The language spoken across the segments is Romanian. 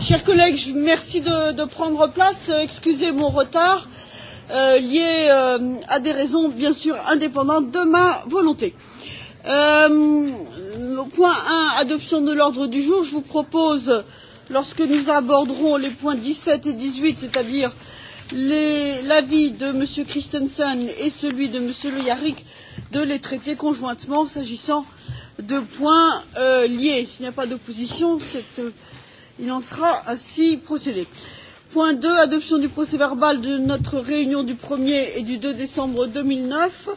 Chers collègues, merci de, de prendre place. Euh, excusez mon retard euh, lié euh, à des raisons bien sûr indépendantes de ma volonté. Euh, point 1, adoption de l'ordre du jour. Je vous propose, lorsque nous aborderons les points 17 et 18, c'est-à-dire l'avis de M. Christensen et celui de M. Le Yarrick, de les traiter conjointement s'agissant de points euh, liés. S'il n'y a pas d'opposition, cette euh, Il en sera ainsi procédé. Point 2, adoption du procès verbal de notre réunion du 1er et du 2 décembre 2009.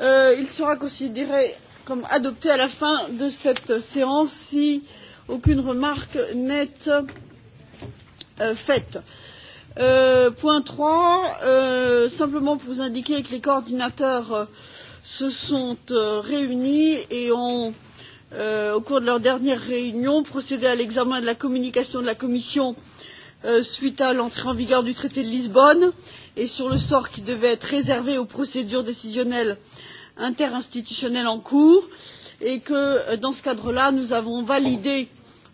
Euh, il sera considéré comme adopté à la fin de cette séance si aucune remarque n'est euh, faite. Euh, point 3, euh, simplement pour vous indiquer que les coordinateurs euh, se sont euh, réunis et ont euh, au cours de leur dernière réunion, procéder à l'examen de la communication de la Commission euh, suite à l'entrée en vigueur du traité de Lisbonne et sur le sort qui devait être réservé aux procédures décisionnelles interinstitutionnelles en cours et que euh, dans ce cadre là nous avons validé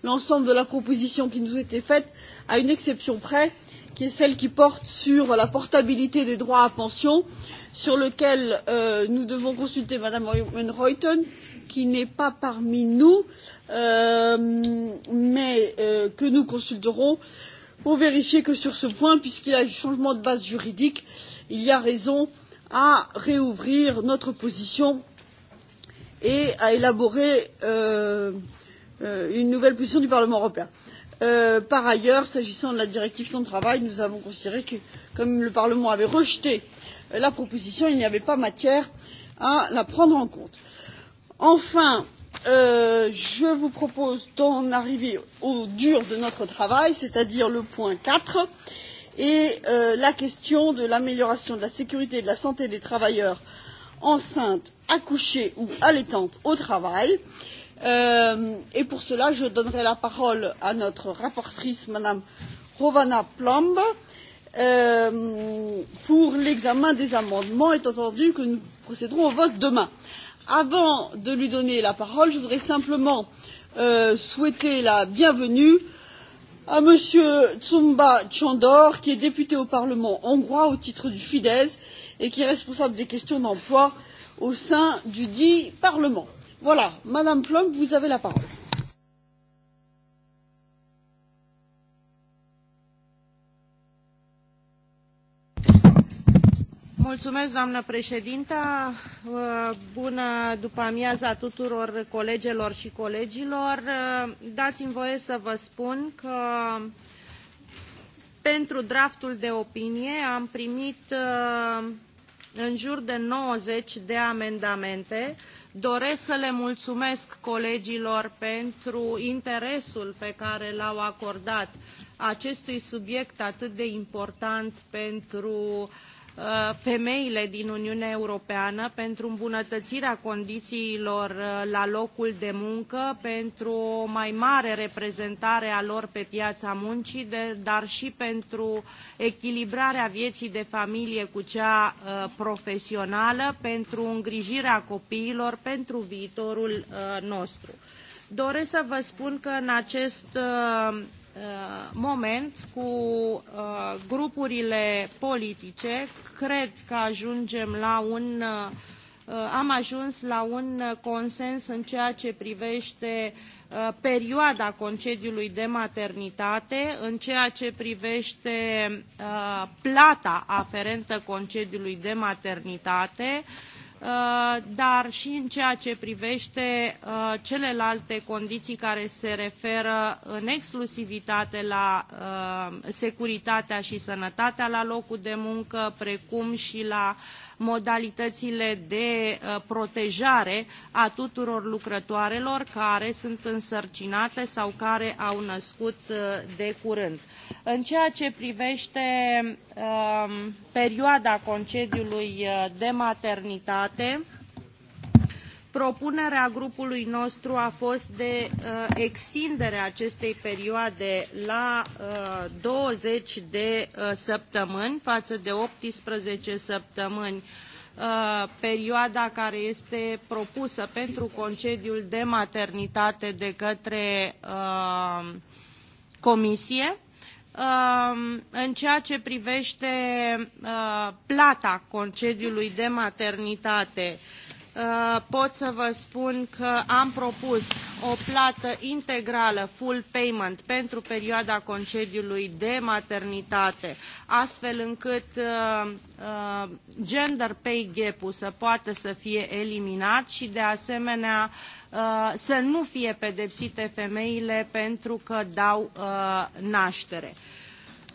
l'ensemble de la proposition qui nous était faite à une exception près qui est celle qui porte sur la portabilité des droits à pension sur lequel euh, nous devons consulter mme Reuten, ruijten qui n'est pas parmi nous, euh, mais euh, que nous consulterons pour vérifier que sur ce point, puisqu'il y a eu changement de base juridique, il y a raison à réouvrir notre position et à élaborer euh, euh, une nouvelle position du Parlement européen. Euh, par ailleurs, s'agissant de la directive temps de travail, nous avons considéré que, comme le Parlement avait rejeté la proposition, il n'y avait pas matière à la prendre en compte. Euh, enfin euh, je vous propose d'en arriver au dur de notre travail c'est à dire le point quatre et euh, la question de l'amélioration de la sécurité et de la santé des travailleurs enceintes accouchées ou allaitantes au travail euh, et pour cela je donnerai la parole à notre rapporteure madame rovana plumb euh, pour l'examen des amendements étant entendu que nous procéderons au vote demain avant de lui donner la parole je voudrais simplement euh, souhaiter la bienvenue à m. tsumba csándor qui est député au parlement hongrois au titre du fidesz et qui est responsable des questions d'emploi au sein dudit parlement. voilà madame plumb vous avez la parole. Mulțumesc, doamnă președintă. Uh, bună după amiaza tuturor colegelor și colegilor. Uh, dați-mi voie să vă spun că pentru draftul de opinie am primit uh, în jur de 90 de amendamente. Doresc să le mulțumesc colegilor pentru interesul pe care l-au acordat acestui subiect atât de important pentru uh, Uh, femeile din Uniunea Europeană pentru îmbunătățirea condițiilor uh, la locul de muncă, pentru o mai mare reprezentare a lor pe piața muncii, dar și pentru echilibrarea vieții de familie cu cea uh, profesională, pentru îngrijirea copiilor, pentru viitorul nostru. Doresc să vă spun că în acest Uh, moment cu uh, grupurile politice. Cred că ajungem la un uh, am ajuns la un consens în ceea ce privește perioada concediului de maternitate, în ceea ce privește plata aferentă concediului de maternitate, uh, Uh, dar și în ceea ce privește uh, celelalte condiții care se referă în exclusivitate la uh, securitatea și sănătatea la locul de muncă, precum și la modalitățile de uh, protejare a tuturor lucrătoarelor care sunt însărcinate sau care au născut uh, de curând. În ceea ce privește um, perioada concediului uh, de maternitate, Propunerea grupului nostru a fost de uh, extindere a acestei perioade la uh, 20 de uh, săptămâni față de 18 săptămâni uh, perioada care este propusă pentru concediul de maternitate de către uh, Comisie. Uh, în ceea ce privește plata concediului de maternitate, uh, Uh, pot să vă spun că am propus o plată integrală, full payment, pentru perioada concediului de maternitate, astfel încât uh, uh, gender pay gap-ul să poată să fie eliminat și, de asemenea, să nu fie pedepsite femeile pentru că dau naștere. Uh,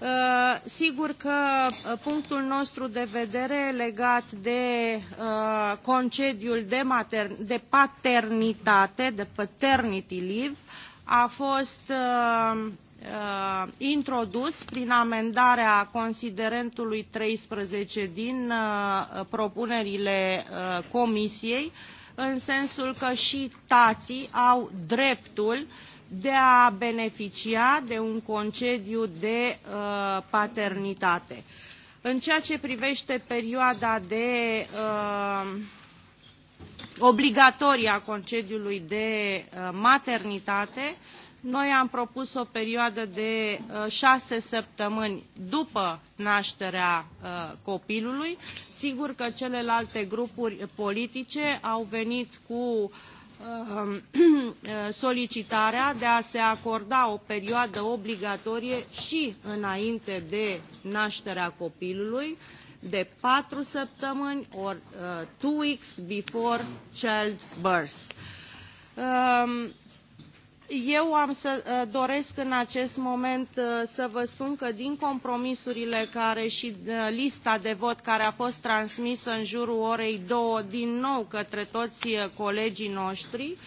Uh, sigur că uh, punctul nostru de vedere legat de uh, concediul de, matern- de paternitate, de paternity leave, a fost introdus prin amendarea considerentului 13 din propunerile Comisiei, în sensul că și tații au dreptul uh, de a beneficia de un concediu de uh, paternitate. În ceea ce privește perioada de uh, obligatorie a concediului de uh, maternitate, noi am propus o perioadă de uh, șase săptămâni după nașterea uh, copilului. Sigur că celelalte grupuri politice au venit cu uh, Um, uh, solicitarea de a se acorda o perioadă obligatorie și înainte de nașterea copilului de patru săptămâni or uh, two weeks before childbirth. Um, eu am să uh, doresc în acest moment uh, să vă spun că din compromisurile care și uh, lista de vot care a fost transmisă în jurul orei două din nou către toți colegii noștri,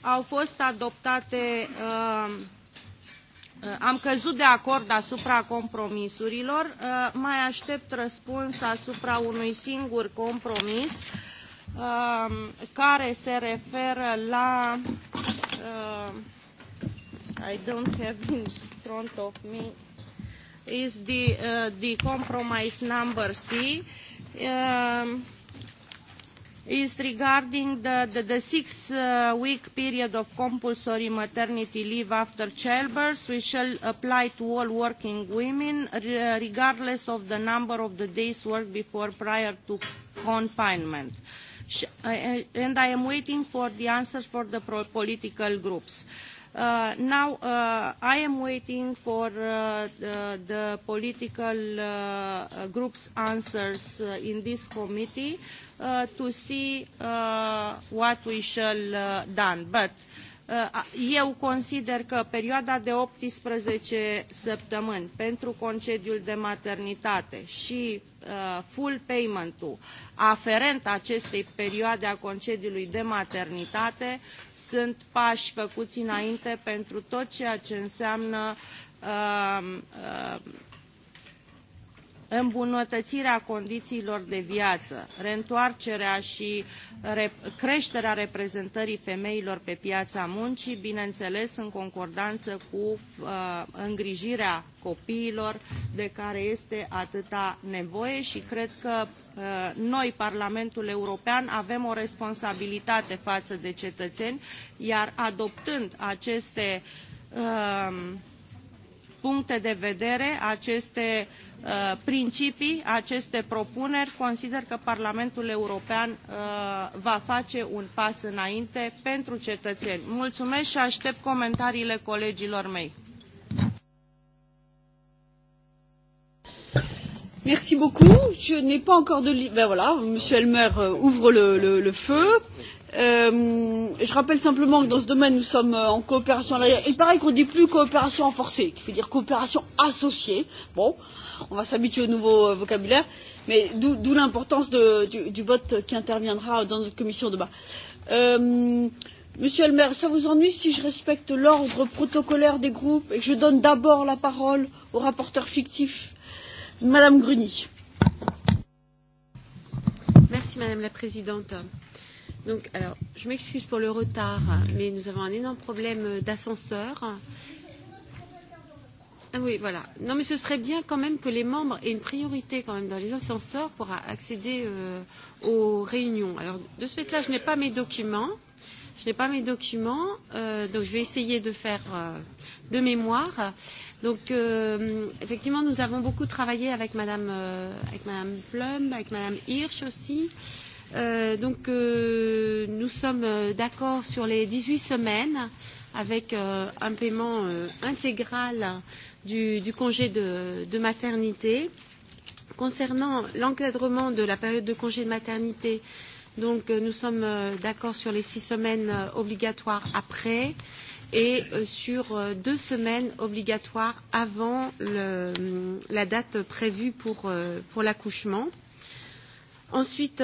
au fost adoptate, am căzut de acord asupra compromisurilor, mai aștept răspuns asupra unui singur compromis care se referă la I don't have in front of me, is the, uh, the compromise number C. Um, is regarding the, the, the six-week uh, period of compulsory maternity leave after childbirth, which shall apply to all working women, regardless of the number of the days worked before prior to confinement. and I am waiting for the answers for the political groups. Uh, Uh, now, uh, I am waiting for uh, the, the political uh, group's answers uh, in this committee uh, to see uh, what we shall uh, done. But uh, Uh, eu consider că perioada de 18 săptămâni pentru concediul de maternitate și uh, full payment-ul aferent acestei perioade a concediului de maternitate sunt pași făcuți înainte pentru tot ceea ce înseamnă uh, îmbunătățirea condițiilor de viață, reîntoarcerea și rep creșterea reprezentării femeilor pe piața muncii, bineînțeles în concordanță cu uh, îngrijirea copiilor de care este atâta nevoie și cred că uh, noi, Parlamentul European, avem o responsabilitate față de cetățeni, iar adoptând aceste uh, puncte de vedere, aceste uh, Uh, principii aceste propuneri, consider că Parlamentul European uh, va face un pas înainte pentru cetățeni. Mulțumesc și aștept comentariile colegilor mei. Merci beaucoup. Je n'ai pas encore de... Ben voilà, Monsieur Elmer euh, ouvre le, le, le feu. Euh, je rappelle simplement que dans ce domaine, nous sommes euh, en coopération. Il paraît qu'on ne dit plus coopération renforcée, qui veut dire coopération associée. Bon, euh, on va s'habituer au nouveau euh, vocabulaire, mais d'où l'importance du, du vote qui interviendra dans notre commission demain. Euh, monsieur le maire, ça vous ennuie si je respecte l'ordre protocolaire des groupes et que je donne d'abord la parole au rapporteur fictif madame gruny? Merci, madame la présidente Donc, alors, je m'excuse pour le retard mais nous avons un énorme problème euh, d'ascenseur et Ah oui, voilà. Non, mais ce serait bien quand même que les membres aient une priorité quand même dans les ascenseurs pour accéder euh, aux réunions. Alors, de ce fait-là, je n'ai pas mes documents. Je n'ai pas mes documents, euh, donc je vais essayer de faire euh, de mémoire. Donc, euh, effectivement, nous avons beaucoup travaillé avec Madame, euh, avec Madame Plum, avec Madame Hirsch aussi. Euh, donc, euh, nous sommes euh, d'accord sur les 18 semaines avec euh, un paiement euh, intégral euh, du, du congé de, de maternité. Concernant l'encadrement de la période de congé de maternité, donc euh, nous sommes euh, d'accord sur les six semaines euh, obligatoires après et sur deux semaines obligatoires avant le, la date prévue pour, pour l'accouchement. Ensuite,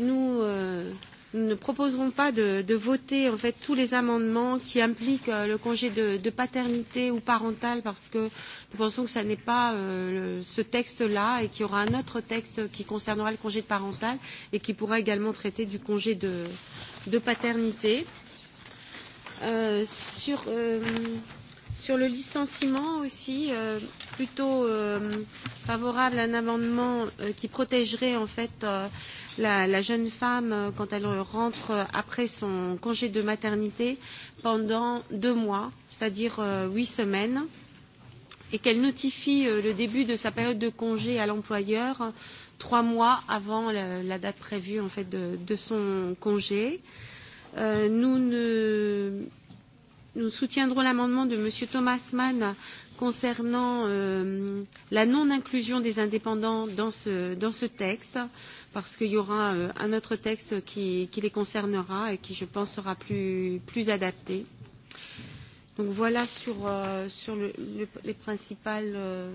nous nous ne proposerons pas de, de voter en fait tous les amendements qui impliquent euh, le congé de, de paternité ou parental parce que nous pensons que ce n'est pas euh, le, ce texte-là et qu'il y aura un autre texte qui concernera le congé de parental et qui pourra également traiter du congé de, de paternité. Euh, sur, euh, Sur le licenciement aussi, euh, plutôt euh, favorable à un amendement euh, qui protégerait en fait euh, la, la jeune femme euh, quand elle rentre euh, après son congé de maternité pendant deux mois, c'est-à-dire euh, huit semaines, et qu'elle notifie euh, le début de sa période de congé à l'employeur trois mois avant la, la date prévue en fait de, de son congé. Euh, nous ne nous soutiendrons l'amendement de M. Thomas Mann concernant euh, la non-inclusion des indépendants dans ce, dans ce texte, parce qu'il y aura euh, un autre texte qui, qui les concernera et qui, je pense, sera plus, plus adapté. Donc voilà sur, euh, sur le, le, les principales. Euh,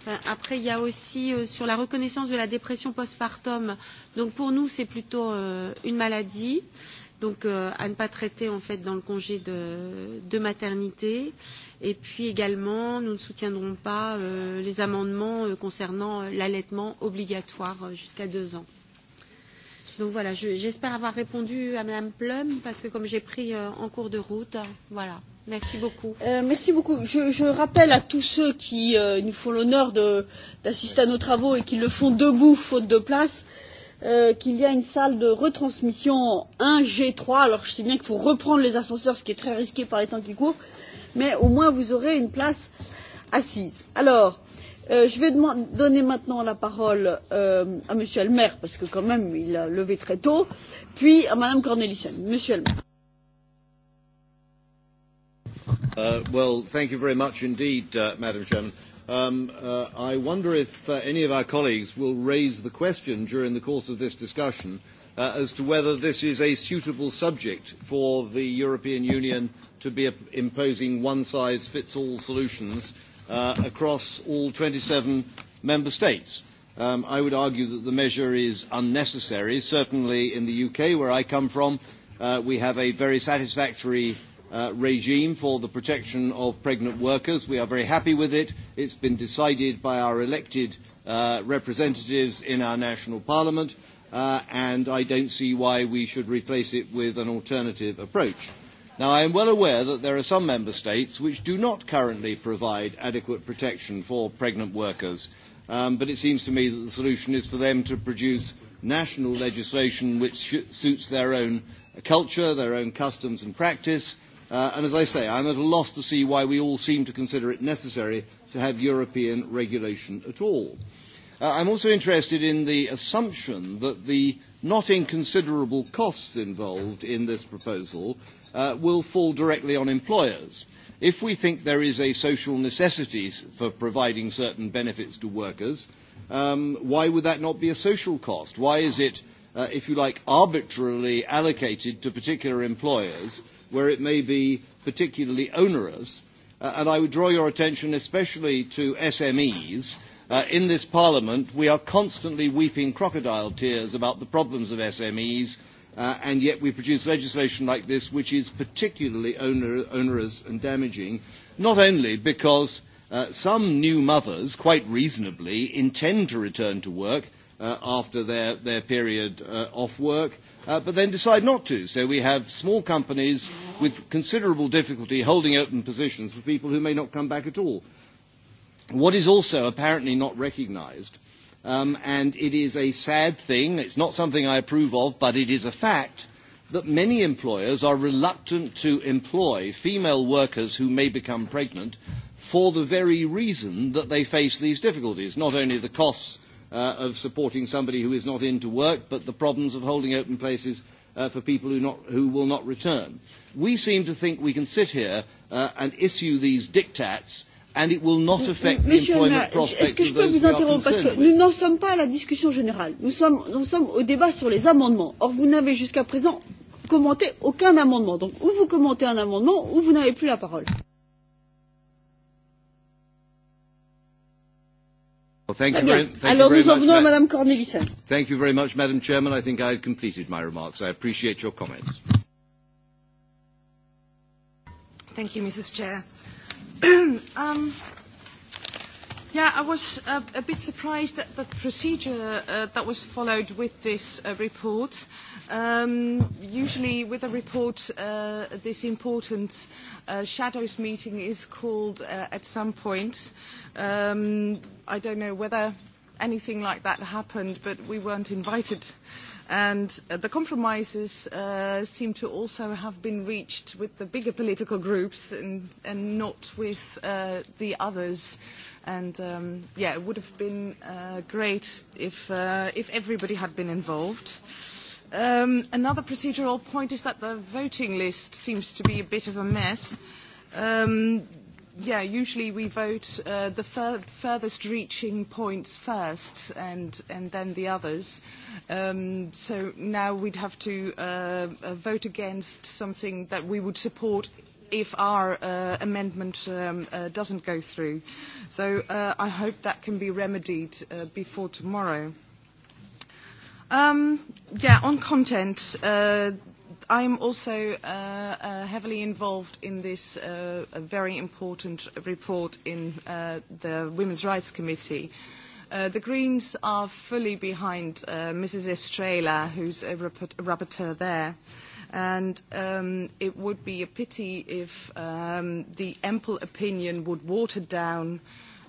enfin, après, il y a aussi euh, sur la reconnaissance de la dépression postpartum. Donc pour nous, c'est plutôt euh, une maladie. Euh, donc euh, à ne pas traiter en fait dans le congé de, de maternité. Et puis également, nous ne soutiendrons pas euh, les amendements euh, concernant euh, l'allaitement obligatoire euh, jusqu'à deux ans. Donc voilà, j'espère je, avoir répondu à Madame Plum parce que comme j'ai pris euh, en cours de route, voilà. Merci beaucoup. Euh, merci beaucoup. Je, je rappelle à tous ceux qui euh, nous font l'honneur d'assister à nos travaux et qui le font debout faute de place euh, qu'il y a une salle de retransmission 1G3. Alors je sais bien qu'il faut reprendre les ascenseurs, ce qui est très risqué par les temps qui courent, mais au moins vous aurez une place assise. Alors, euh, je vais donner maintenant la parole euh, à Monsieur le maire, parce que quand même il a levé très tôt, puis à Madame Cornelissen. Monsieur le maire. Uh, well, thank you very much indeed, uh, Madam Chairman. Um, uh, I wonder if uh, any of our colleagues will raise the question during the course of this discussion uh, as to whether this is a suitable subject for the European Union to be imposing one-size-fits-all solutions uh, across all 27 member states. Um, I would argue that the measure is unnecessary. Certainly in the UK, where I come from, uh, we have a very satisfactory Uh, regime for the protection of pregnant workers. We are very happy with it. It's been decided by our elected uh, representatives in our national parliament, uh, and I don't see why we should replace it with an alternative approach. Now, I am well aware that there are some member states which do not currently provide adequate protection for pregnant workers, um, but it seems to me that the solution is for them to produce national legislation which suits their own culture, their own customs and practice, Uh, and as I say, I'm at a loss to see why we all seem to consider it necessary to have European regulation at all. Uh, I'm also interested in the assumption that the not inconsiderable costs involved in this proposal uh, will fall directly on employers. If we think there is a social necessity for providing certain benefits to workers, um, why would that not be a social cost? Why is it, uh, if you like, arbitrarily allocated to particular employers where it may be particularly onerous. Uh, and I would draw your attention especially to SMEs. Uh, in this Parliament, we are constantly weeping crocodile tears about the problems of SMEs, uh, and yet we produce legislation like this, which is particularly oner onerous and damaging, not only because uh, some new mothers, quite reasonably, intend to return to work, uh, after their, their period uh, off work, uh, but then decide not to. So we have small companies with considerable difficulty holding open positions for people who may not come back at all. What is also apparently not recognised, um, and it is a sad thing, it's not something I approve of, but it is a fact, that many employers are reluctant to employ female workers who may become pregnant for the very reason that they face these difficulties, not only the costs uh, of supporting somebody who is not in to work, but the problems of holding open places uh, for people who, not, who will not return. We seem to think we can sit here uh, and issue these dictats and it will not affect Monsieur the employment prospects est-ce que je peux vous interrompre parce que nous n'en sommes pas à la discussion générale. Nous sommes, nous sommes au débat sur les amendements. Or, vous n'avez jusqu'à présent commenté aucun amendement. Donc, ou vous commentez un amendement, ou vous n'avez plus la parole. Well, thank you very, thank Alors you very nous en venons à Madame Cornelissen. Thank you very much, Madam Chairman. I think I had completed my remarks. I appreciate your comments. Thank you, Mrs. Chair. um, yeah, I was uh, a bit surprised at the procedure uh, that was followed with this uh, report. Um, usually with a report uh, this important, uh, shadows meeting is called uh, at some point. Um, I don't know whether anything like that happened, but we weren't invited. And uh, the compromises uh, seem to also have been reached with the bigger political groups and, and not with uh, the others. And um, yeah, it would have been uh, great if, uh, if everybody had been involved. Um, another procedural point is that the voting list seems to be a bit of a mess. Um, yeah, usually we vote uh, the fur furthest reaching points first and, and then the others. Um, so now we'd have to uh, uh, vote against something that we would support if our uh, amendment um, uh, doesn't go through. So uh, I hope that can be remedied uh, before tomorrow. Um, yeah, on content, uh, I'm also uh, uh, heavily involved in this uh, very important report in uh, the Women's Rights Committee. Uh, the Greens are fully behind uh, Mrs. Estrela, who's a rapporteur there. And um, it would be a pity if um, the ample opinion would water down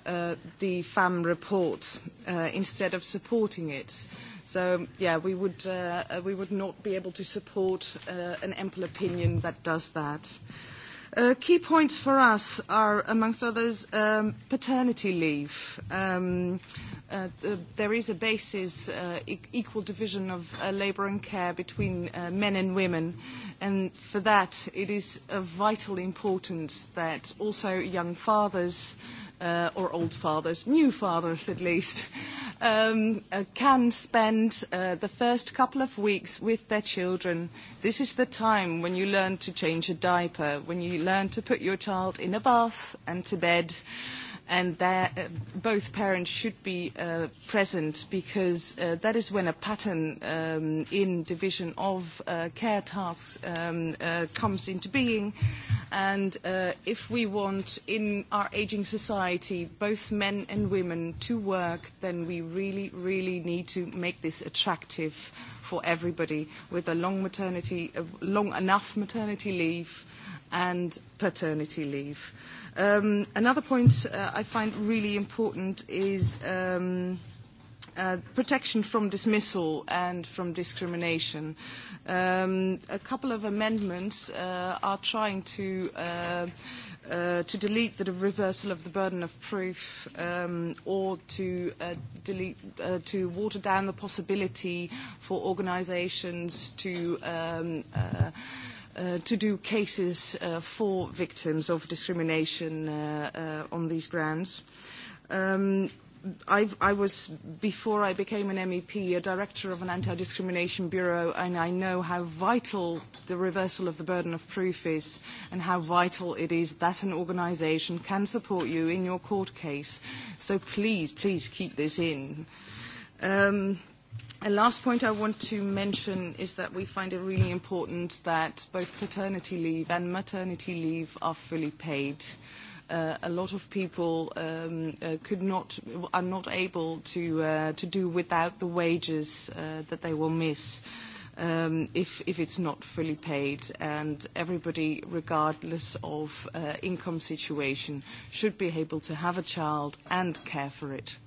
uh, the FAM report uh, instead of supporting it. Uh, So yeah, we would, uh, uh, we would not be able to support uh, an ample opinion that does that. Uh, key points for us are, amongst others, um, paternity leave. Um, uh, there is a basis, uh, e equal division of uh, labour and care between uh, men and women, and for that it is of vital importance that also young fathers uh, or old fathers, new fathers at least, um, uh, can spend uh, the first couple of weeks with their children. This is the time when you learn to change a diaper, when you learn to put your child in a bath and to bed and that, uh, both parents should be uh, present because uh, that is when a pattern um, in division of uh, care tasks um, uh, comes into being. And uh, if we want in our ageing society both men and women to work, then we really, really need to make this attractive for everybody with a long maternity, long enough maternity leave and paternity leave. Um, another point uh, I find really important is um, uh, protection from dismissal and from discrimination. Um, a couple of amendments uh, are trying to Uh, uh to delete the reversal of the burden of proof um, or to uh, delete uh, to water down the possibility for organisations to um, uh, Uh, to do cases uh, for victims of discrimination uh, uh on these grounds. Um, I was, before I became an MEP, a director of an anti-discrimination bureau, and I know how vital the reversal of the burden of proof is and how vital it is that an organisation can support you in your court case. So please, please keep this in. Um, a last point I want to mention is that we find it really important that both paternity leave and maternity leave are fully paid. Uh, a lot of people um, uh, could not, are not able to, uh, to do without the wages uh, that they will miss. Um, if, if it's not fully paid. And everybody, regardless of uh, income situation, should be able to have a child and care for it.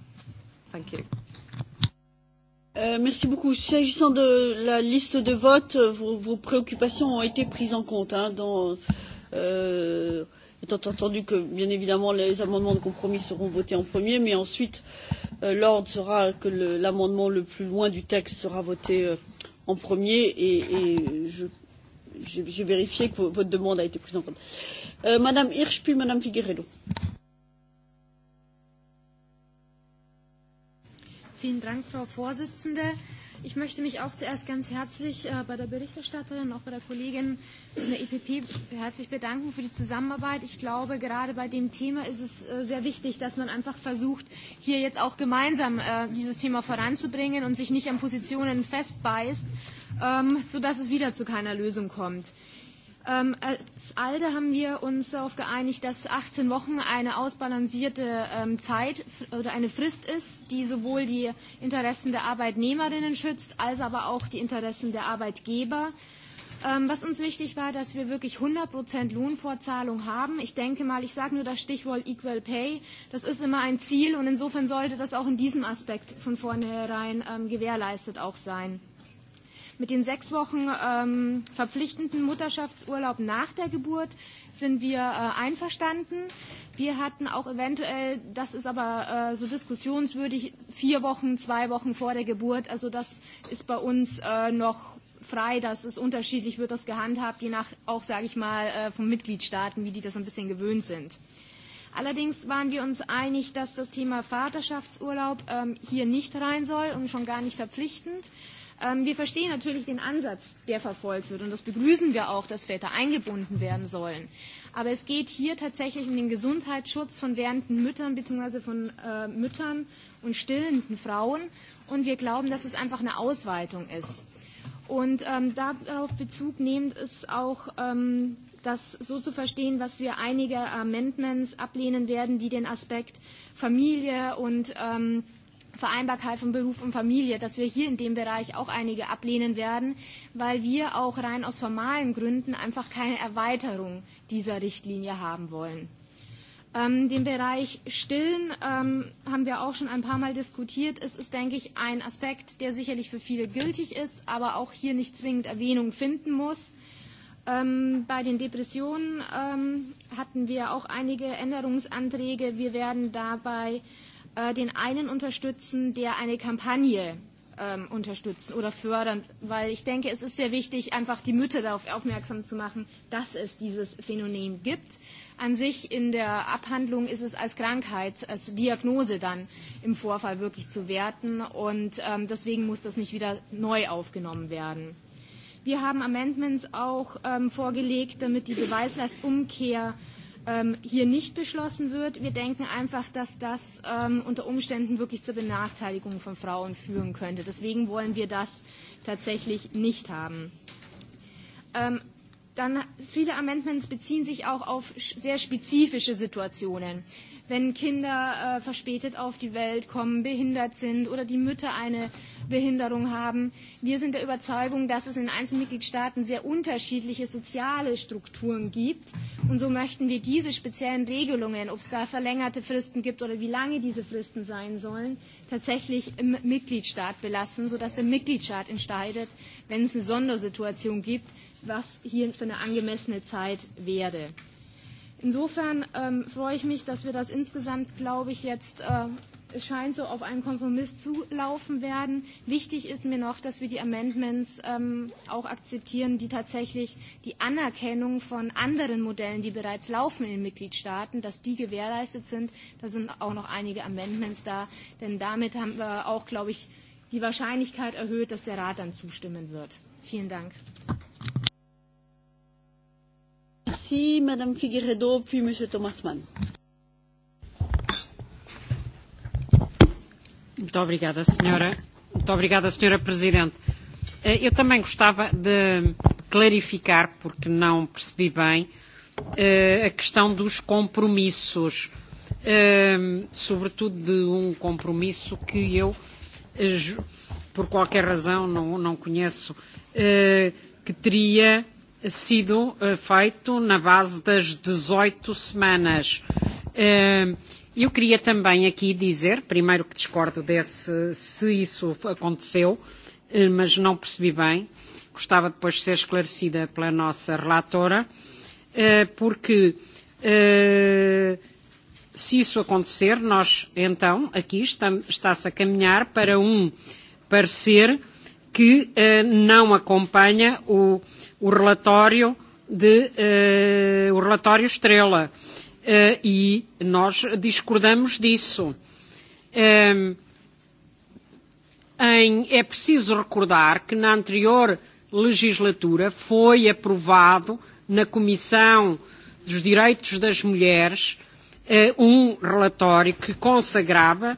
Thank you. Euh, merci beaucoup. S'agissant de la liste de vote, euh, vos, vos préoccupations ont été prises en compte. Hein, dans, euh, étant entendu que, bien évidemment, les amendements de compromis seront votés en premier, mais ensuite, euh, l'ordre sera que l'amendement le, le plus loin du texte sera voté euh, en premier, et, et j'ai vérifié que votre demande a été prise en compte. Euh, Madame Hirsch, puis Madame Figueredo. Vielen Dank, Frau Vorsitzende. Ich möchte mich auch zuerst ganz herzlich äh, bei der Berichterstatterin und auch bei der Kollegin von der EPP herzlich bedanken für die Zusammenarbeit. Ich glaube, gerade bei dem Thema ist es äh, sehr wichtig, dass man einfach versucht, hier jetzt auch gemeinsam äh, dieses Thema voranzubringen und sich nicht an Positionen festbeißt, ähm, sodass es wieder zu keiner Lösung kommt. Ähm, als ALDE haben wir uns darauf geeinigt, dass 18 Wochen eine ausbalancierte ähm, Zeit oder eine Frist ist, die sowohl die Interessen der Arbeitnehmerinnen schützt, als aber auch die Interessen der Arbeitgeber. Ähm, was uns wichtig war, dass wir wirklich 100% Lohnfortzahlung haben. Ich denke mal, ich sage nur das Stichwort Equal Pay. Das ist immer ein Ziel und insofern sollte das auch in diesem Aspekt von vornherein ähm, gewährleistet auch sein. Mit den sechs Wochen ähm, verpflichtenden Mutterschaftsurlaub nach der Geburt sind wir äh, einverstanden. Wir hatten auch eventuell, das ist aber äh, so diskussionswürdig, vier Wochen, zwei Wochen vor der Geburt. Also das ist bei uns äh, noch frei, dass es unterschiedlich wird, das gehandhabt, je nach auch, sage ich mal, äh, von Mitgliedstaaten, wie die das ein bisschen gewöhnt sind. Allerdings waren wir uns einig, dass das Thema Vaterschaftsurlaub ähm, hier nicht rein soll und schon gar nicht verpflichtend. Ähm, wir verstehen natürlich den Ansatz, der verfolgt wird, und das begrüßen wir auch, dass Väter eingebunden werden sollen. Aber es geht hier tatsächlich um den Gesundheitsschutz von werdenden Müttern bzw. von äh, Müttern und stillenden Frauen. Und wir glauben, dass es einfach eine Ausweitung ist. Und ähm, darauf Bezug nehmend ist auch ähm, das so zu verstehen, was wir einige Amendments ablehnen werden, die den Aspekt Familie und ähm, Vereinbarkeit von Beruf und Familie, dass wir hier in dem Bereich auch einige ablehnen werden, weil wir auch rein aus formalen Gründen einfach keine Erweiterung dieser Richtlinie haben wollen. Ähm, den Bereich Stillen ähm, haben wir auch schon ein paar Mal diskutiert. Es ist, denke ich, ein Aspekt, der sicherlich für viele gültig ist, aber auch hier nicht zwingend Erwähnung finden muss. Ähm, bei den Depressionen ähm, hatten wir auch einige Änderungsanträge. Wir werden dabei äh, äh, den einen unterstützen, der eine Kampagne ähm, unterstützen oder fördern, weil ich denke, es ist sehr wichtig, einfach die Mütter darauf aufmerksam zu machen, dass es dieses Phänomen gibt. An sich in der Abhandlung ist es als Krankheit, als Diagnose dann im Vorfall wirklich zu werten und ähm, deswegen muss das nicht wieder neu aufgenommen werden. Wir haben Amendments auch ähm, vorgelegt, damit die Beweislastumkehr ähm, hier nicht beschlossen wird. Wir denken einfach, dass das ähm, unter Umständen wirklich zur Benachteiligung von Frauen führen könnte. Deswegen wollen wir das tatsächlich nicht haben. Ähm, dann viele Amendments beziehen sich auch auf sehr spezifische Situationen wenn Kinder äh, verspätet auf die Welt kommen, behindert sind oder die Mütter eine Behinderung haben. Wir sind der Überzeugung, dass es in einzelnen Mitgliedstaaten sehr unterschiedliche soziale Strukturen gibt. Und so möchten wir diese speziellen Regelungen, ob es da verlängerte Fristen gibt oder wie lange diese Fristen sein sollen, tatsächlich im Mitgliedstaat belassen, sodass der Mitgliedstaat entscheidet, wenn es eine Sondersituation gibt, was hier für eine angemessene Zeit wäre. Insofern ähm, freue ich mich, dass wir das insgesamt, glaube ich, jetzt äh, scheint so auf einen Kompromiss zulaufen werden. Wichtig ist mir noch, dass wir die Amendments ähm, auch akzeptieren, die tatsächlich die Anerkennung von anderen Modellen, die bereits laufen in den Mitgliedstaaten, dass die gewährleistet sind. Da sind auch noch einige Amendments da, denn damit haben wir auch, glaube ich, die Wahrscheinlichkeit erhöht, dass der Rat dann zustimmen wird. Vielen Dank. Merci, Madame Figueredo, puis Monsieur Thomas Mann. Muito obrigada, senhora. Muito obrigada, senhora Presidente. Eh, eu também gostava de clarificar, porque não percebi bem, eh, a questão dos compromissos, eh, sobretudo de um compromisso que eu, por qualquer razão, não, não conheço, que teria sido eh, feito na base das 18 semanas. Ehm, eu queria também aqui dizer, primeiro que discordo desse, se isso aconteceu, eh, mas não percebi bem, gostava depois de ser esclarecida pela nossa relatora, eh, porque se isso acontecer, nós então aqui está-se a caminhar para um parecer uh, que uh, não acompanha o, o relatório de uh, o relatório Estrela Uh, e nós discordamos disso. Um, em, é preciso recordar que na anterior legislatura foi aprovado na Comissão dos Direitos das Mulheres uh, um relatório que consagrava,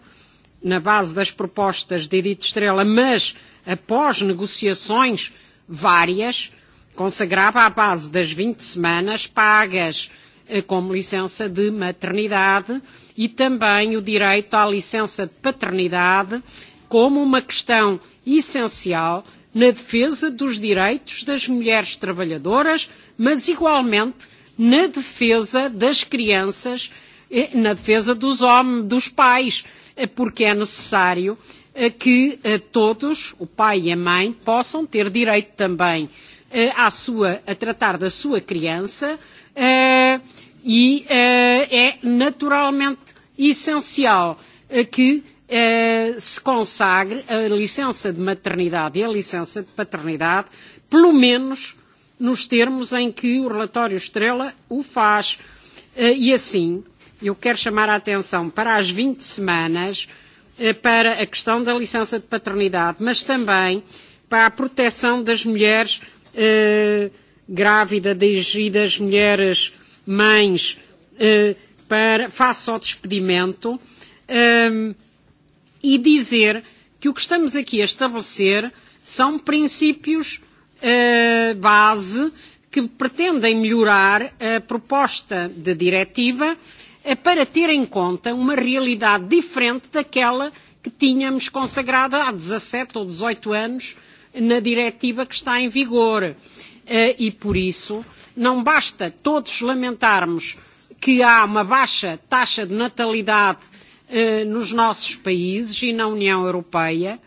na base das propostas de Edith Estrela, mas eh, após negociações várias, consagrava a base das 20 semanas pagas eh, como licença de maternidade e também o direito à licença de paternidade como uma questão essencial na defesa dos direitos das mulheres trabalhadoras, mas igualmente na defesa das crianças, eh, na defesa dos homens, dos pais, eh, porque é necessário a que a todos, o pai e a mãe, possam ter direito também eh, à sua, a tratar da sua criança eh, e eh, é naturalmente essencial a que se consagre a licença de maternidade e a licença de paternidade, pelo menos nos termos em que o relatório Estrela o faz. E assim, eu quero chamar a atenção para as 20 semanas Eh, para a questão da licença de paternidade, mas também para a proteção das mulheres eh, grávidas e das mulheres mães eh, para, face ao despedimento eh, e dizer que o que estamos aqui a estabelecer são princípios eh, base que pretendem melhorar a proposta de diretiva eh, é para ter em conta uma realidade diferente daquela que tínhamos consagrada há 17 ou 18 anos na diretiva que está em vigor. Eh, e por isso, não basta todos lamentarmos que há uma baixa taxa de natalidade eh, nos nossos países e na União Europeia,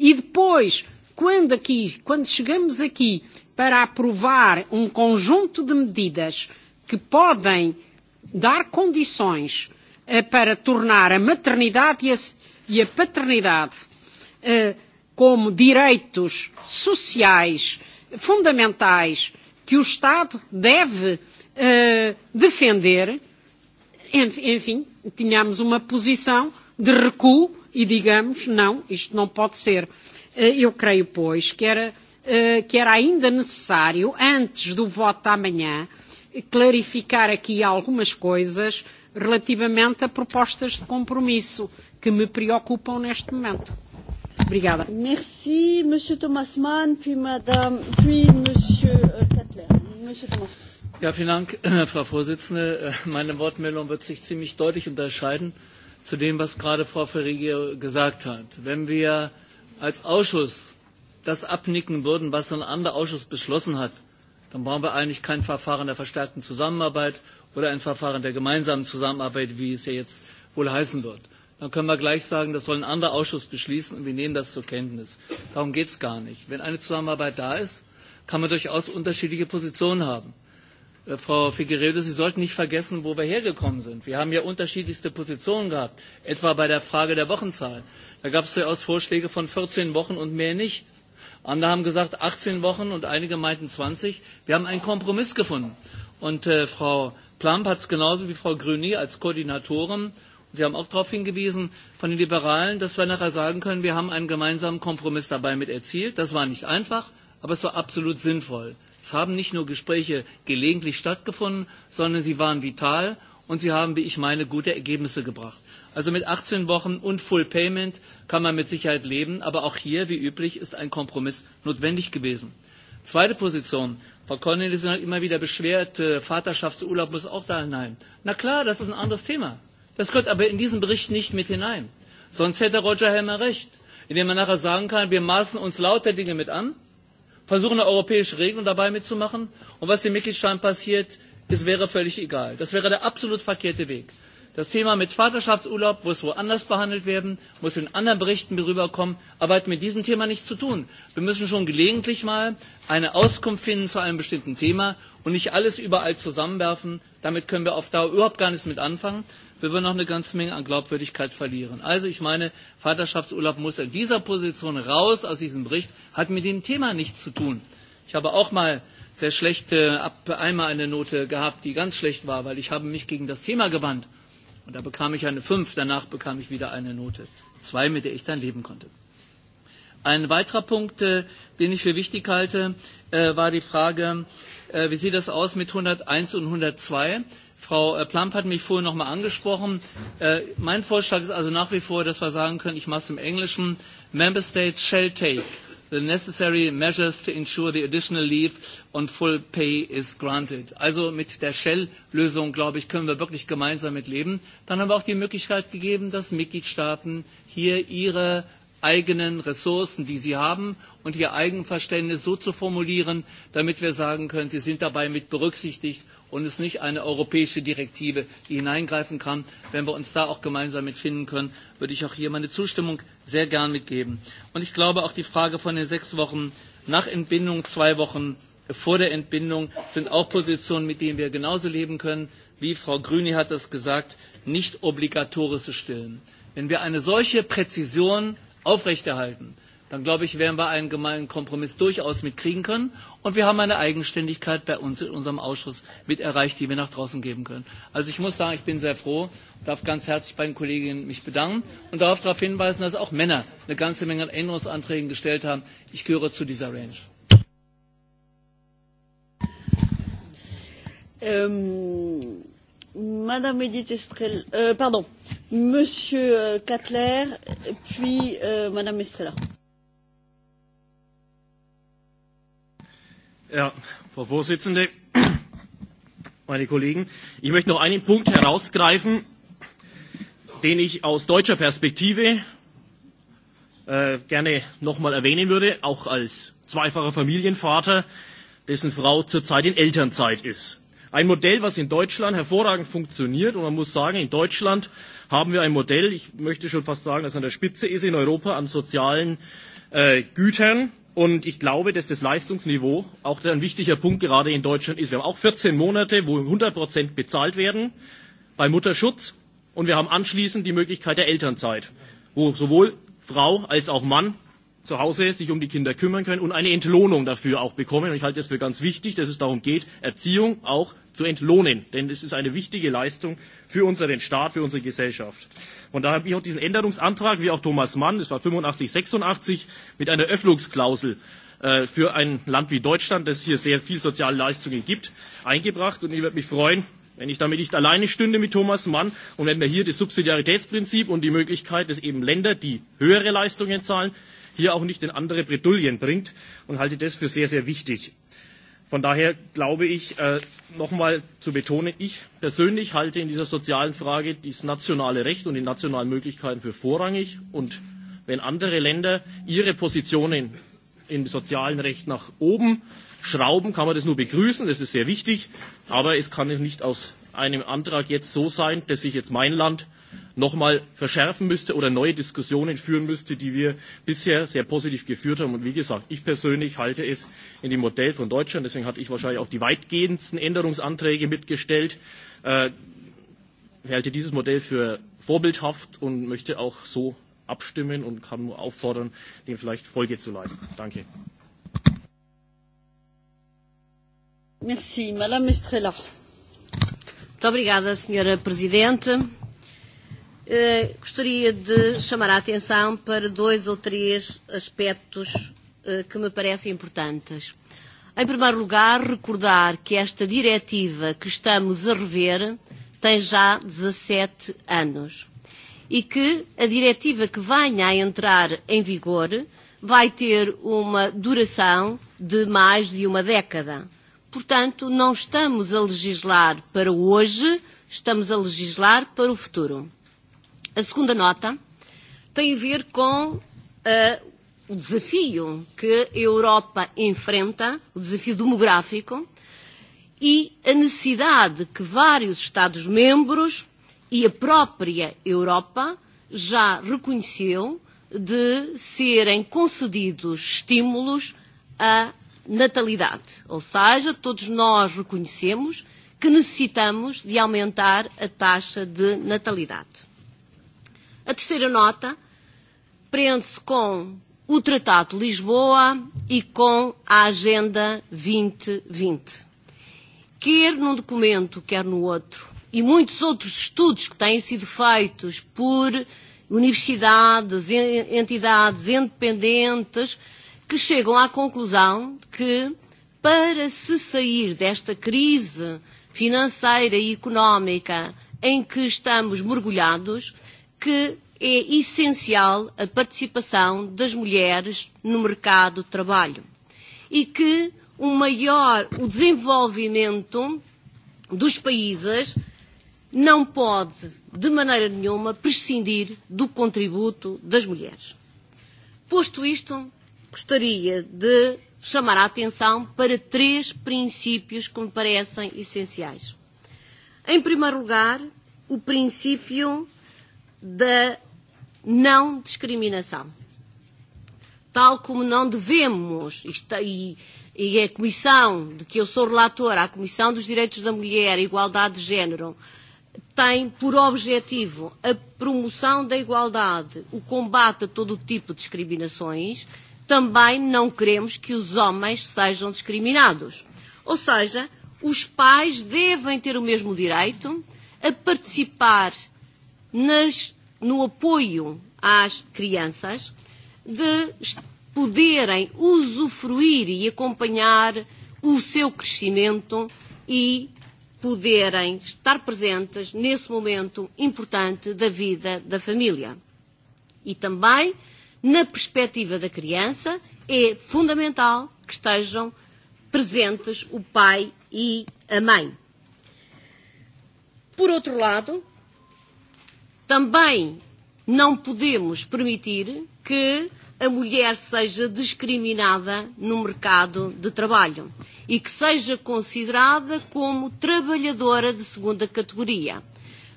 e depois, quando aqui, quando chegamos aqui para aprovar um conjunto de medidas que podem dar condições para tornar a maternidade e a paternidade eh, como direitos sociais fundamentais que o Estado deve eh, defender, enfim, tínhamos uma posição de recuo e digamos, não, isto não pode ser. Eh, eu creio, pois, que era, que era ainda necessário, antes do voto amanhã, clarificar aqui algumas coisas relativamente a propostas de compromisso que me preocupam neste momento. Obrigada. Merci, Monsieur Thomas Mann, puis Madame, puis Monsieur euh, Kettler. Monsieur Thomas. Ja, vielen Dank, äh, Frau Vorsitzende. Äh, meine Wortmeldung wird sich ziemlich deutlich unterscheiden zu dem, was gerade Frau Ferrigio gesagt hat. Wenn wir als Ausschuss das abnicken würden, was ein anderer Ausschuss beschlossen hat, dann brauchen wir eigentlich kein Verfahren der verstärkten Zusammenarbeit oder ein Verfahren der gemeinsamen Zusammenarbeit, wie es ja jetzt wohl heißen wird. Dann können wir gleich sagen, das soll ein anderer Ausschuss beschließen und wir nehmen das zur Kenntnis. Darum geht es gar nicht. Wenn eine Zusammenarbeit da ist, kann man durchaus unterschiedliche Positionen haben. Äh, Frau Figueredo, Sie sollten nicht vergessen, wo wir hergekommen sind. Wir haben ja unterschiedlichste Positionen gehabt, etwa bei der Frage der Wochenzahl. Da gab es durchaus Vorschläge von 14 Wochen und mehr nicht. Andere haben gesagt 18 Wochen und einige meinten 20. Wir haben einen Kompromiss gefunden. Und äh, Frau Plamp hat es genauso wie Frau Grüni als Koordinatorin Und Sie haben auch darauf hingewiesen von den Liberalen, dass wir nachher sagen können, wir haben einen gemeinsamen Kompromiss dabei mit erzielt. Das war nicht einfach, aber es war absolut sinnvoll. Es haben nicht nur Gespräche gelegentlich stattgefunden, sondern sie waren vital und sie haben, wie ich meine, gute Ergebnisse gebracht. Also mit 18 Wochen und Full Payment kann man mit Sicherheit leben, aber auch hier, wie üblich, ist ein Kompromiss notwendig gewesen. Zweite Position. Frau Cornelissen hat immer wieder beschwert, äh, Vaterschaftsurlaub muss auch da hinein. Na klar, das ist ein anderes Thema. Das gehört aber in diesen Bericht nicht mit hinein. Sonst hätte Roger Helmer recht, indem man nachher sagen kann, wir maßen uns lauter Dinge mit an, versuchen eine europäische Regelung dabei mitzumachen und was den Mitgliedstaaten passiert, es wäre völlig egal. Das wäre der absolut verkehrte Weg. Das Thema mit Vaterschaftsurlaub muss woanders behandelt werden, muss in anderen Berichten rüberkommen, aber hat mit diesem Thema nichts zu tun. Wir müssen schon gelegentlich mal eine Auskunft finden zu einem bestimmten Thema und nicht alles überall zusammenwerfen. Damit können wir auf Dauer überhaupt gar nichts mit anfangen. Wir würden noch eine ganze Menge an Glaubwürdigkeit verlieren. Also ich meine, Vaterschaftsurlaub muss in dieser Position raus aus diesem Bericht, hat mit dem Thema nichts zu tun. Ich habe auch mal sehr schlechte, einmal eine Note gehabt, die ganz schlecht war, weil ich habe mich gegen das Thema gewandt Und da bekam ich eine 5, danach bekam ich wieder eine Note 2, mit der ich dann leben konnte. Ein weiterer Punkt, äh, den ich für wichtig halte, äh, war die Frage, äh, wie sieht das aus mit 101 und 102? Frau Plamp hat mich vorhin nochmal angesprochen. mein Vorschlag ist also nach wie vor, dass wir sagen können, ich mache es im Englischen, Member States shall take the necessary measures to ensure the additional leave on full pay is granted. Also mit der Shell-Lösung, glaube ich, können wir wirklich gemeinsam mitleben. Dann haben wir auch die Möglichkeit gegeben, dass Mitgliedstaaten hier ihre eigenen Ressourcen, die sie haben und ihr Eigenverständnis so zu formulieren, damit wir sagen können, sie sind dabei mit berücksichtigt und es nicht eine europäische Direktive, die hineingreifen kann. Wenn wir uns da auch gemeinsam mitfinden können, würde ich auch hier meine Zustimmung sehr gern mitgeben. Und ich glaube auch die Frage von den sechs Wochen nach Entbindung, zwei Wochen vor der Entbindung sind auch Positionen, mit denen wir genauso leben können, wie Frau Grüni hat das gesagt, nicht obligatorisches Stillen. Wenn wir eine solche Präzision aufrechterhalten, dann glaube ich, werden wir einen gemeinen Kompromiss durchaus mitkriegen können. Und wir haben eine Eigenständigkeit bei uns in unserem Ausschuss mit erreicht, die wir nach draußen geben können. Also ich muss sagen, ich bin sehr froh, darf ganz herzlich bei den Kolleginnen mich bedanken und darf darauf hinweisen, dass auch Männer eine ganze Menge an Änderungsanträgen gestellt haben. Ich gehöre zu dieser Range. Ähm, Madame Edith Estrella, euh, pardon, Monsieur euh, Catler, puis euh, Madame Estrella. Ja, Frau Vorsitzende, meine Kollegen, ich möchte noch einen Punkt herausgreifen, den ich aus deutscher Perspektive äh, gerne nochmal erwähnen würde, auch als zweifacher Familienvater, dessen Frau zurzeit in Elternzeit ist. Ein Modell, was in Deutschland hervorragend funktioniert. Und man muss sagen, in Deutschland haben wir ein Modell, ich möchte schon fast sagen, das an der Spitze ist in Europa an sozialen äh, Gütern. Und ich glaube, dass das Leistungsniveau auch ein wichtiger Punkt gerade in Deutschland ist. Wir haben auch 14 Monate, wo 100 Prozent bezahlt werden bei Mutterschutz. Und wir haben anschließend die Möglichkeit der Elternzeit, wo sowohl Frau als auch Mann zu Hause sich um die Kinder kümmern können und eine Entlohnung dafür auch bekommen. Und ich halte es für ganz wichtig, dass es darum geht, Erziehung auch zu entlohnen. Denn es ist eine wichtige Leistung für unseren Staat, für unsere Gesellschaft. Und da habe ich auch diesen Änderungsantrag, wie auch Thomas Mann, das war 85, 86, mit einer Öffnungsklausel äh, für ein Land wie Deutschland, das hier sehr viel soziale Leistungen gibt, eingebracht. Und ich würde mich freuen, wenn ich damit nicht alleine stünde mit Thomas Mann und wenn wir hier das Subsidiaritätsprinzip und die Möglichkeit, dass eben Länder, die höhere Leistungen zahlen, hier auch nicht in andere Bredouillen bringt und halte das für sehr, sehr wichtig. Von daher glaube ich, äh, einmal zu betonen, ich persönlich halte in dieser sozialen Frage das nationale Recht und die nationalen Möglichkeiten für vorrangig. Und wenn andere Länder ihre Positionen im sozialen Recht nach oben schrauben, kann man das nur begrüßen, das ist sehr wichtig. Aber es kann nicht aus einem Antrag jetzt so sein, dass sich jetzt mein Land nochmal verschärfen müsste oder neue Diskussionen führen müsste, die wir bisher sehr positiv geführt haben. Und wie gesagt, ich persönlich halte es in dem Modell von Deutschland, deswegen hatte ich wahrscheinlich auch die weitgehendsten Änderungsanträge mitgestellt, äh, ich halte dieses Modell für vorbildhaft und möchte auch so abstimmen und kann nur auffordern, dem vielleicht Folge zu leisten. Danke. Merci, Madame Estrella. Muito obrigada, Senhora Presidente. Eh, gostaria de chamar a atenção para dois ou três aspectos eh, que me parecem importantes. Em primeiro lugar, recordar que esta diretiva que estamos a rever tem já 17 anos e que a diretiva que venha a entrar em vigor vai ter uma duração de mais de uma década. Portanto, não estamos a legislar para hoje, estamos a legislar para o futuro. A segunda nota tem a ver com uh, o desafio que a Europa enfrenta, o desafio demográfico, e a necessidade que vários Estados-membros e a própria Europa já reconheceu de serem concedidos estímulos à natalidade. Ou seja, todos nós reconhecemos que necessitamos de aumentar a taxa de natalidade. A terceira nota prende-se com o Tratado de Lisboa e com a Agenda 2020. Quer num documento, quer no outro, e muitos outros estudos que têm sido feitos por universidades, entidades independentes, que chegam à conclusão que para se sair desta crise financeira e económica em que estamos mergulhados, que é essencial a participação das mulheres no mercado de trabalho e que o maior o desenvolvimento dos países não pode, de maneira nenhuma, prescindir do contributo das mulheres. Posto isto, gostaria de chamar a atenção para três princípios que me parecem essenciais. Em primeiro lugar, o princípio da não discriminação. Tal como não devemos, isto, e, e a Comissão, de que eu sou relatora, a Comissão dos Direitos da Mulher e Igualdade de Género, tem por objetivo a promoção da igualdade, o combate a todo tipo de discriminações, também não queremos que os homens sejam discriminados. Ou seja, os pais devem ter o mesmo direito a participar nas, no apoio às crianças de poderem usufruir e acompanhar o seu crescimento e poderem estar presentes nesse momento importante da vida da família. E também, na perspectiva da criança, é fundamental que estejam presentes o pai e a mãe. Por outro lado, Também não podemos permitir que a mulher seja discriminada no mercado de trabalho e que seja considerada como trabalhadora de segunda categoria.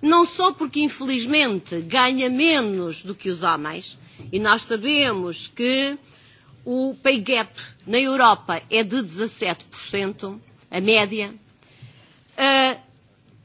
Não só porque, infelizmente, ganha menos do que os homens, e nós sabemos que o pay gap na Europa é de 17%, a média, uh,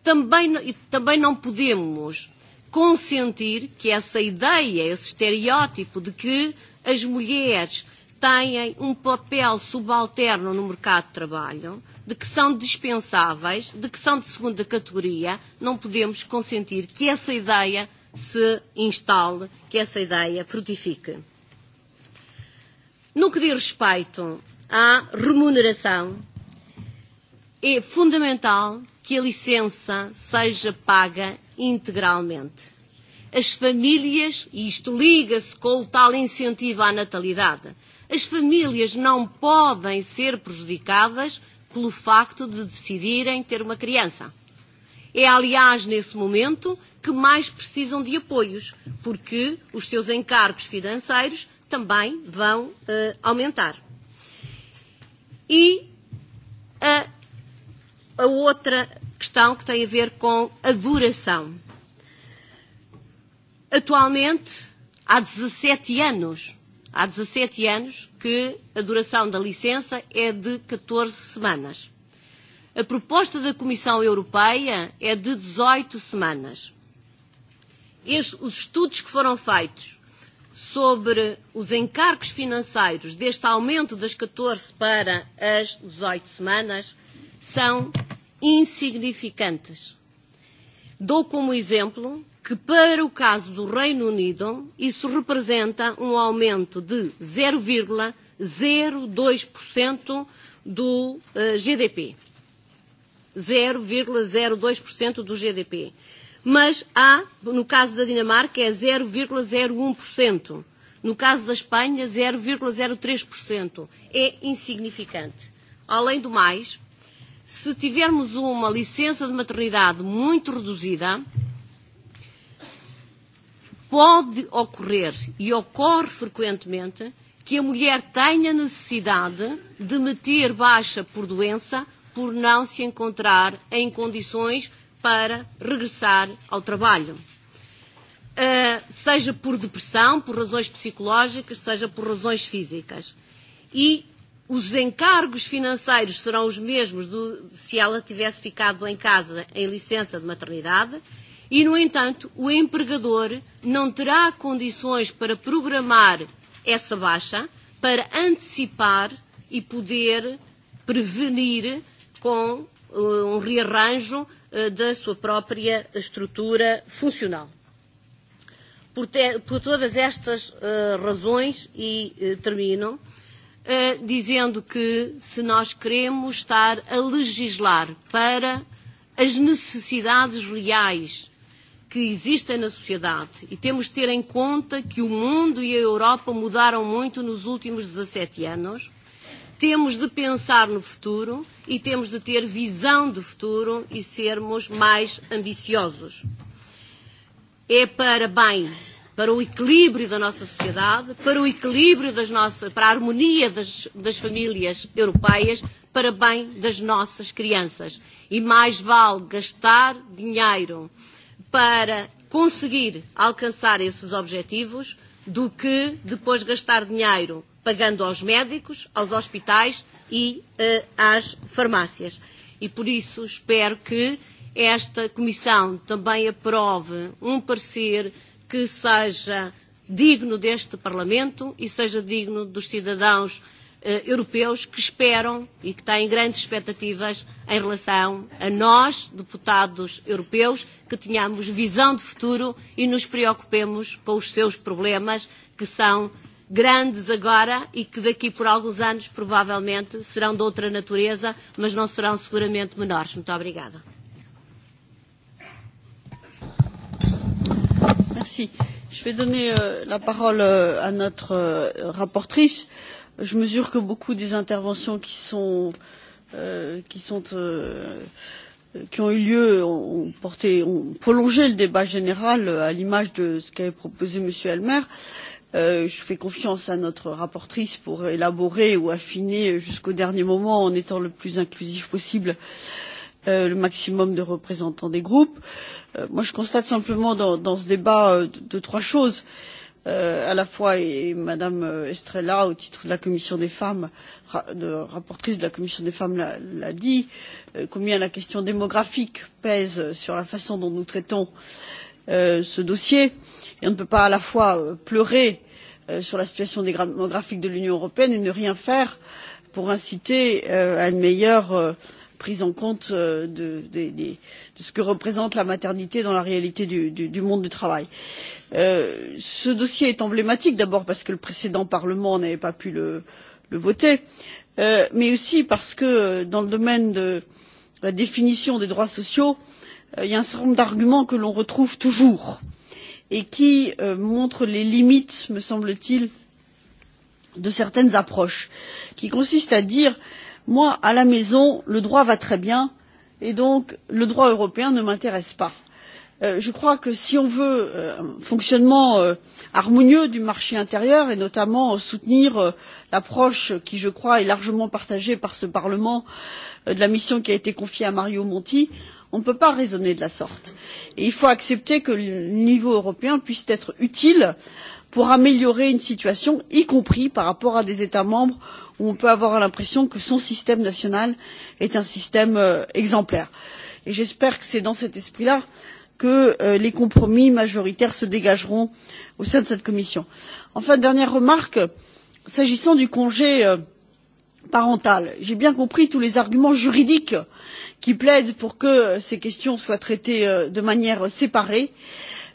também, também não podemos consentir que essa ideia, esse estereótipo de que as mulheres têm um papel subalterno no mercado de trabalho, de que são dispensáveis, de que são de segunda categoria, não podemos consentir que essa ideia se instale, que essa ideia frutifique. No que diz respeito à remuneração, é fundamental que a licença seja paga integralmente. As famílias, e isto liga-se com o tal incentivo à natalidade, as famílias não podem ser prejudicadas pelo facto de decidirem ter uma criança. É, aliás, nesse momento que mais precisam de apoios, porque os seus encargos financeiros também vão uh, aumentar. E a eh, a outra questão que tem a ver com a duração. Atualmente, há 17 anos, há 17 anos que a duração da licença é de 14 semanas. A proposta da Comissão Europeia é de 18 semanas. os estudos que foram feitos sobre os encargos financeiros deste aumento das 14 para as 18 semanas são insignificantes. Dou como exemplo que, para o caso do Reino Unido, isso representa um aumento de 0,02% do eh, GDP. 0,02% do GDP. Mas há, no caso da Dinamarca, é 0,01%. Um no caso da Espanha, 0,03%. É insignificante. Além do mais, se tivermos uma licença de maternidade muito reduzida, pode ocorrer e ocorre frequentemente que a mulher tenha necessidade de meter baixa por doença por não se encontrar em condições para regressar ao trabalho. Uh, seja por depressão, por razões psicológicas, seja por razões físicas. E os encargos financeiros serão os mesmos do, se ela tivesse ficado em casa em licença de maternidade e, no entanto, o empregador não terá condições para programar essa baixa, para antecipar e poder prevenir com uh, um rearranjo uh, da sua própria estrutura funcional. Por, te, por todas estas uh, razões, e uh, termino, uh, uh, dizendo que se nós queremos estar a legislar para as necessidades reais que existem na sociedade e temos de ter em conta que o mundo e a Europa mudaram muito nos últimos 17 anos, temos de pensar no futuro e temos de ter visão do futuro e sermos mais ambiciosos. É para bem para o equilíbrio da nossa sociedade, para o equilíbrio das nossas, para a harmonia das, das famílias europeias, para bem das nossas crianças. E mais vale gastar dinheiro para conseguir alcançar esses objetivos do que depois gastar dinheiro pagando aos médicos, aos hospitais e uh, às farmácias. E por isso espero que esta Comissão também aprove um parecer que seja digno deste Parlamento e seja digno dos cidadãos uh, europeus que esperam e que têm grandes expectativas em relação a nós, deputados europeus, que tenhamos visão de futuro e nos preocupemos com os seus problemas, que são grandes agora e que daqui por alguns anos provavelmente serão de outra natureza, mas não serão seguramente menores. Muito obrigada. Mulțumesc. Je vais donner euh, la parole euh, à notre euh, rapporteure. Je mesure que beaucoup des interventions qui sont, euh, qui sont euh, qui ont eu lieu ont, porté, ont prolongé le débat général euh, à l'image de ce qu'avait proposé M. Elmer. Euh, je fais confiance à notre rapporteure pour élaborer ou affiner jusqu'au dernier moment en étant le plus inclusif possible euh, Euh, le maximum de représentants des groupes. Euh, moi, je constate simplement dans, ce débat euh, deux trois choses à la fois et mme estrela au titre de la commission des femmes rapporteure de la commission des femmes l'a dit combien la question démographique pèse sur la façon dont nous traitons ce dossier et on ne peut pas à la fois pleurer sur la situation démographique de l'union européenne et ne rien faire pour inciter à une meilleure prise en compte euh, de, de, de, de ce que représente la maternité dans la réalité du, du, du monde du travail. Euh, ce dossier est emblématique d'abord parce que le précédent parlement n'avait pas pu le, le voter euh, mais aussi parce que euh, dans le domaine de la définition des droits sociaux euh, il y a un certain nombre d'arguments que l'on retrouve toujours et qui montrent les limites me semble t il de certaines approches qui consistent à dire que moi à la maison le droit va très bien et donc le droit européen ne m'intéresse pas. Euh, je crois que si on veut un euh, fonctionnement euh, harmonieux du marché intérieur et notamment soutenir l'approche qui je crois est largement partagée par ce parlement de la mission qui a été confiée à mario monti on ne peut pas raisonner de la sorte et il faut accepter que le niveau européen puisse être utile pour améliorer une situation y compris par rapport à des états membres où on peut avoir l'impression que son système national est un système euh, exemplaire. j'espère que c'est dans cet esprit là que euh, les compromis majoritaires se dégageront au sein de cette commission. enfin dernière remarque s'agissant du congé euh, parental j'ai bien compris tous les arguments juridiques qui plaident pour que euh, ces questions soient traitées de manière séparée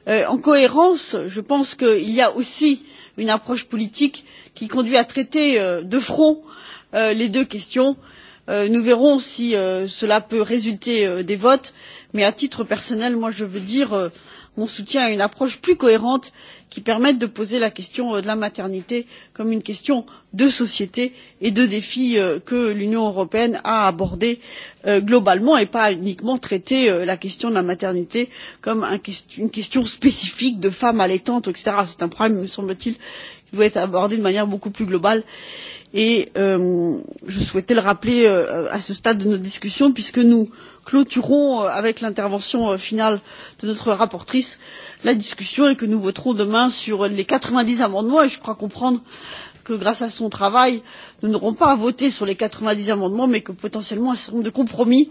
Euh, en cohérence je pense qu'il y a aussi une approche politique qui conduit à traiter euh, de front euh, les deux questions. nous verrons si cela peut résulter des votes mais à titre personnel je veux dire mon soutien à une approche plus cohérente qui qui permettent de poser la question euh, de la maternité comme une question de société et de défi euh, que l'union européenne a à aborder euh, globalement et pas uniquement traiter la question de la maternité comme une question spécifique de femmes allaitantes etc. c'est un problème me semble t il qui doit être abordé de manière beaucoup plus globale et et euh, je souhaitais le rappeler euh, à ce stade de notre discussion puisque nous clôturons euh, avec l'intervention euh, finale de notre rapporteure la discussion et que nous voterons demain sur les quatre vingt dix amendements et je crois comprendre que grâce à son travail nous n'aurons pas à voter sur les quatre vingt dix amendements mais que potentiellement un certain nombre de compromis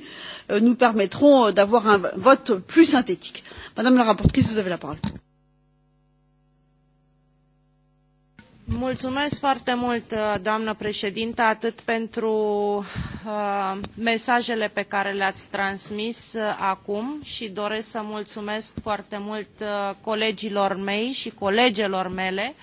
euh, nous permettront euh, d'avoir un vote plus synthétique. madame la rapporteure vous avez la parole. Mulțumesc foarte mult, uh, doamnă președintă, atât pentru uh, mesajele pe care le-ați transmis uh, acum și doresc să mulțumesc foarte mult uh, colegilor mei și colegelor mele,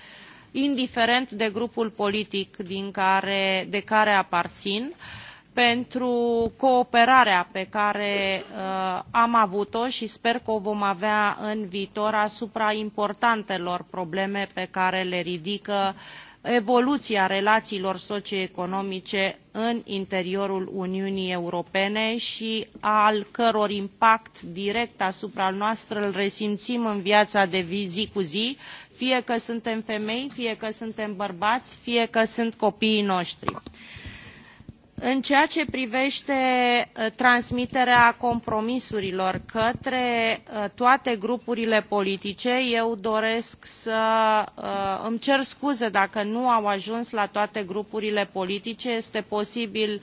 indiferent de grupul politic din care, de care aparțin. Uh, pentru cooperarea pe care uh, am avut-o și sper că o vom avea în viitor asupra importantelor probleme pe care le ridică evoluția relațiilor socioeconomice în interiorul Uniunii Europene și al căror impact direct asupra noastră îl resimțim în viața de zi cu zi, fie că suntem femei, fie că suntem bărbați, fie că sunt copiii noștri. În ceea ce privește ă, transmiterea compromisurilor către ă, toate grupurile politice, eu doresc să ă, îmi cer scuze dacă nu au ajuns la toate grupurile politice. Este posibil uh,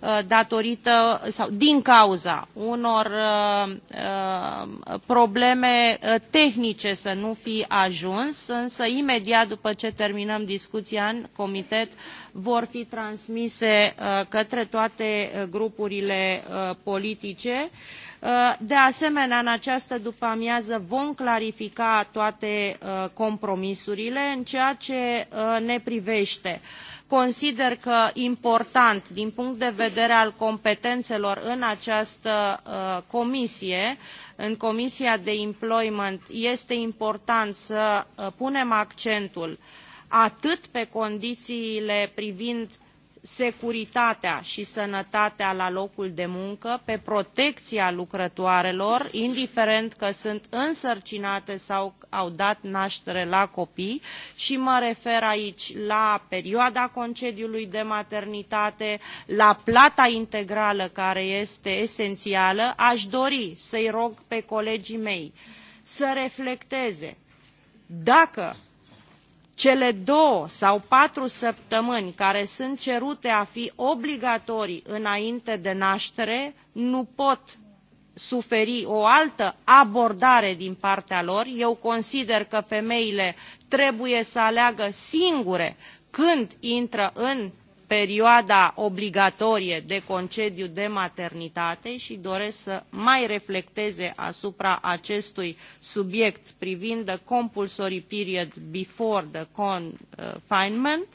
Uh, datorită sau din cauza unor uh, uh, probleme tehnice să nu fi ajuns, însă imediat după ce terminăm discuția în comitet vor fi transmise către toate grupurile politice. De asemenea, în această după-amiază vom clarifica toate compromisurile în ceea ce ne privește. Consider că important, din punct de vedere al competențelor în această uh, comisie, în Comisia de Employment, este important să uh, punem accentul atât pe condițiile privind securitatea și sănătatea la locul de muncă, pe protecția lucrătoarelor, indiferent că sunt însărcinate sau au dat naștere la copii și mă refer aici la perioada concediului de maternitate, la plata integrală care este esențială, aș dori să-i rog pe colegii mei să reflecteze dacă cele două sau patru săptămâni care sunt cerute a fi obligatorii înainte de naștere nu pot suferi o altă abordare din partea lor. Eu consider că femeile trebuie să aleagă singure când intră în perioada obligatorie de concediu de maternitate și doresc să mai reflecteze asupra acestui subiect privind the compulsory period before the confinement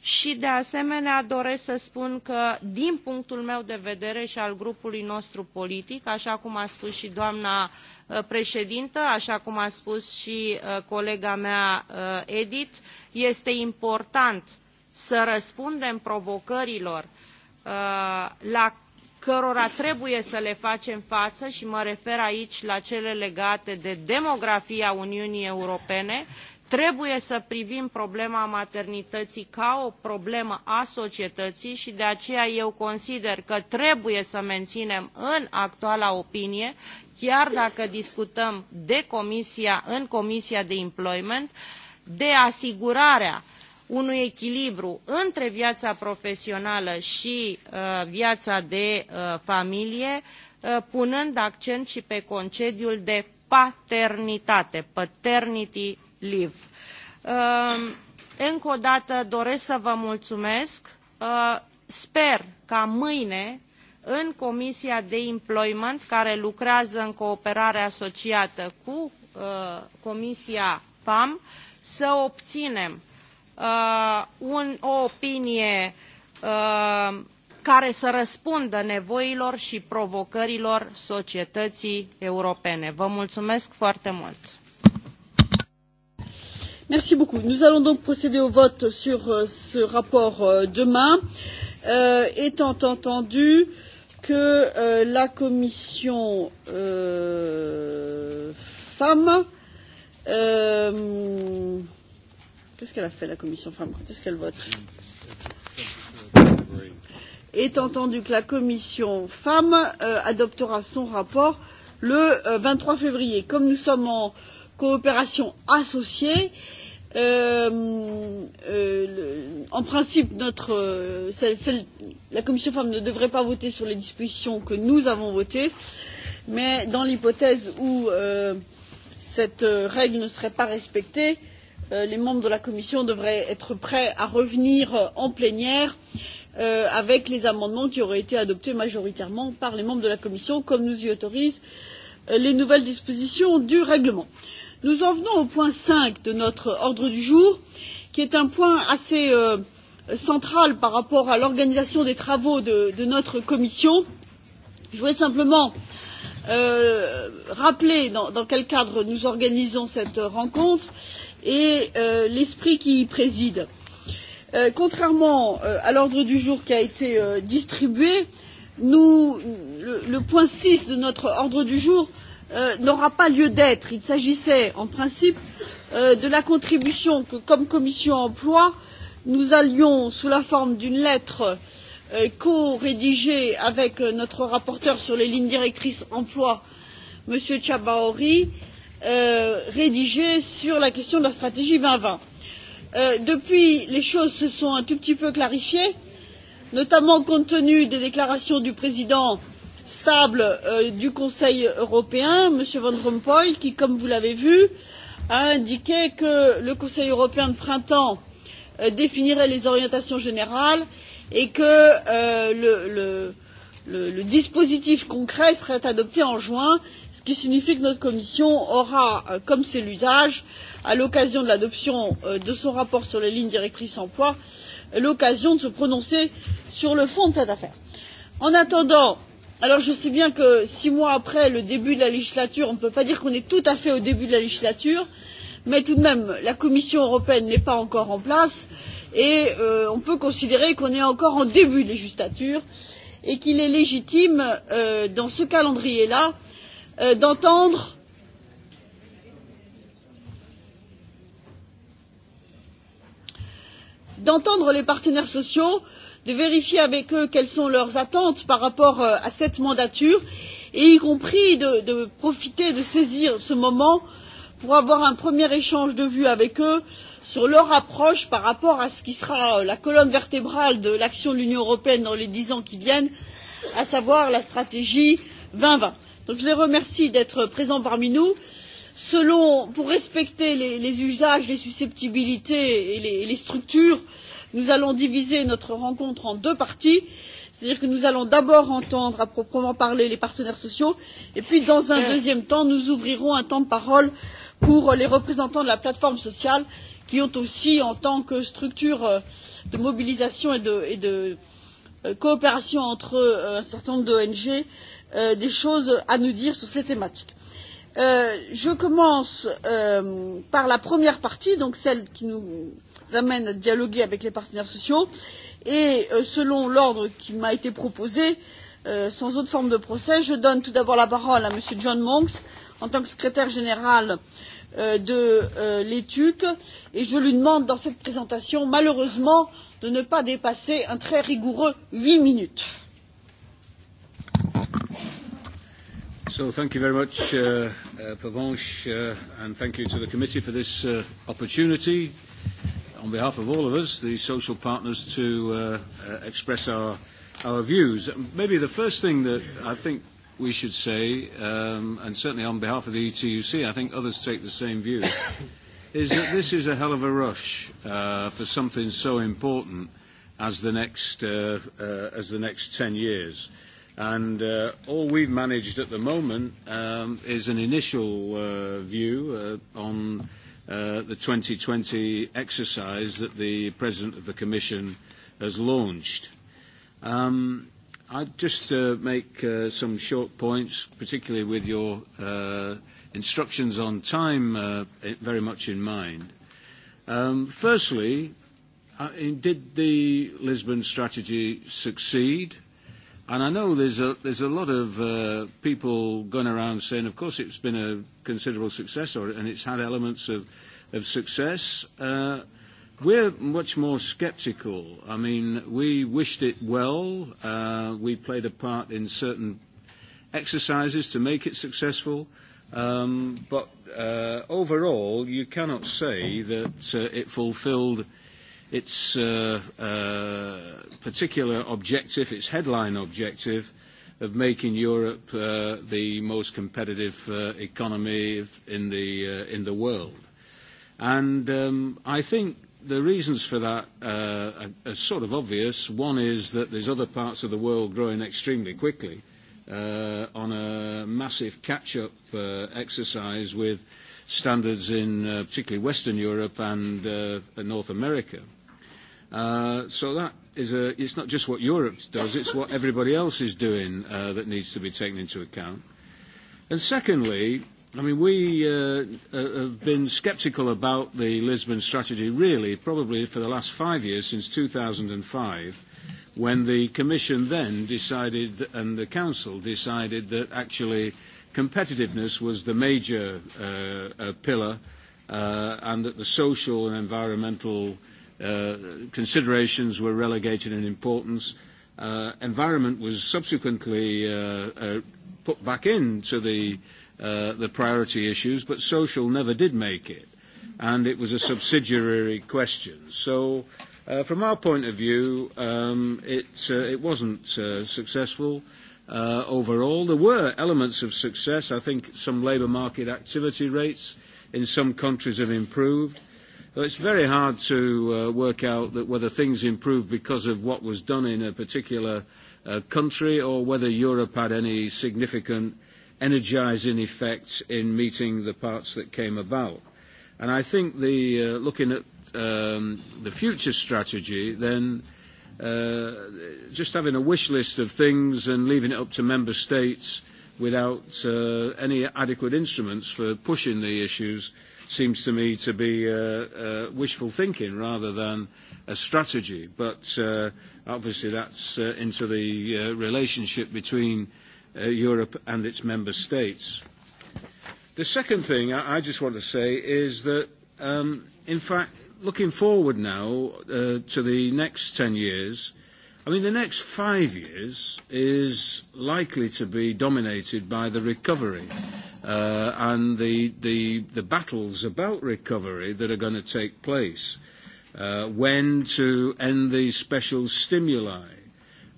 și de asemenea doresc să spun că din punctul meu de vedere și al grupului nostru politic, așa cum a spus și doamna uh, președintă, așa cum a spus și uh, colega mea uh, Edith, este important să răspundem provocărilor uh, la cărora trebuie să le facem față și mă refer aici la cele legate de demografia Uniunii Europene, trebuie să privim problema maternității ca o problemă a societății și de aceea eu consider că trebuie să menținem în actuala opinie, chiar dacă discutăm de comisia, în Comisia de Employment, de asigurarea uh, unui echilibru între viața profesională și uh, viața de uh, familie, uh, punând accent și pe concediul de paternitate, paternity leave. Um, încă o dată doresc să vă mulțumesc. Uh, sper ca mâine în Comisia de Employment, care lucrează în cooperare asociată cu uh, Comisia FAM, să obținem uh, uh, un, o opinie uh, care să răspundă nevoilor și provocărilor societății europene. Vă mulțumesc foarte mult! Merci beaucoup. Nous allons donc procéder au vote sur euh, ce rapport euh, demain, euh, étant entendu que euh, la commission euh, femmes euh, Qu'est-ce qu'elle a fait, la commission femmes Quand est-ce qu'elle vote Étant entendu que la commission femmes euh, adoptera son rapport le euh, 23 février. Comme nous sommes en coopération associée, euh, euh, le, en principe, notre, euh, celle, celle, la commission femmes ne devrait pas voter sur les dispositions que nous avons votées, mais dans l'hypothèse où euh, cette euh, règle ne serait pas respectée, euh, Euh, les membres de la commission devraient être prêts à revenir en plénière euh, avec les amendements qui auraient été adoptés majoritairement par les membres de la commission comme nous y autorisent euh, les nouvelles dispositions du règlement. nous en venons au point cinq de notre ordre du jour qui est un point assez central par rapport à l'organisation des travaux de, de notre commission. je voudrais simplement euh, rappeler dans, dans quel cadre nous organisons cette rencontre et et euh, l'esprit qui y préside. Euh, contrairement euh, à l'ordre du jour qui a été euh, distribué, nous, le, le point 6 de notre ordre du jour euh, n'aura pas lieu d'être. Il s'agissait en principe euh, de la contribution que, comme commission emploi, nous allions, sous la forme d'une lettre euh, co-rédigée avec euh, notre rapporteur sur les lignes directrices emploi, M. Chabaori, euh, euh, rédigé sur la question de la stratégie deux mille vingt euh, depuis les choses se sont un tout petit peu clarifiées notamment compte tenu des déclarations du président stable euh, du conseil européen m. van rompuy qui comme vous l'avez vu a indiqué que le conseil européen de printemps euh, définirait les orientations générales et que euh, le, le, le, le dispositif concret serait adopté en juin ce qui signifie que notre commission aura euh, comme c'est l'usage à l'occasion de l'adoption euh, de son rapport sur les lignes directrices emploi l'occasion de se prononcer sur le fond de cette affaire. en attendant alors je sais bien que six mois après le début de la législature on ne peut pas dire qu'on est tout à fait au début de la législature mais tout de même la commission européenne n'est pas encore en place et euh, on peut considérer qu'on est encore en début de législature et qu'il est légitime euh, dans ce calendrier là euh, d'entendre d'entendre les partenaires sociaux de vérifier avec eux quelles sont leurs attentes par rapport euh, à cette mandature et y compris de, de profiter de saisir ce moment pour avoir un premier échange de vues avec eux sur leur approche par rapport à ce qui sera euh, la colonne vertébrale de l'action de l'union européenne dans les dix ans qui viennent à savoir la stratégie 2020. Donc je les remercie d'être présents parmi nous. Selon, pour respecter les, les usages, les susceptibilités et les, les structures, nous allons diviser notre rencontre en deux parties. C'est-à-dire que nous allons d'abord entendre à proprement parler les partenaires sociaux et puis dans un deuxième temps, nous ouvrirons un temps de parole pour les représentants de la plateforme sociale qui ont aussi, en tant que structure euh, de mobilisation et de, et de euh, coopération entre euh, un certain nombre d'ONG, Euh, des choses à nous dire sur ces thématiques. Euh, je commence euh, par la première partie, donc celle qui nous amène à dialoguer avec les partenaires sociaux, et euh, selon l'ordre qui m'a été proposé, euh, sans autre forme de procès, je donne tout d'abord la parole à M. John Monks, en tant que secrétaire général euh, de euh, l'étude, et je lui demande dans cette présentation, malheureusement, de ne pas dépasser un très rigoureux huit minutes. So thank you very much, uh, uh, Pavanche, uh, and thank you to the committee for this uh, opportunity on behalf of all of us, the social partners, to uh, uh, express our, our views. Maybe the first thing that I think we should say, um, and certainly on behalf of the ETUC, I think others take the same view, is that this is a hell of a rush uh, for something so important as the next, uh, uh, as the next 10 years. Uh, And uh, all we've managed at the moment um, is an initial uh, view uh, on uh, the 2020 exercise that the President of the Commission has launched. Um, I'd just uh, make uh, some short points, particularly with your uh, instructions on time uh, very much in mind. Um, firstly, uh, did the Lisbon strategy succeed? And I know there's a, there's a lot of uh, people going around saying, of course, it's been a considerable success, or, and it's had elements of, of success. Uh, we're much more sceptical. I mean, we wished it well. Uh, we played a part in certain exercises to make it successful. Um, but uh, overall, you cannot say that uh, it fulfilled – its uh, uh, particular objective, its headline objective, of making Europe uh, the most competitive uh, economy in the, uh, in the world. And um, I think the reasons for that uh, are, are, sort of obvious. One is that there's other parts of the world growing extremely quickly uh, on a massive catch-up uh, exercise with standards in particularly Western Europe and North America. Uh, so that is a, it's not just what Europe does, it's what everybody else is doing uh, that needs to be taken into account. And secondly, I mean, we uh, uh have been sceptical about the Lisbon strategy really probably for the last five years, since 2005, when the Commission then decided and the Council decided that actually competitiveness was the major uh, uh, pillar uh, and that the social and environmental uh, Uh, considerations were relegated in importance. Uh, environment was subsequently uh, uh put back into the, uh, the priority issues, but social never did make it, and it was a subsidiary question. So, from our point of view, um, it, it wasn't successful. overall, there were elements of success. I think some labour market activity rates in some countries have improved. It's very hard to uh, work out that whether things improved because of what was done in a particular uh, country or whether Europe had any significant energising effect in meeting the parts that came about. And I think the, uh, looking at um, the future strategy, then uh, just having a wish list of things and leaving it up to member states without uh, any adequate instruments for pushing the issues seems to me to be uh, uh, wishful thinking rather than a strategy. But uh, obviously that's uh, into the uh, relationship between uh, Europe and its member states. The second thing I, I just want to say is that, um, in fact, looking forward now uh, to the next 10 years, uh, I mean, the next five years is likely to be dominated by the recovery uh, and the, the, the battles about recovery that are going to take place. Uh, when to end these special stimuli?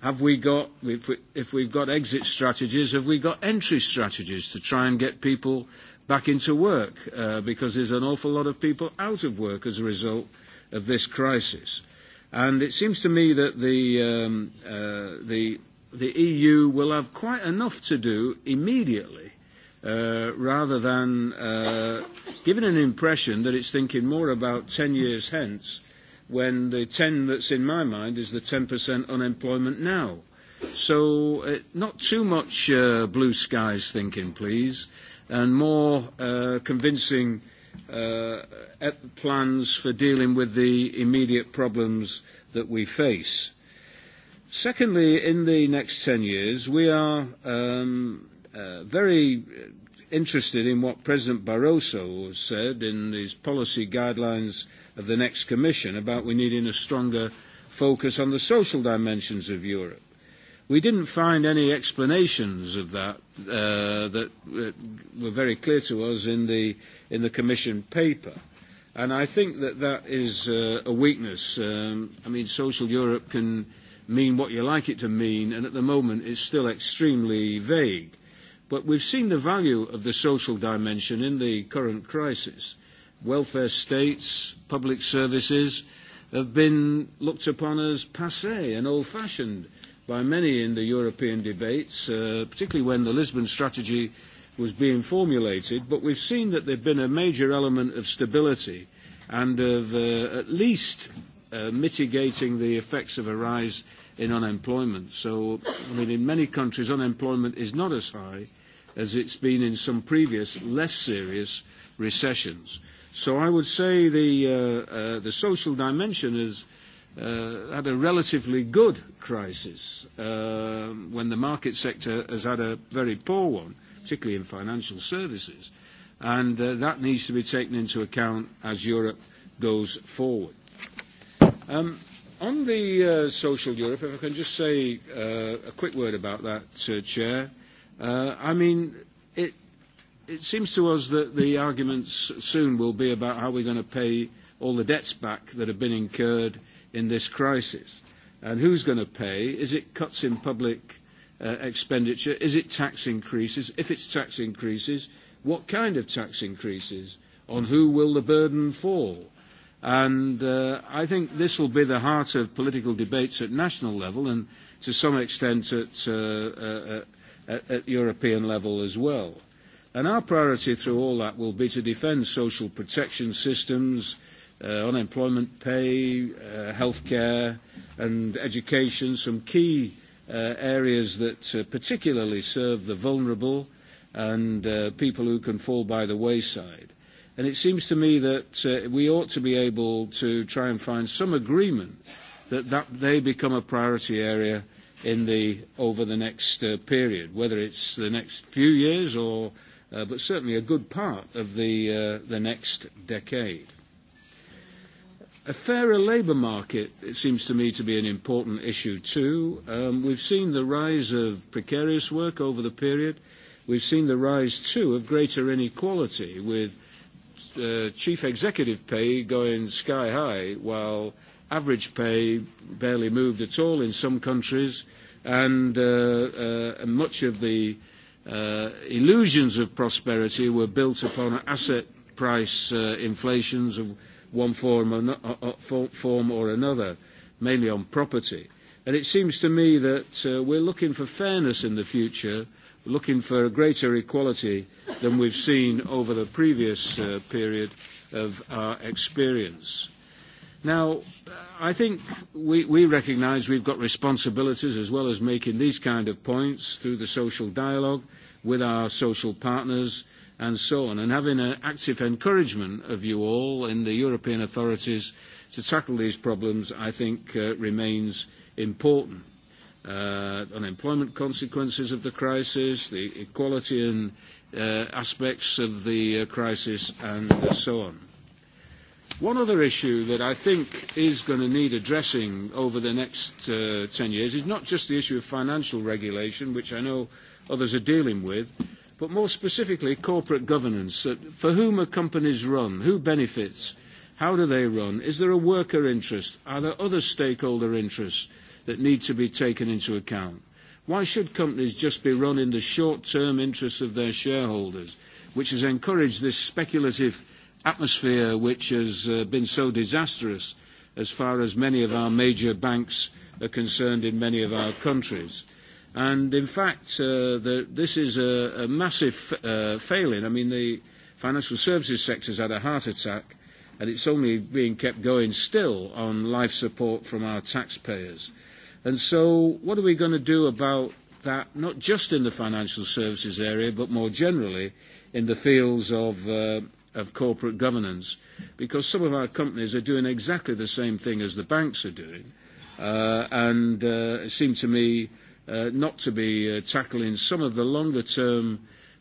Have we got, if, we, if we've got exit strategies, have we got entry strategies to try and get people back into work? Uh, because there's an awful lot of people out of work as a result of this crisis. And it seems to me that the, um, uh, the, the EU will have quite enough to do immediately uh, rather than uh, giving an impression that it's thinking more about 10 years hence when the 10 that's in my mind is the 10% unemployment now. So uh, not too much uh, blue skies thinking, please, and more uh, convincing – uh, plans for dealing with the immediate problems that we face. Secondly, in the next 10 years, we are um, uh, very interested in what President Barroso said in his policy guidelines of the next Commission about we needing a stronger focus on the social dimensions of Europe. We didn't find any explanations of that uh, that uh, were very clear to us in the, in the Commission paper. And I think that that is uh, a weakness. Um, I mean, social Europe can mean what you like it to mean, and at the moment it's still extremely vague. But we've seen the value of the social dimension in the current crisis. Welfare states, public services have been looked upon as passe and old-fashioned by many in the European debates, uh, particularly when the Lisbon strategy was being formulated, but we've seen that there's been a major element of stability and of uh, at least uh, mitigating the effects of a rise in unemployment. So, I mean, in many countries, unemployment is not as high as it's been in some previous, less serious recessions. So I would say the, uh, uh, the social dimension is uh, had a relatively good crisis uh, when the market sector has had a very poor one, particularly in financial services. And uh, that needs to be taken into account as Europe goes forward. Um, on the uh, social Europe, if I can just say uh, a quick word about that, uh, Chair. Uh, I mean, it, it seems to us that the arguments soon will be about how we're going to pay all the debts back that have been incurred in this crisis. And who's going to pay? Is it cuts in public uh, expenditure? Is it tax increases? If it's tax increases, what kind of tax increases? On who will the burden fall? And uh, I think this will be the heart of political debates at national level and to some extent at, uh, uh at, at European level as well. And our priority through all that will be to defend social protection systems, uh, unemployment pay, uh, healthcare and education, some key uh, areas that uh, particularly serve the vulnerable and uh, people who can fall by the wayside. And it seems to me that uh, we ought to be able to try and find some agreement that, that they become a priority area in the, over the next uh, period, whether it's the next few years or, uh, but certainly a good part of the, uh, the next decade. A fairer labour market it seems to me to be an important issue too. Um, we've seen the rise of precarious work over the period. We've seen the rise too of greater inequality with uh, chief executive pay going sky high while average pay barely moved at all in some countries and uh, uh, much of the uh, illusions of prosperity were built upon asset price uh, inflations of one uh, uh, form or another, mainly on property. And it seems to me that uh, we're looking for fairness in the future, looking for a greater equality than we've seen over the previous uh, period of our experience. Now, I think we, we recognise we've got responsibilities as well as making these kind of points through the social dialogue with our social partners and so on, and having an active encouragement of you all in the European authorities to tackle these problems, I think, uh, remains important. Uh, unemployment consequences of the crisis, the equality and uh, aspects of the uh, crisis, and uh, so on. One other issue that I think is going to need addressing over the next uh, 10 years is not just the issue of financial regulation, which I know others are dealing with, but more specifically corporate governance. For whom are companies run? Who benefits? How do they run? Is there a worker interest? Are there other stakeholder interests that need to be taken into account? Why should companies just be run in the short-term interests of their shareholders, which has encouraged this speculative atmosphere which has uh, been so disastrous as far as many of our major banks are concerned in many of our countries? And in fact, uh, the, this is a, a massive uh, failing. I mean, the financial services sector has had a heart attack, and it's only being kept going still on life support from our taxpayers. And so, what are we going to do about that, not just in the financial services area, but more generally in the fields of, uh, of corporate governance? Because some of our companies are doing exactly the same thing as the banks are doing. Uh, and uh, it seemed to me Uh, not to be uh, tackling some of the longer term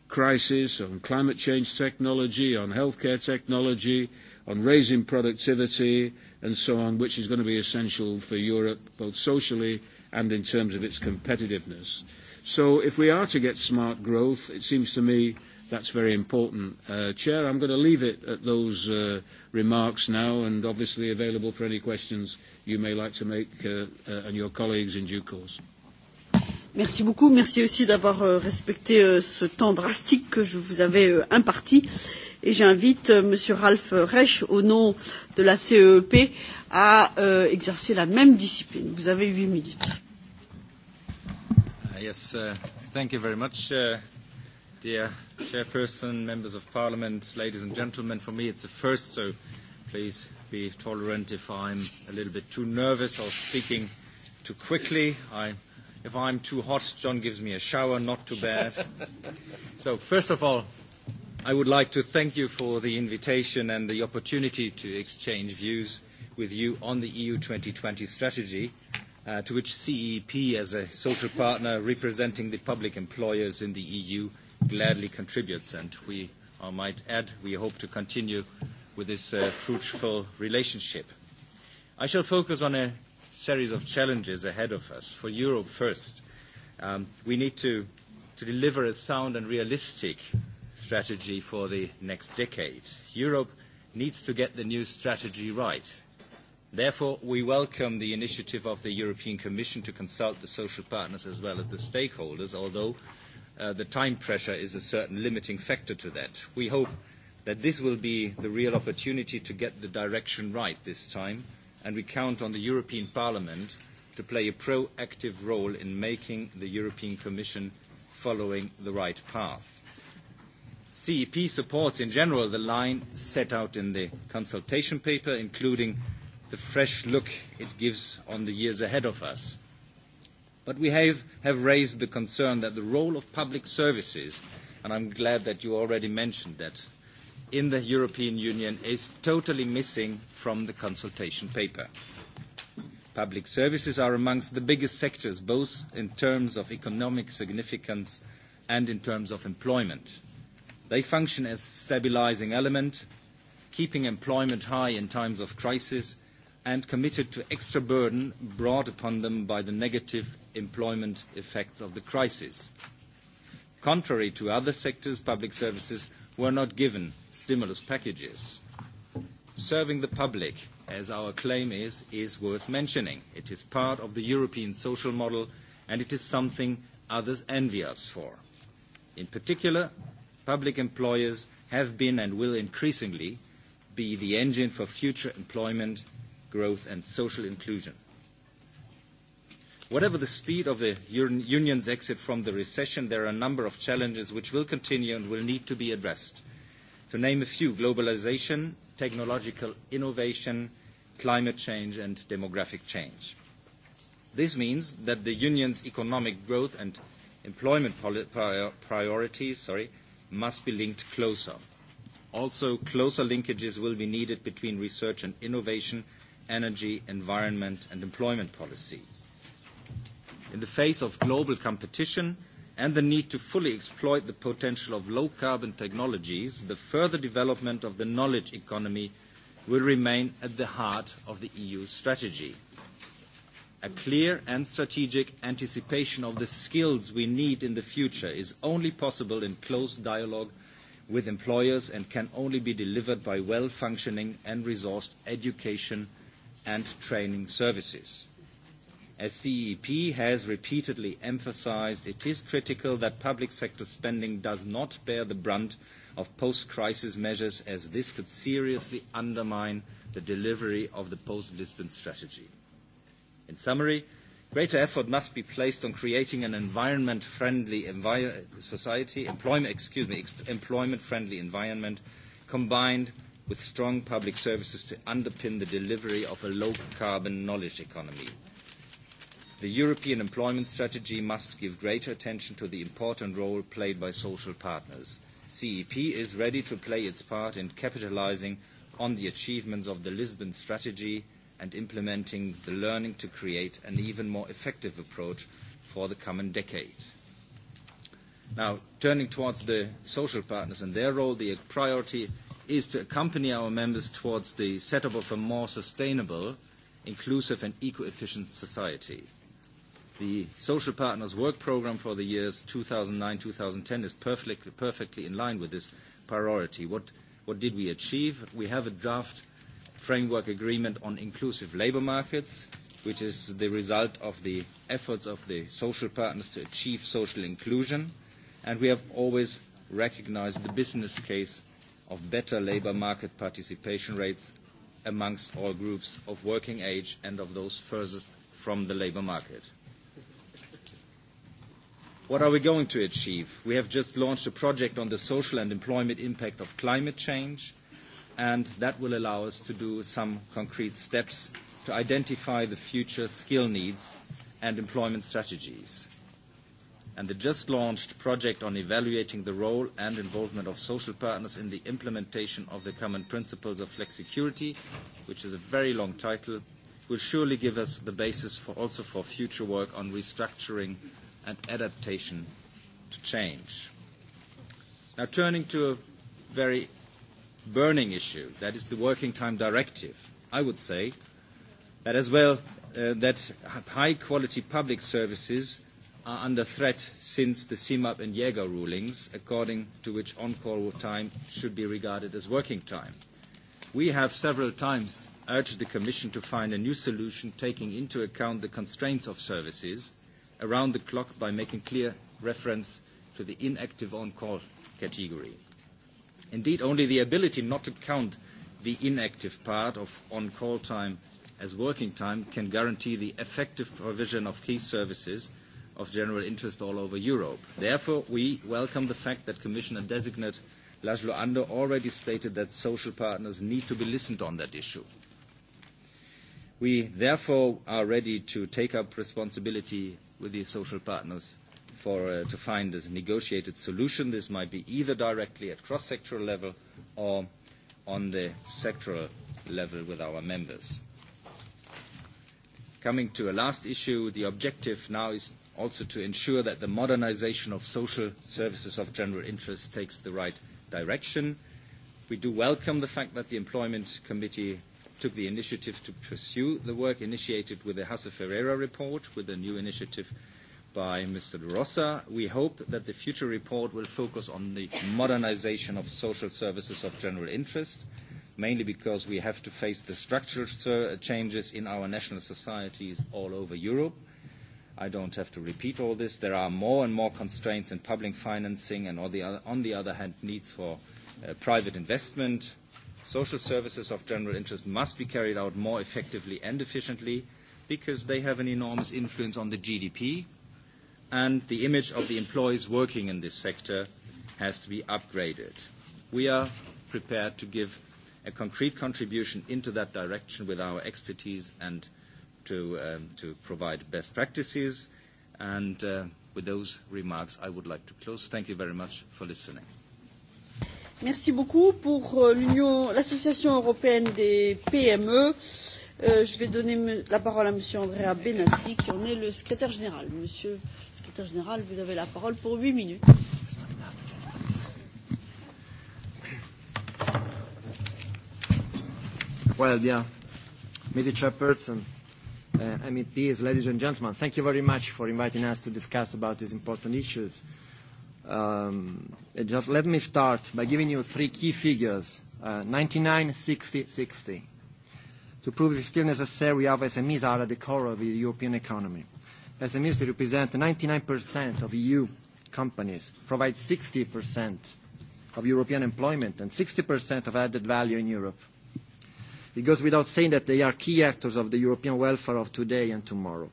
crises on climate change technology, on healthcare technology, on raising productivity and so on, which is going to be essential for Europe, both socially and in terms of its competitiveness. So if we are to get smart growth, it seems to me that's very important. Uh, Chair, I'm going to leave it at those uh, remarks now and obviously available for any questions you may like to make uh, uh and your colleagues in due course. Merci beaucoup. Merci aussi d'avoir euh, respecté euh, ce temps drastique que je vous avais euh, imparti. Et j'invite Monsieur Ralph Reich, au nom de la CEP, à exercer la même discipline. Vous avez huit minutes. Uh, yes, uh, thank you very much, uh, dear Chairperson, members of Parliament, ladies and gentlemen. For me, it's the first, so please be tolerant if I'm a little bit too nervous or speaking too quickly. I If I'm too hot, John gives me a shower, not too bad. so first of all, I would like to thank you for the invitation and the opportunity to exchange views with you on the EU 2020 strategy, uh, to which CEP, as a social partner representing the public employers in the EU, gladly contributes. And we, I might add, we hope to continue with this uh, fruitful relationship. I shall focus on a series of challenges ahead of us. For Europe first, um, we need to, to deliver a sound and realistic strategy for the next decade. Europe needs to get the new strategy right. Therefore, we welcome the initiative of the European Commission to consult the social partners as well as the stakeholders, although uh, the time pressure is a certain limiting factor to that. We hope that this will be the real opportunity to get the direction right this time and we count on the European Parliament to play a proactive role in making the European Commission following the right path. CEP supports in general the line set out in the consultation paper, including the fresh look it gives on the years ahead of us. But we have, have raised the concern that the role of public services, and I'm glad that you already mentioned that, in the European Union is totally missing from the consultation paper. Public services are amongst the biggest sectors, both in terms of economic significance and in terms of employment. They function as a stabilising element, keeping employment high in times of crisis, and committed to extra burden brought upon them by the negative employment effects of the crisis. Contrary to other sectors, public services were not given stimulus packages. Serving the public, as our claim is, is worth mentioning. It is part of the European social model and it is something others envy us for. In particular, public employers have been and will increasingly be the engine for future employment, growth and social inclusion. Whatever the speed of the Union's exit from the recession, there are a number of challenges which will continue and will need to be addressed. To name a few, globalization, technological innovation, climate change and demographic change. This means that the Union's economic growth and employment priorities sorry, must be linked closer. Also, closer linkages will be needed between research and innovation, energy, environment and employment policy in the face of global competition and the need to fully exploit the potential of low-carbon technologies, the further development of the knowledge economy will remain at the heart of the EU strategy. A clear and strategic anticipation of the skills we need in the future is only possible in close dialogue with employers and can only be delivered by well-functioning and resourced education and training services. As CEP has repeatedly emphasized, it is critical that public sector spending does not bear the brunt of post-crisis measures as this could seriously undermine the delivery of the post-Lisbon strategy. In summary, greater effort must be placed on creating an environment-friendly envi society, employment, excuse me, employment-friendly environment combined with strong public services to underpin the delivery of a low-carbon knowledge economy. The European employment strategy must give greater attention to the important role played by social partners. CEP is ready to play its part in capitalizing on the achievements of the Lisbon strategy and implementing the learning to create an even more effective approach for the coming decade. Now, turning towards the social partners and their role, the priority is to accompany our members towards the setup of a more sustainable, inclusive and eco-efficient society. The social partners work program for the years 2009-2010 is perfectly, perfectly in line with this priority. What, what did we achieve? We have a draft framework agreement on inclusive labour markets, which is the result of the efforts of the social partners to achieve social inclusion. And we have always recognized the business case of better labour market participation rates amongst all groups of working age and of those furthest from the labour market. What are we going to achieve? We have just launched a project on the social and employment impact of climate change, and that will allow us to do some concrete steps to identify the future skill needs and employment strategies. And the just launched project on evaluating the role and involvement of social partners in the implementation of the common principles of flexicurity, which is a very long title, will surely give us the basis for also for future work on restructuring and adaptation to change. Now turning to a very burning issue, that is the Working Time Directive. I would say that as well uh, that high quality public services are under threat since the CIMAP and Jäger rulings, according to which on-call time should be regarded as working time. We have several times urged the Commission to find a new solution taking into account the constraints of services around the clock by making clear reference to the inactive on-call category. Indeed, only the ability not to count the inactive part of on-call time as working time can guarantee the effective provision of key services of general interest all over Europe. Therefore, we welcome the fact that Commissioner-designate Laszlo Andor already stated that social partners need to be listened on that issue. We therefore are ready to take up responsibility with the social partners for, uh, to find a negotiated solution. This might be either directly at cross-sectoral level or on the sectoral level with our members. Coming to a last issue, the objective now is also to ensure that the modernization of social services of general interest takes the right direction. We do welcome the fact that the Employment Committee took the initiative to pursue the work initiated with the Hasse Ferreira report, with a new initiative by Mr. De Rossa. We hope that the future report will focus on the modernization of social services of general interest, mainly because we have to face the structural changes in our national societies all over Europe. I don't have to repeat all this. There are more and more constraints in public financing and, on the other hand, needs for uh, private investment, Social services of general interest must be carried out more effectively and efficiently because they have an enormous influence on the GDP and the image of the employees working in this sector has to be upgraded. We are prepared to give a concrete contribution into that direction with our expertise and to, um, to provide best practices. And uh, with those remarks, I would like to close. Thank you very much for listening. Merci beaucoup pour euh, l'Association européenne des PME. Euh, je vais donner la parole à Monsieur Andrea Benassi, qui en est le secrétaire général. Monsieur le secrétaire général, vous avez la parole pour huit minutes. Well, yeah. Mrs. Chairperson, uh, MEPs, ladies and gentlemen, thank you very much for inviting us to discuss about these important issues. Uh, Um, just let me start by giving you three key figures, 99, 60, 60, to prove it's still necessary how SMEs are at the core of the European economy. SMEs represent 99% of EU companies, provide 60% of European employment and 60% of added value in Europe. It goes without saying that they are key actors of the European welfare of today and tomorrow.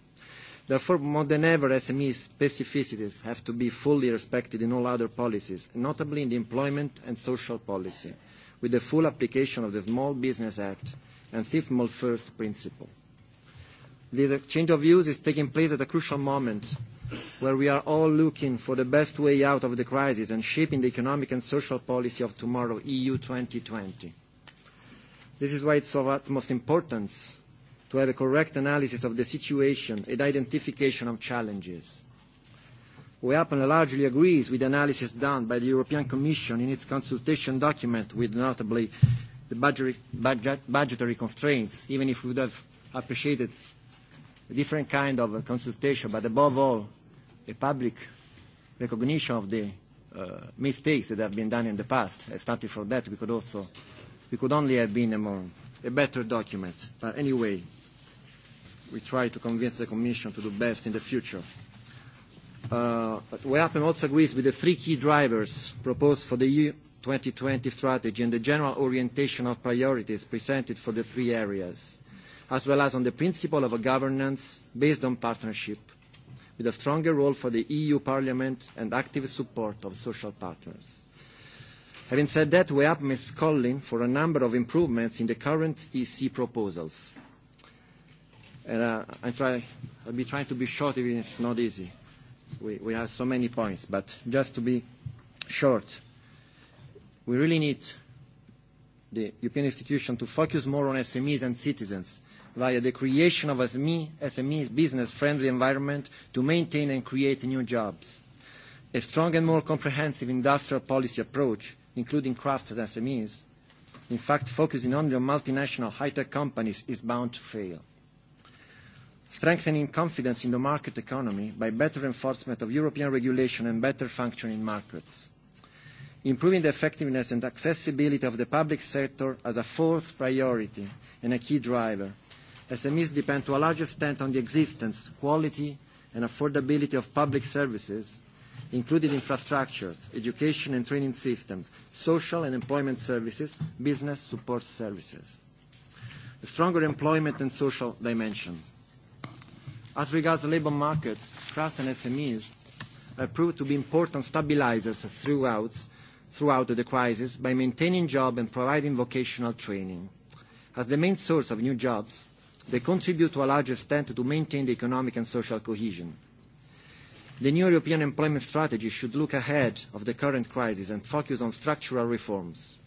Therefore, more than ever, SME specificities have to be fully respected in all other policies, notably in the employment and social policy, with the full application of the Small Business Act and the small first principle. This exchange of views is taking place at a crucial moment where we are all looking for the best way out of the crisis and shaping the economic and social policy of tomorrow, EU 2020. This is why it's of utmost importance to have a correct analysis of the situation and identification of challenges. UEAPN largely agrees with the analysis done by the European Commission in its consultation document with notably the budget, budgetary constraints, even if we would have appreciated a different kind of consultation, but above all, a public recognition of the uh, mistakes that have been done in the past. Starting from that, we could also, we could only have been more a better document. But anyway, we try to convince the Commission to do best in the future. Uh, WEAPM also agrees with the three key drivers proposed for the EU 2020 strategy and the general orientation of priorities presented for the three areas, as well as on the principle of a governance based on partnership, with a stronger role for the EU Parliament and active support of social partners. Having said that, we have Ms. Collin for a number of improvements in the current EC proposals. And, uh, I try, I'll be trying to be short, even if it's not easy. We, we have so many points, but just to be short, we really need the European institution to focus more on SMEs and citizens via the creation of SME, SMEs business-friendly environment to maintain and create new jobs a strong and more comprehensive industrial policy approach, including crafts and SMEs, in fact focusing only on multinational high-tech companies, is bound to fail. Strengthening confidence in the market economy by better enforcement of European regulation and better functioning markets. Improving the effectiveness and accessibility of the public sector as a fourth priority and a key driver. SMEs depend to a large extent on the existence, quality and affordability of public services including infrastructures, education and training systems, social and employment services, business support services. A stronger employment and social dimension. As regards labour markets, crafts and SMEs have proved to be important stabilisers throughout, throughout the crisis by maintaining jobs and providing vocational training. As the main source of new jobs, they contribute to a large extent to maintain the economic and social cohesion The new European employment strategy should look ahead of the current crisis and focus on structural reforms.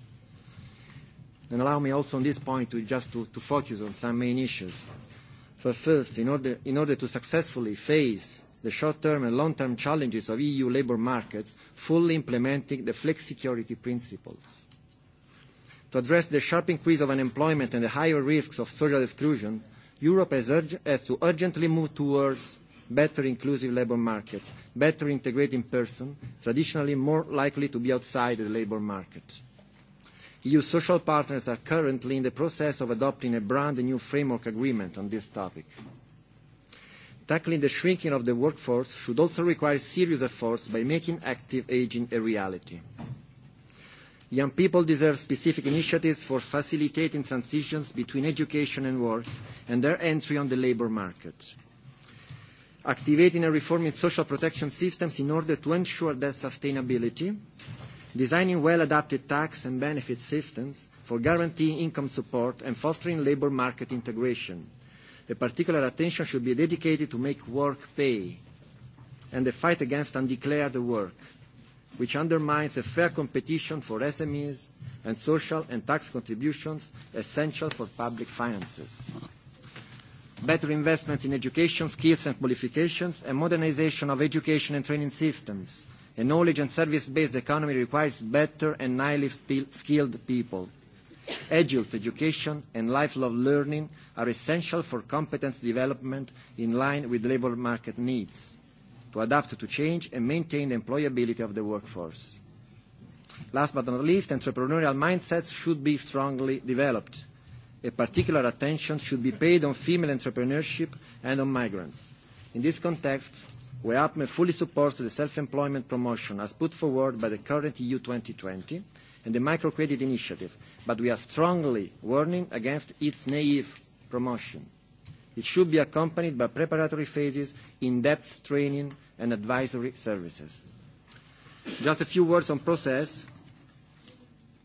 And allow me also on this point to just to, to focus on some main issues. For first, in order, in order to successfully face the short-term and long-term challenges of EU labour markets, fully implementing the flexicurity principles. To address the sharp increase of unemployment and the higher risks of social exclusion, Europe has, has to urgently move towards better inclusive labour markets, better integrating persons, traditionally more likely to be outside the labour market. EU social partners are currently in the process of adopting a brand new framework agreement on this topic. Tackling the shrinking of the workforce should also require serious efforts by making active ageing a reality. Young people deserve specific initiatives for facilitating transitions between education and work and their entry on the labour market activating and reforming social protection systems in order to ensure their sustainability, designing well-adapted tax and benefit systems for guaranteeing income support and fostering labour market integration. A particular attention should be dedicated to make work pay and the fight against undeclared work, which undermines a fair competition for SMEs and social and tax contributions essential for public finances better investments in education, skills and qualifications, and modernization of education and training systems. A knowledge and service-based economy requires better and highly skilled people. Adult education and lifelong learning are essential for competence development in line with labour market needs, to adapt to change and maintain the employability of the workforce. Last but not least, entrepreneurial mindsets should be strongly developed a particular attention should be paid on female entrepreneurship and on migrants. In this context, WEAPME fully supports the self-employment promotion as put forward by the current EU 2020 and the microcredit initiative, but we are strongly warning against its naive promotion. It should be accompanied by preparatory phases, in-depth training and advisory services. Just a few words on process.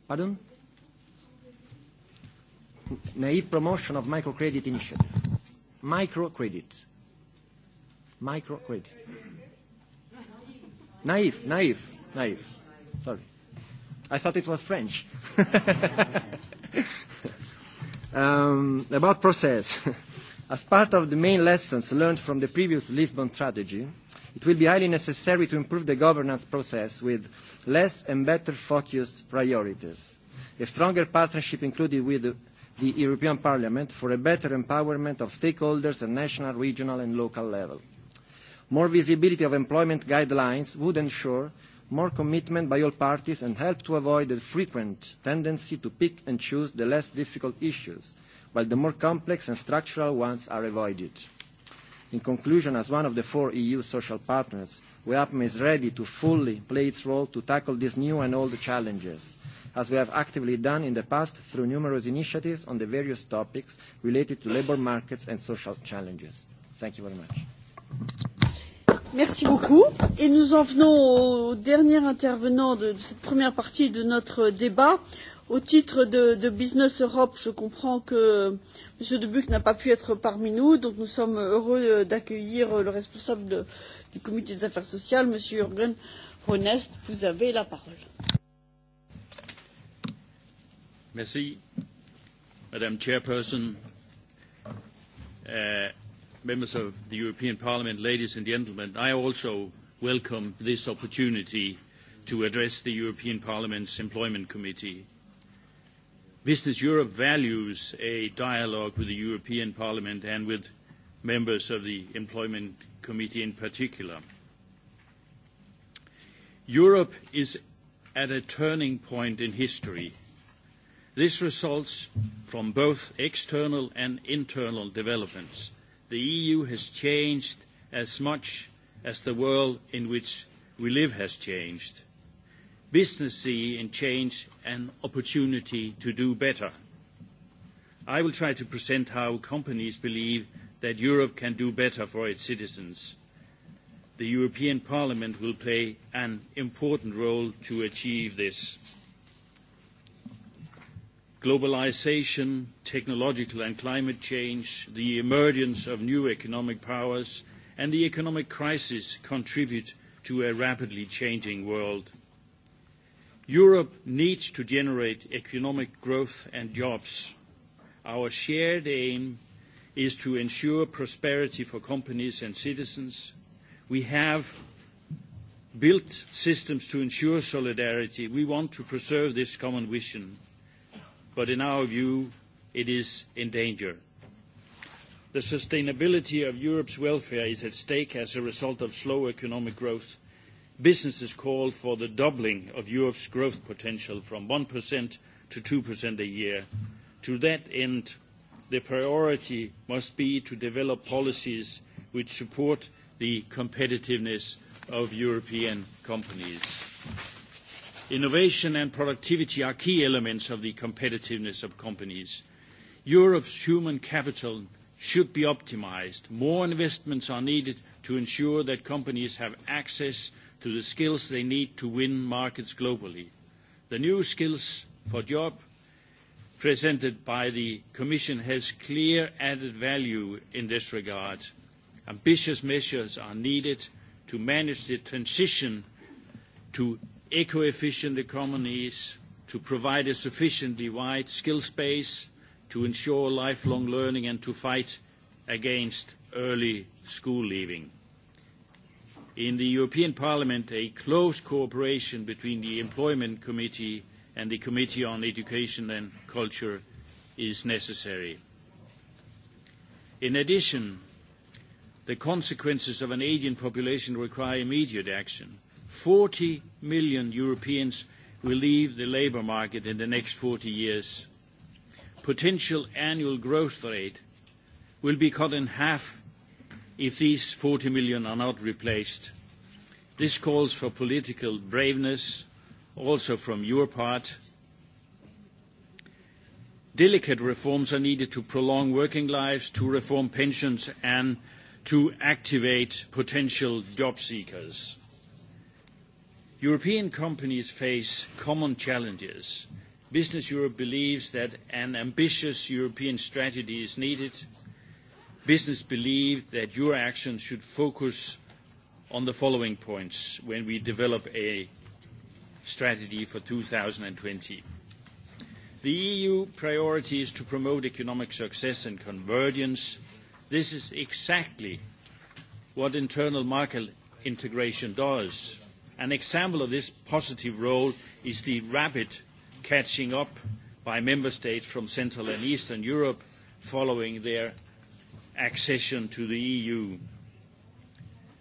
Pardon? naive promotion of microcredit initiative. Microcredit. Microcredit. Naive, naive, naive. Sorry. I thought it was French. um, about process. As part of the main lessons learned from the previous Lisbon strategy, it will be highly necessary to improve the governance process with less and better focused priorities. A stronger partnership included with the European Parliament for a better empowerment of stakeholders at national, regional and local level. More visibility of employment guidelines would ensure more commitment by all parties and help to avoid the frequent tendency to pick and choose the less difficult issues, while the more complex and structural ones are avoided. In conclusion, as one of the four EU social partners, UEAPM is ready to fully play its role to tackle these new and old challenges, as we have actively done in the past through numerous initiatives on the various topics related to labour markets and social challenges. Thank you very much. Merci beaucoup. Et nous en venons au dernier intervenant de cette première partie de notre débat au titre de, de Business Europe, je comprends que M. De Buc n'a pas pu être parmi nous, donc nous sommes heureux euh, d'accueillir euh, le responsable de, du comité des affaires sociales, M. Jürgen Honest. Vous avez la parole. Merci, Madame Chairperson, uh, members of the European Parliament, ladies and gentlemen. I also welcome this opportunity to address the European Parliament's Employment Committee Business Europe values a dialogue with the European Parliament and with members of the Employment Committee in particular. Europe is at a turning point in history. This results from both external and internal developments. The EU has changed as much as the world in which we live has changed business see in change an opportunity to do better. I will try to present how companies believe that Europe can do better for its citizens. The European Parliament will play an important role to achieve this. Globalisation, technological and climate change, the emergence of new economic powers, and the economic crisis contribute to a rapidly changing world Europe needs to generate economic growth and jobs. Our shared aim is to ensure prosperity for companies and citizens. We have built systems to ensure solidarity. We want to preserve this common vision, but in our view, it is in danger. The sustainability of Europe's welfare is at stake as a result of slow economic growth businesses called for the doubling of Europe's growth potential from 1% to 2% a year. To that end, the priority must be to develop policies which support the competitiveness of European companies. Innovation and productivity are key elements of the competitiveness of companies. Europe's human capital should be optimised. More investments are needed to ensure that companies have access to the skills they need to win markets globally. The new skills for job presented by the Commission has clear added value in this regard. Ambitious measures are needed to manage the transition to eco-efficient economies, to provide a sufficiently wide skill space, to ensure lifelong learning, and to fight against early school leaving in the European Parliament a close cooperation between the Employment Committee and the Committee on Education and Culture is necessary. In addition, the consequences of an ageing population require immediate action. 40 million Europeans will leave the labour market in the next 40 years. Potential annual growth rate will be cut in half if these 40 million are not replaced. This calls for political braveness, also from your part. Delicate reforms are needed to prolong working lives, to reform pensions, and to activate potential job seekers. European companies face common challenges. Business Europe believes that an ambitious European strategy is needed business believe that your actions should focus on the following points when we develop a strategy for 2020. The EU priority is to promote economic success and convergence. This is exactly what internal market integration does. An example of this positive role is the rapid catching up by member states from Central and Eastern Europe following their accession to the EU.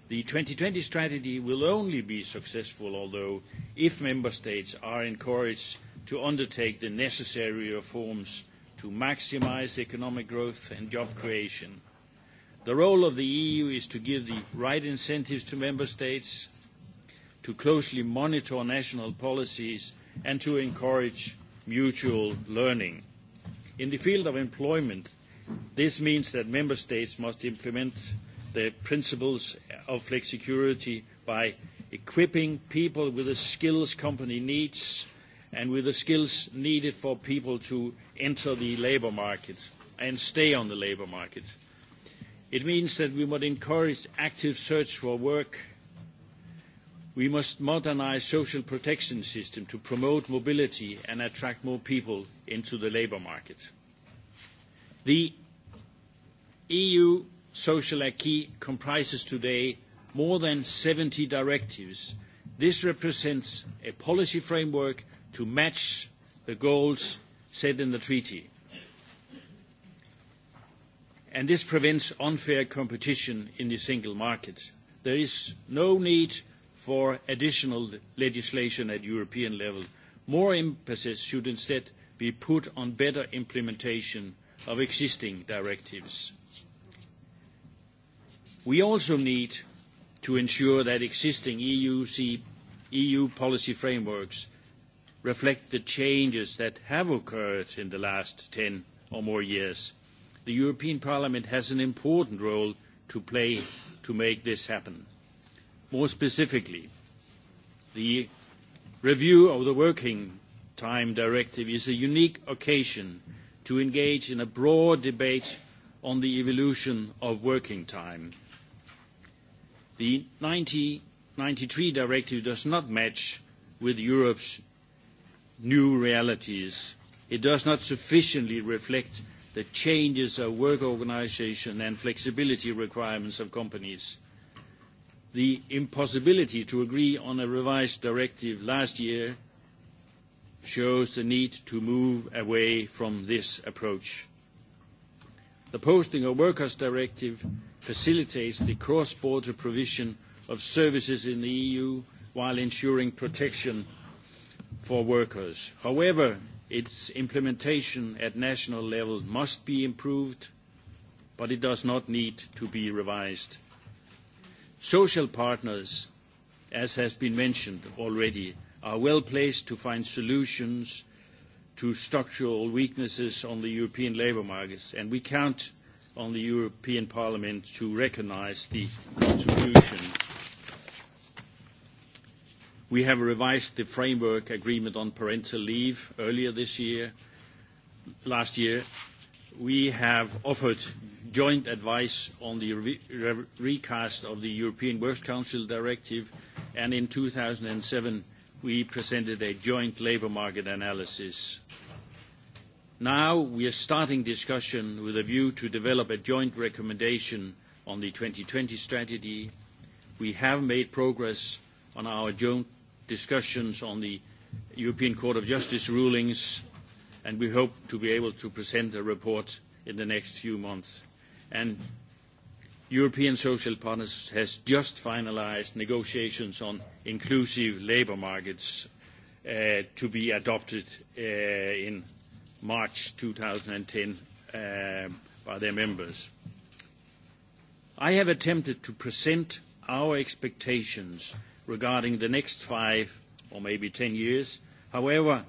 The 2020 strategy will only be successful, although, if member states are encouraged to undertake the necessary reforms to maximise economic growth and job creation. The role of the EU is to give the right incentives to member states, to closely monitor national policies, and to encourage mutual learning. In the field of employment, This means that member states must implement the principles of flexicurity by equipping people with the skills company needs and with the skills needed for people to enter the labour market and stay on the labour market. It means that we must encourage active search for work. We must modernise social protection system to promote mobility and attract more people into the labour market. The EU social acquis comprises today more than 70 directives. This represents a policy framework to match the goals set in the treaty. And this prevents unfair competition in the single market. There is no need for additional legislation at European level. More emphasis should instead be put on better implementation of existing directives. We also need to ensure that existing EU, EU policy frameworks reflect the changes that have occurred in the last 10 or more years. The European Parliament has an important role to play to make this happen. More specifically, the review of the Working Time Directive is a unique occasion to engage in a broad debate on the evolution of working time. The 1993 directive does not match with Europe's new realities. It does not sufficiently reflect the changes of work organisation and flexibility requirements of companies. The impossibility to agree on a revised directive last year shows the need to move away from this approach. The Posting of Workers Directive facilitates the cross-border provision of services in the EU while ensuring protection for workers. However, its implementation at national level must be improved, but it does not need to be revised. Social partners, as has been mentioned already, are well-placed to find solutions to structural weaknesses on the European labour markets, and we count on the European Parliament to recognise the contribution. We have revised the framework agreement on parental leave earlier this year. Last year, we have offered joint advice on the re re recast of the European Works Council directive, and in 2007, we presented a joint labour market analysis. Now we are starting discussion with a view to develop a joint recommendation on the 2020 strategy. We have made progress on our joint discussions on the European Court of Justice rulings, and we hope to be able to present a report in the next few months. European Social Partners has just finalized negotiations on inclusive labor markets uh, to be adopted uh, in March 2010 uh, um, by their members. I have attempted to present our expectations regarding the next five or maybe ten years. However,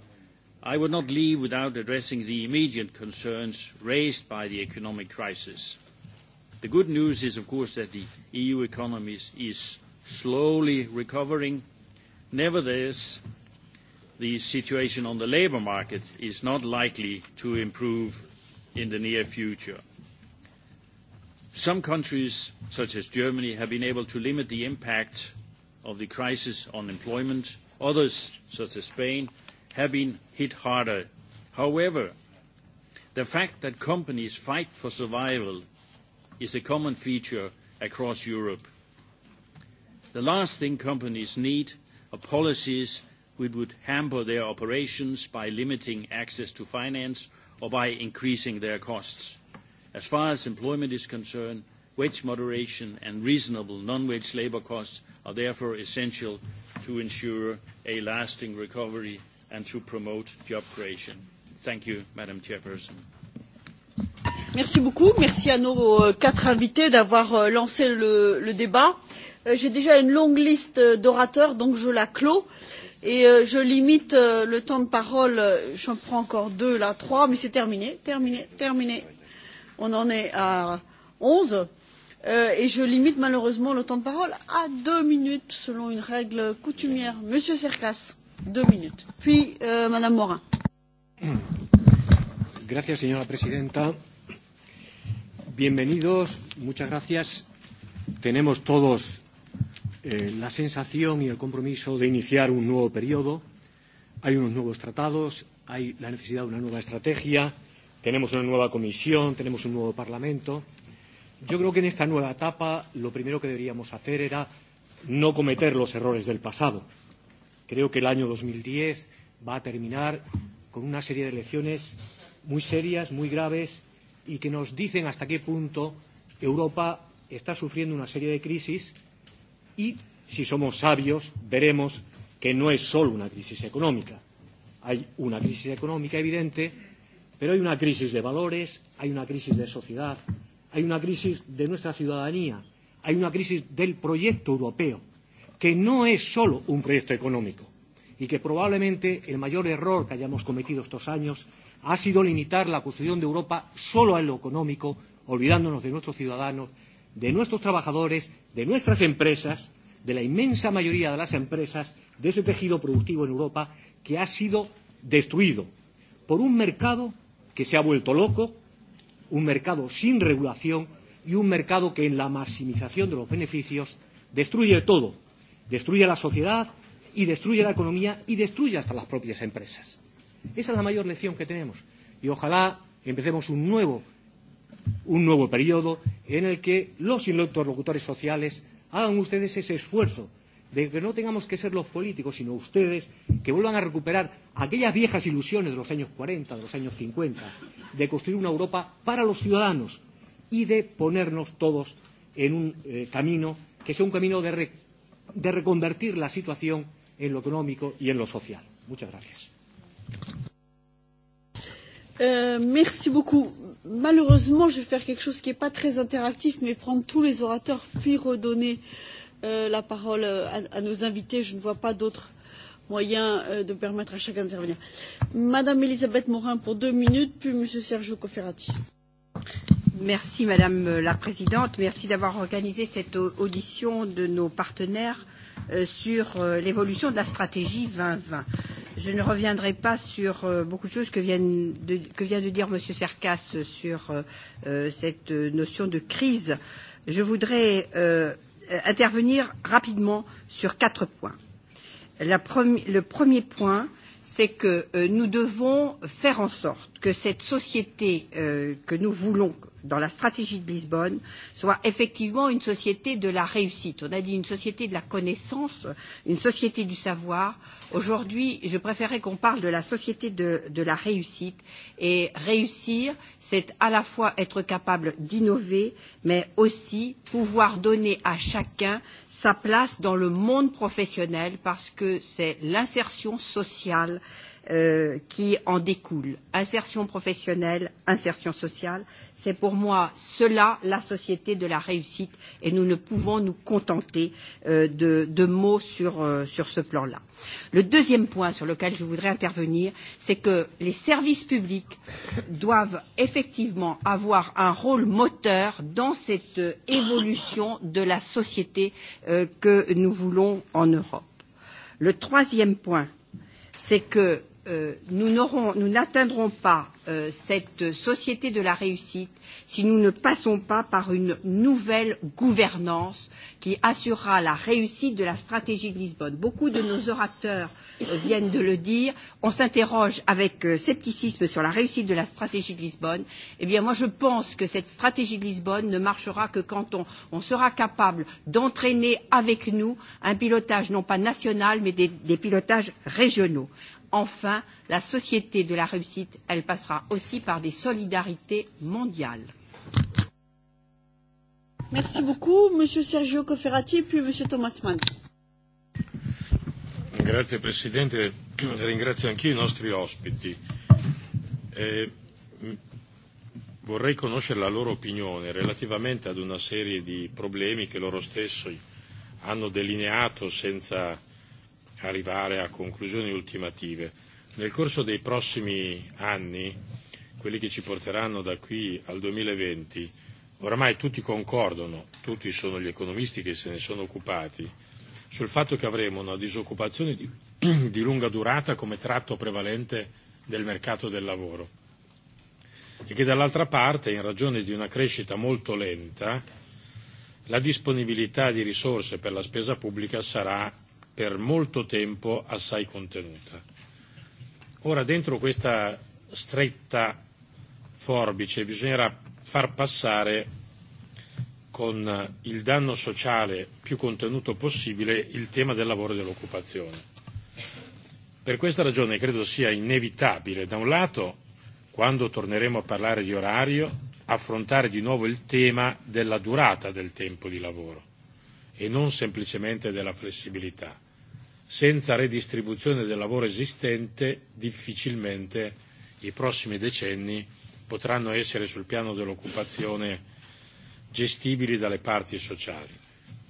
I would not leave without addressing the immediate concerns raised by the economic crisis. The good news is, of course, that the EU economy is slowly recovering. Nevertheless, the situation on the labor market is not likely to improve in the near future. Some countries, such as Germany, have been able to limit the impact of the crisis on employment. Others, such as Spain, have been hit harder. However, the fact that companies fight for survival is a common feature across Europe. The last thing companies need are policies which would hamper their operations by limiting access to finance or by increasing their costs. As far as employment is concerned, wage moderation and reasonable non-wage labour costs are therefore essential to ensure a lasting recovery and to promote job creation. Thank you, Madam Chairperson merci beaucoup merci à nos euh, quatre invités d'avoir euh, lancé le, débat. Euh, j'ai déjà une longue liste d'orateurs donc je la clos et je limite le temps de parole j'en prends encore deux là trois mais c'est terminé terminé terminé on en est à onze et je limite malheureusement le temps de parole à deux minutes selon une règle coutumière. monsieur cercas deux minutes puis euh, madame morin. Gracias, señora presidenta Bienvenidos, muchas gracias. Tenemos todos eh, la sensación y el compromiso de iniciar un nuevo periodo. Hay unos nuevos tratados, hay la necesidad de una nueva estrategia, tenemos una nueva comisión, tenemos un nuevo Parlamento. Yo creo que en esta nueva etapa lo primero que deberíamos hacer era no cometer los errores del pasado. Creo que el año 2010 va a terminar con una serie de elecciones muy serias, muy graves, y que nos dicen hasta qué punto Europa está sufriendo una serie de crisis y, si somos sabios, veremos que no es solo una crisis económica. Hay una crisis económica evidente, pero hay una crisis de valores, hay una crisis de sociedad, hay una crisis de nuestra ciudadanía, hay una crisis del proyecto europeo, que no es solo un proyecto económico y que probablemente el mayor error que hayamos cometido estos años ha sido limitar la construcción de Europa solo a lo económico, olvidándonos de nuestros ciudadanos, de nuestros trabajadores, de nuestras empresas, de la inmensa mayoría de las empresas, de ese tejido productivo en Europa que ha sido destruido por un mercado que se ha vuelto loco, un mercado sin regulación y un mercado que en la maximización de los beneficios destruye todo, destruye la sociedad y destruye la economía y destruye hasta las propias empresas. Esa es la mayor lección que tenemos. Y ojalá empecemos un nuevo, un nuevo periodo en el que los interlocutores sociales hagan ustedes ese esfuerzo de que no tengamos que ser los políticos, sino ustedes, que vuelvan a recuperar aquellas viejas ilusiones de los años 40, de los años 50, de construir una Europa para los ciudadanos y de ponernos todos en un eh, camino que sea un camino de, re, de reconvertir la situación en lo económico y en lo social. Muchas gracias. Euh, merci beaucoup. Malheureusement, je vais faire quelque chose qui n'est pas très interactif, mais prendre tous les orateurs puis redonner euh, la parole euh, à, à nos invités. Je ne vois pas d'autres moyens euh, de permettre à chacun d'intervenir. Madame Elisabeth Morin pour deux minutes, puis Monsieur Sergio Cofferati. Merci Madame la Présidente. Merci d'avoir organisé cette audition de nos partenaires euh, sur euh, l'évolution de la stratégie 2020. Je ne reviendrai pas sur euh, beaucoup de choses que, viennent de, que vient de dire Monsieur Cercas sur cette notion de crise. Je voudrais intervenir rapidement sur quatre points. La premi le premier point, c'est que euh, nous devons faire en sorte que cette société euh, que nous voulons dans la stratégie de Lisbonne soit effectivement une société de la réussite. On a dit une société de la connaissance, une société du savoir. Aujourd'hui, je préférais qu'on parle de la société de, de la réussite. Et réussir, c'est à la fois être capable d'innover, mais aussi pouvoir donner à chacun sa place dans le monde professionnel parce que c'est l'insertion sociale Euh, qui en découlent. Insertion professionnelle, insertion sociale, c'est pour moi cela la société de la réussite et nous ne pouvons nous contenter euh, de, de mots sur, euh, sur ce plan-là. Le deuxième point sur lequel je voudrais intervenir, c'est que les services publics doivent effectivement avoir un rôle moteur dans cette euh, évolution de la société euh, que nous voulons en Europe. Le troisième point, c'est que euh, nous n'atteindrons pas euh, cette société de la réussite si nous ne passons pas par une nouvelle gouvernance qui assurera la réussite de la stratégie de Lisbonne. Beaucoup de nos orateurs Euh, viennent de le dire, on s'interroge avec euh, scepticisme sur la réussite de la stratégie de Lisbonne. Eh bien, moi, je pense que cette stratégie de Lisbonne ne marchera que quand on, on sera capable d'entraîner avec nous un pilotage non pas national, mais des, des pilotages régionaux. Enfin, la société de la réussite, elle passera aussi par des solidarités mondiales. Merci beaucoup, Monsieur Sergio Cofferati, puis Monsieur Thomas Mann. Grazie Presidente, ringrazio anch'io i nostri ospiti. Eh, vorrei conoscere la loro opinione relativamente ad una serie di problemi che loro stessi hanno delineato senza arrivare a conclusioni ultimative. Nel corso dei prossimi anni, quelli che ci porteranno da qui al 2020, oramai tutti concordano, tutti sono gli economisti che se ne sono occupati, sul fatto che avremo una disoccupazione di, di lunga durata come tratto prevalente del mercato del lavoro e che dall'altra parte, in ragione di una crescita molto lenta, la disponibilità di risorse per la spesa pubblica sarà per molto tempo assai contenuta. Ora, dentro questa stretta forbice bisognerà far passare con il danno sociale più contenuto possibile il tema del lavoro e dell'occupazione. Per questa ragione credo sia inevitabile, da un lato, quando torneremo a parlare di orario, affrontare di nuovo il tema della durata del tempo di lavoro e non semplicemente della flessibilità. Senza redistribuzione del lavoro esistente difficilmente i prossimi decenni potranno essere sul piano dell'occupazione gestibili dalle parti sociali.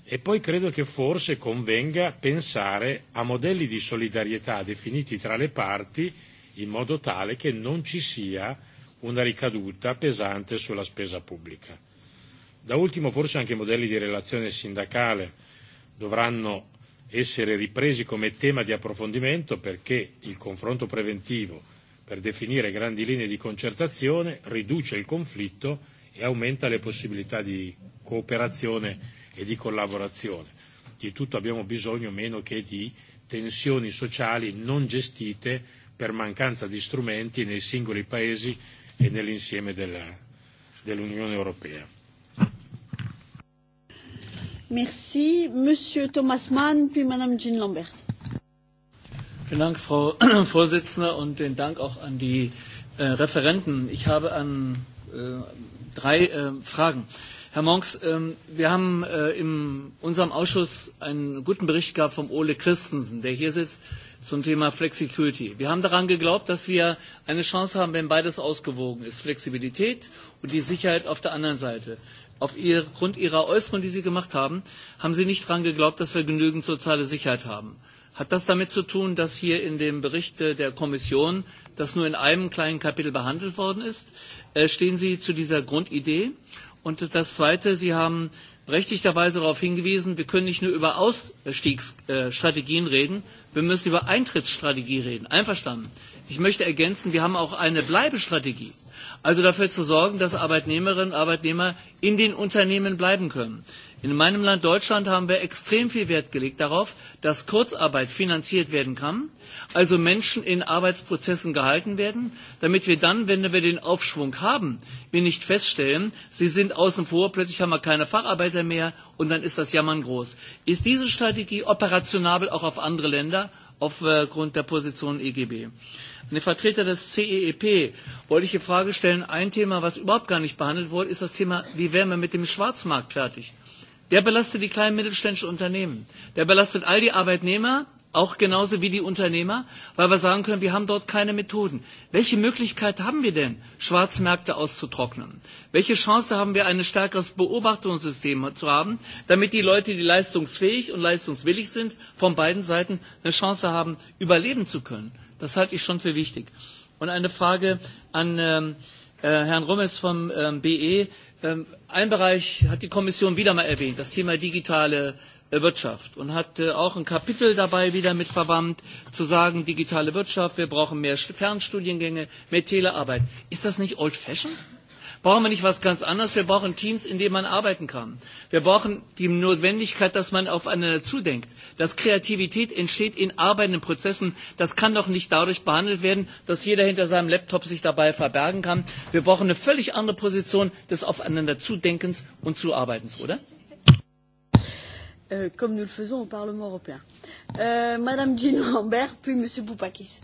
E poi credo che forse convenga pensare a modelli di solidarietà definiti tra le parti in modo tale che non ci sia una ricaduta pesante sulla spesa pubblica. Da ultimo forse anche i modelli di relazione sindacale dovranno essere ripresi come tema di approfondimento perché il confronto preventivo per definire grandi linee di concertazione riduce il conflitto e aumenta le possibilità di cooperazione e di collaborazione. Di tutto abbiamo bisogno meno che di tensioni sociali non gestite per mancanza di strumenti nei singoli paesi e nell'insieme della, dell'Unione Europea. Merci. Monsieur Thomas Mann, puis Madame Jean Lambert. Vielen Dank, Frau Vorsitzende, und den Dank auch an die äh, Referenten. Ich habe an äh, Drei äh, Fragen. Herr Monks, ähm, wir haben äh, in unserem Ausschuss einen guten Bericht gehabt vom Ole Christensen, der hier sitzt, zum Thema Flexicurity. Wir haben daran geglaubt, dass wir eine Chance haben, wenn beides ausgewogen ist, Flexibilität und die Sicherheit auf der anderen Seite. Aufgrund ihr, Ihrer Äußerungen, die Sie gemacht haben, haben Sie nicht daran geglaubt, dass wir genügend soziale Sicherheit haben. Hat das damit zu tun, dass hier in dem Bericht der Kommission das nur in einem kleinen Kapitel behandelt worden ist? Äh, stehen Sie zu dieser Grundidee? Und das Zweite, Sie haben berechtigterweise darauf hingewiesen, wir können nicht nur über Ausstiegsstrategien reden, wir müssen über Eintrittsstrategie reden. Einverstanden. Ich möchte ergänzen, wir haben auch eine Bleibestrategie. Also dafür zu sorgen, dass Arbeitnehmerinnen und Arbeitnehmer in den Unternehmen bleiben können. In meinem Land Deutschland haben wir extrem viel Wert gelegt darauf, dass Kurzarbeit finanziert werden kann, also Menschen in Arbeitsprozessen gehalten werden, damit wir dann, wenn wir den Aufschwung haben, wir nicht feststellen, sie sind außen vor, plötzlich haben wir keine Facharbeiter mehr und dann ist das Jammern groß. Ist diese Strategie operationabel auch auf andere Länder aufgrund äh, der Position EGB? An den Vertreter des CEEP wollte ich die Frage stellen, ein Thema, was überhaupt gar nicht behandelt wurde, ist das Thema, wie wären wir mit dem Schwarzmarkt fertig? der belastet die kleinen mittelständischen Unternehmen. Der belastet all die Arbeitnehmer, auch genauso wie die Unternehmer, weil wir sagen können, wir haben dort keine Methoden. Welche Möglichkeit haben wir denn, Schwarzmärkte auszutrocknen? Welche Chance haben wir, ein stärkeres Beobachtungssystem zu haben, damit die Leute, die leistungsfähig und leistungswillig sind, von beiden Seiten eine Chance haben, überleben zu können? Das halte ich schon für wichtig. Und eine Frage an ähm, Äh, Herrn Rummes vom ähm, BE. Ähm, ein Bereich hat die Kommission wieder mal erwähnt, das Thema digitale äh, Wirtschaft und hat äh, auch ein Kapitel dabei wieder mit verwandt, zu sagen, digitale Wirtschaft, wir brauchen mehr Fernstudiengänge, mehr Telearbeit. Ist das nicht old-fashioned? brauchen wir nicht was ganz anderes. Wir brauchen Teams, in denen man arbeiten kann. Wir brauchen die Notwendigkeit, dass man aufeinander zudenkt. Dass Kreativität entsteht in arbeitenden Prozessen. Das kann doch nicht dadurch behandelt werden, dass jeder hinter seinem Laptop sich dabei verbergen kann. Wir brauchen eine völlig andere Position des Aufeinanderzudenkens und Zuarbeitens, oder? Euh, comme nous le faisons au Parlement européen. Euh, Madame Jean Lambert, puis Monsieur Boupakis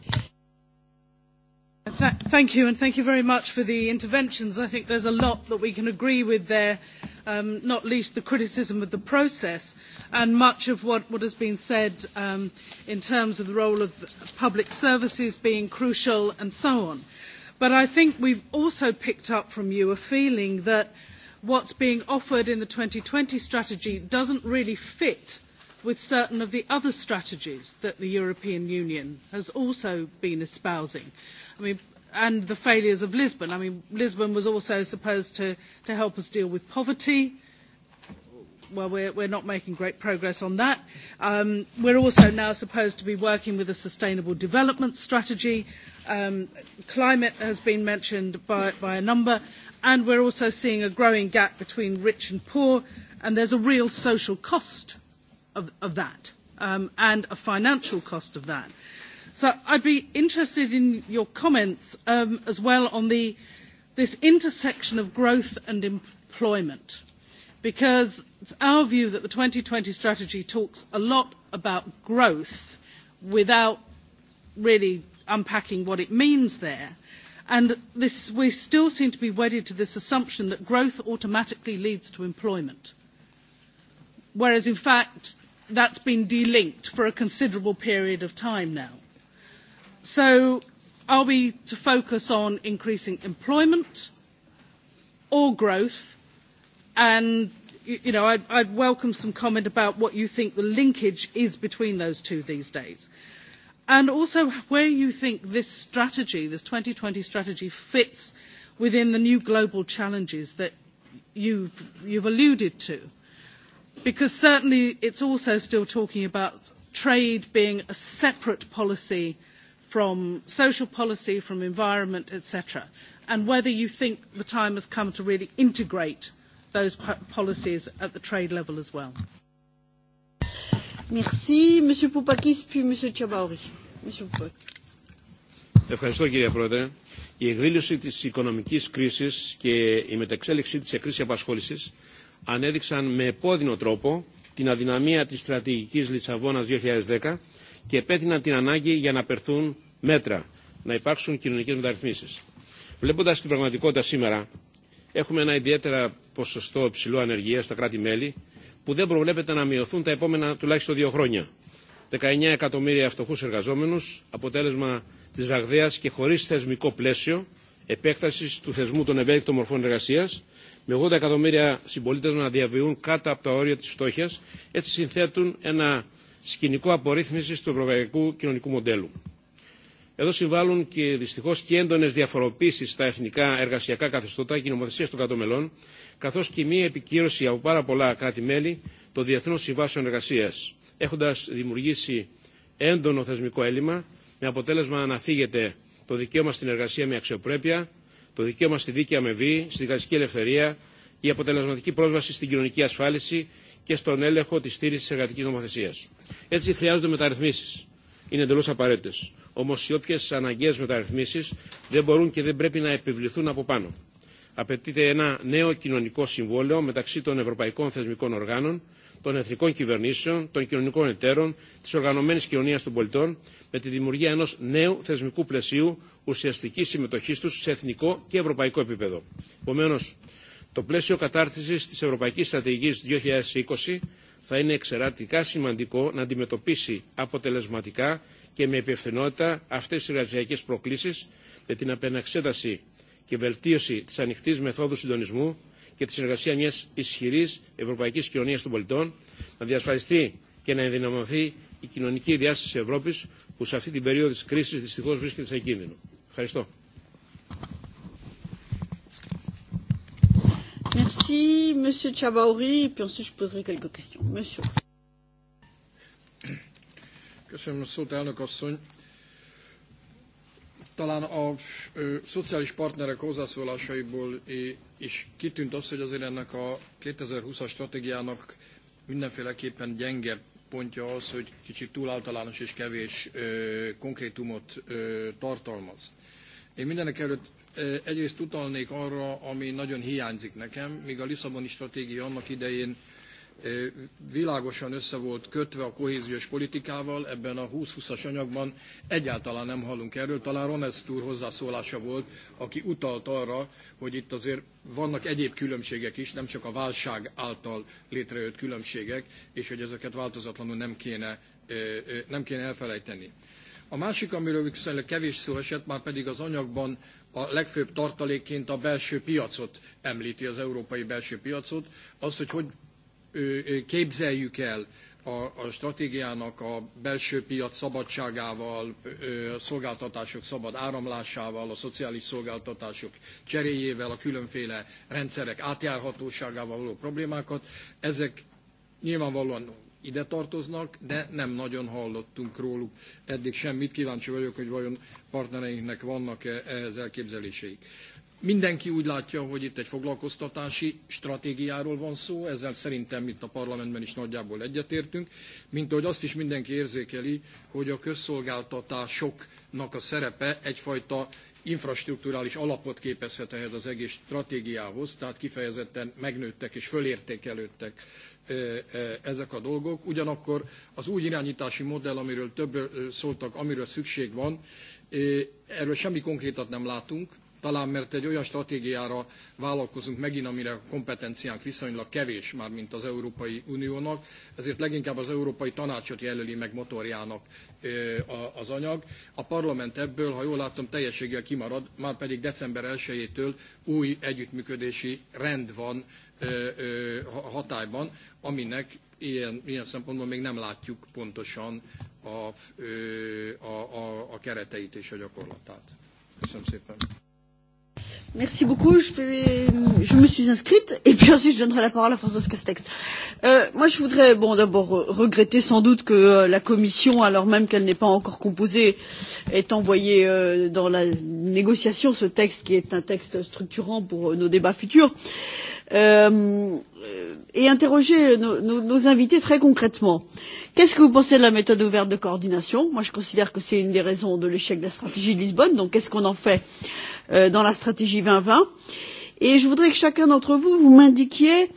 thank you, and thank you very much for the interventions. I think there's a lot that we can agree with there, um, not least the criticism of the process and much of what, what has been said um, in terms of the role of public services being crucial and so on. But I think we've also picked up from you a feeling that what's being offered in the 2020 strategy doesn't really fit with certain of the other strategies that the European Union has also been espousing. I mean, and the failures of Lisbon. I mean, Lisbon was also supposed to, to help us deal with poverty. Well, we're, we're not making great progress on that. Um, we're also now supposed to be working with a sustainable development strategy. Um, climate has been mentioned by, by a number. And we're also seeing a growing gap between rich and poor. And there's a real social cost of, of that um, and a financial cost of that. So I'd be interested in your comments um, as well on the, this intersection of growth and employment, because it's our view that the 2020 strategy talks a lot about growth without really unpacking what it means there. And this, we still seem to be wedded to this assumption that growth automatically leads to employment. Whereas, in fact, that's been delinked for a considerable period of time now. So are we to focus on increasing employment or growth? And you know, I'd, I'd welcome some comment about what you think the linkage is between those two these days. And also where you think this strategy, this 2020 strategy, fits within the new global challenges that you've, you've alluded to because certainly it's also still talking about trade being a separate policy from social policy, from environment, etc., and whether you think the time has come to really integrate those policies at the trade level as well. Merci. Monsieur Poupakis, puis Monsieur Chabaouri. Monsieur Poupakis. Ευχαριστώ κύριε Πρόεδρε. Η εκδήλωση της οικονομικής κρίσης και η μεταξέλιξή της σε απασχόλησης ανέδειξαν με επώδυνο τρόπο την αδυναμία της στρατηγικής Λισαβόνας 2010 και επέτειναν την ανάγκη για να περθούν μέτρα, να υπάρξουν κοινωνικές μεταρρυθμίσεις. Βλέποντας την πραγματικότητα σήμερα, έχουμε ένα ιδιαίτερα ποσοστό ψηλού ανεργίας στα κράτη-μέλη που δεν προβλέπεται να μειωθούν τα επόμενα τουλάχιστον δύο χρόνια. 19 εκατομμύρια φτωχού εργαζόμενου, αποτέλεσμα τη ραγδαία και χωρί θεσμικό πλαίσιο επέκταση του θεσμού των ευέλικτων μορφών εργασία με 80 εκατομμύρια συμπολίτε να διαβιούν κάτω από τα όρια τη φτώχεια, έτσι συνθέτουν ένα σκηνικό απορρίθμιση του ευρωπαϊκού κοινωνικού μοντέλου. Εδώ συμβάλλουν και δυστυχώ και έντονε διαφοροποίησει στα εθνικά εργασιακά καθεστώτα και νομοθεσίε των κρατομελών, καθώ και μία επικύρωση από πάρα πολλά κράτη-μέλη των Διεθνών Συμβάσεων Εργασία, έχοντα δημιουργήσει έντονο θεσμικό έλλειμμα, με αποτέλεσμα να φύγεται το δικαίωμα στην εργασία με αξιοπρέπεια, το δικαίωμα στη δίκαιη αμοιβή, στη δικαστική ελευθερία, η αποτελεσματική πρόσβαση στην κοινωνική ασφάλιση και στον έλεγχο τη στήριξη τη εργατική νομοθεσία. Έτσι χρειάζονται μεταρρυθμίσει. Είναι εντελώ απαραίτητε. Όμω οι όποιε αναγκαίε μεταρρυθμίσει δεν μπορούν και δεν πρέπει να επιβληθούν από πάνω απαιτείται ένα νέο κοινωνικό συμβόλαιο μεταξύ των ευρωπαϊκών θεσμικών οργάνων, των εθνικών κυβερνήσεων, των κοινωνικών εταίρων, τη οργανωμένη κοινωνία των πολιτών, με τη δημιουργία ενό νέου θεσμικού πλαισίου ουσιαστική συμμετοχή του σε εθνικό και ευρωπαϊκό επίπεδο. Επομένω, το πλαίσιο κατάρτιση τη Ευρωπαϊκή Στρατηγική 2020 θα είναι εξαιρετικά σημαντικό να αντιμετωπίσει αποτελεσματικά και με υπευθυνότητα αυτέ τι εργασιακέ προκλήσει με την απεναξέταση και βελτίωση τη ανοιχτή μεθόδου συντονισμού και τη συνεργασία μια ισχυρή ευρωπαϊκή κοινωνία των πολιτών, να διασφαλιστεί και να ενδυναμωθεί η κοινωνική διάσταση τη Ευρώπη, που σε αυτή την περίοδο τη κρίση δυστυχώ βρίσκεται σε κίνδυνο. Ευχαριστώ. Merci, Monsieur Chabaouri, et puis ensuite je poserai quelques questions. Monsieur. Köszönöm, szót, elnök talán a ö, szociális partnerek hozzászólásaiból is kitűnt az, hogy azért ennek a 2020-as stratégiának mindenféleképpen gyenge pontja az, hogy kicsit túl általános és kevés ö, konkrétumot ö, tartalmaz. Én mindenek előtt egyrészt utalnék arra, ami nagyon hiányzik nekem, míg a Lisszaboni stratégia annak idején világosan össze volt kötve a kohéziós politikával, ebben a 20-20-as anyagban egyáltalán nem hallunk erről. Talán Ronest úr hozzászólása volt, aki utalt arra, hogy itt azért vannak egyéb különbségek is, nem csak a válság által létrejött különbségek, és hogy ezeket változatlanul nem kéne, nem kéne elfelejteni. A másik, amiről viszonylag kevés szó esett, már pedig az anyagban a legfőbb tartalékként a belső piacot említi, az európai belső piacot, az, hogy hogy képzeljük el a, a stratégiának a belső piac szabadságával, a szolgáltatások szabad áramlásával, a szociális szolgáltatások cseréjével, a különféle rendszerek átjárhatóságával való problémákat. Ezek nyilvánvalóan ide tartoznak, de nem nagyon hallottunk róluk eddig semmit. Kíváncsi vagyok, hogy vajon partnereinknek vannak-e ehhez elképzeléseik. Mindenki úgy látja, hogy itt egy foglalkoztatási stratégiáról van szó, ezzel szerintem itt a parlamentben is nagyjából egyetértünk, mint ahogy azt is mindenki érzékeli, hogy a közszolgáltatásoknak a szerepe egyfajta infrastruktúrális alapot képezhet ehhez az egész stratégiához, tehát kifejezetten megnőttek és fölértékelődtek ezek a dolgok. Ugyanakkor az új irányítási modell, amiről több szóltak, amiről szükség van, erről semmi konkrétat nem látunk, talán mert egy olyan stratégiára vállalkozunk megint, amire a kompetenciánk viszonylag kevés, már mint az Európai Uniónak, ezért leginkább az Európai Tanácsot jelöli meg motorjának az anyag. A parlament ebből, ha jól látom, teljességgel kimarad, már pedig december 1-től új együttműködési rend van hatályban, aminek ilyen, ilyen szempontból még nem látjuk pontosan a, a, a, a kereteit és a gyakorlatát. Köszönöm szépen. Merci beaucoup. Je, vais, je me suis inscrite et puis ensuite je donnerai la parole à Françoise Castex. Euh, moi, je voudrais, bon, d'abord regretter sans doute que euh, la Commission, alors même qu'elle n'est pas encore composée, ait envoyé euh, dans la négociation ce texte qui est un texte structurant pour euh, nos débats futurs euh, et interroger euh, nos, nos, nos invités très concrètement. Qu'est ce que vous pensez de la méthode ouverte de coordination? Moi, je considère que c'est une des raisons de l'échec de la stratégie de Lisbonne. Donc, qu'est ce qu'on en fait? Euh, Euh, dans la stratégie 2020. Et je voudrais que chacun d'entre vous, vous m'indiquiez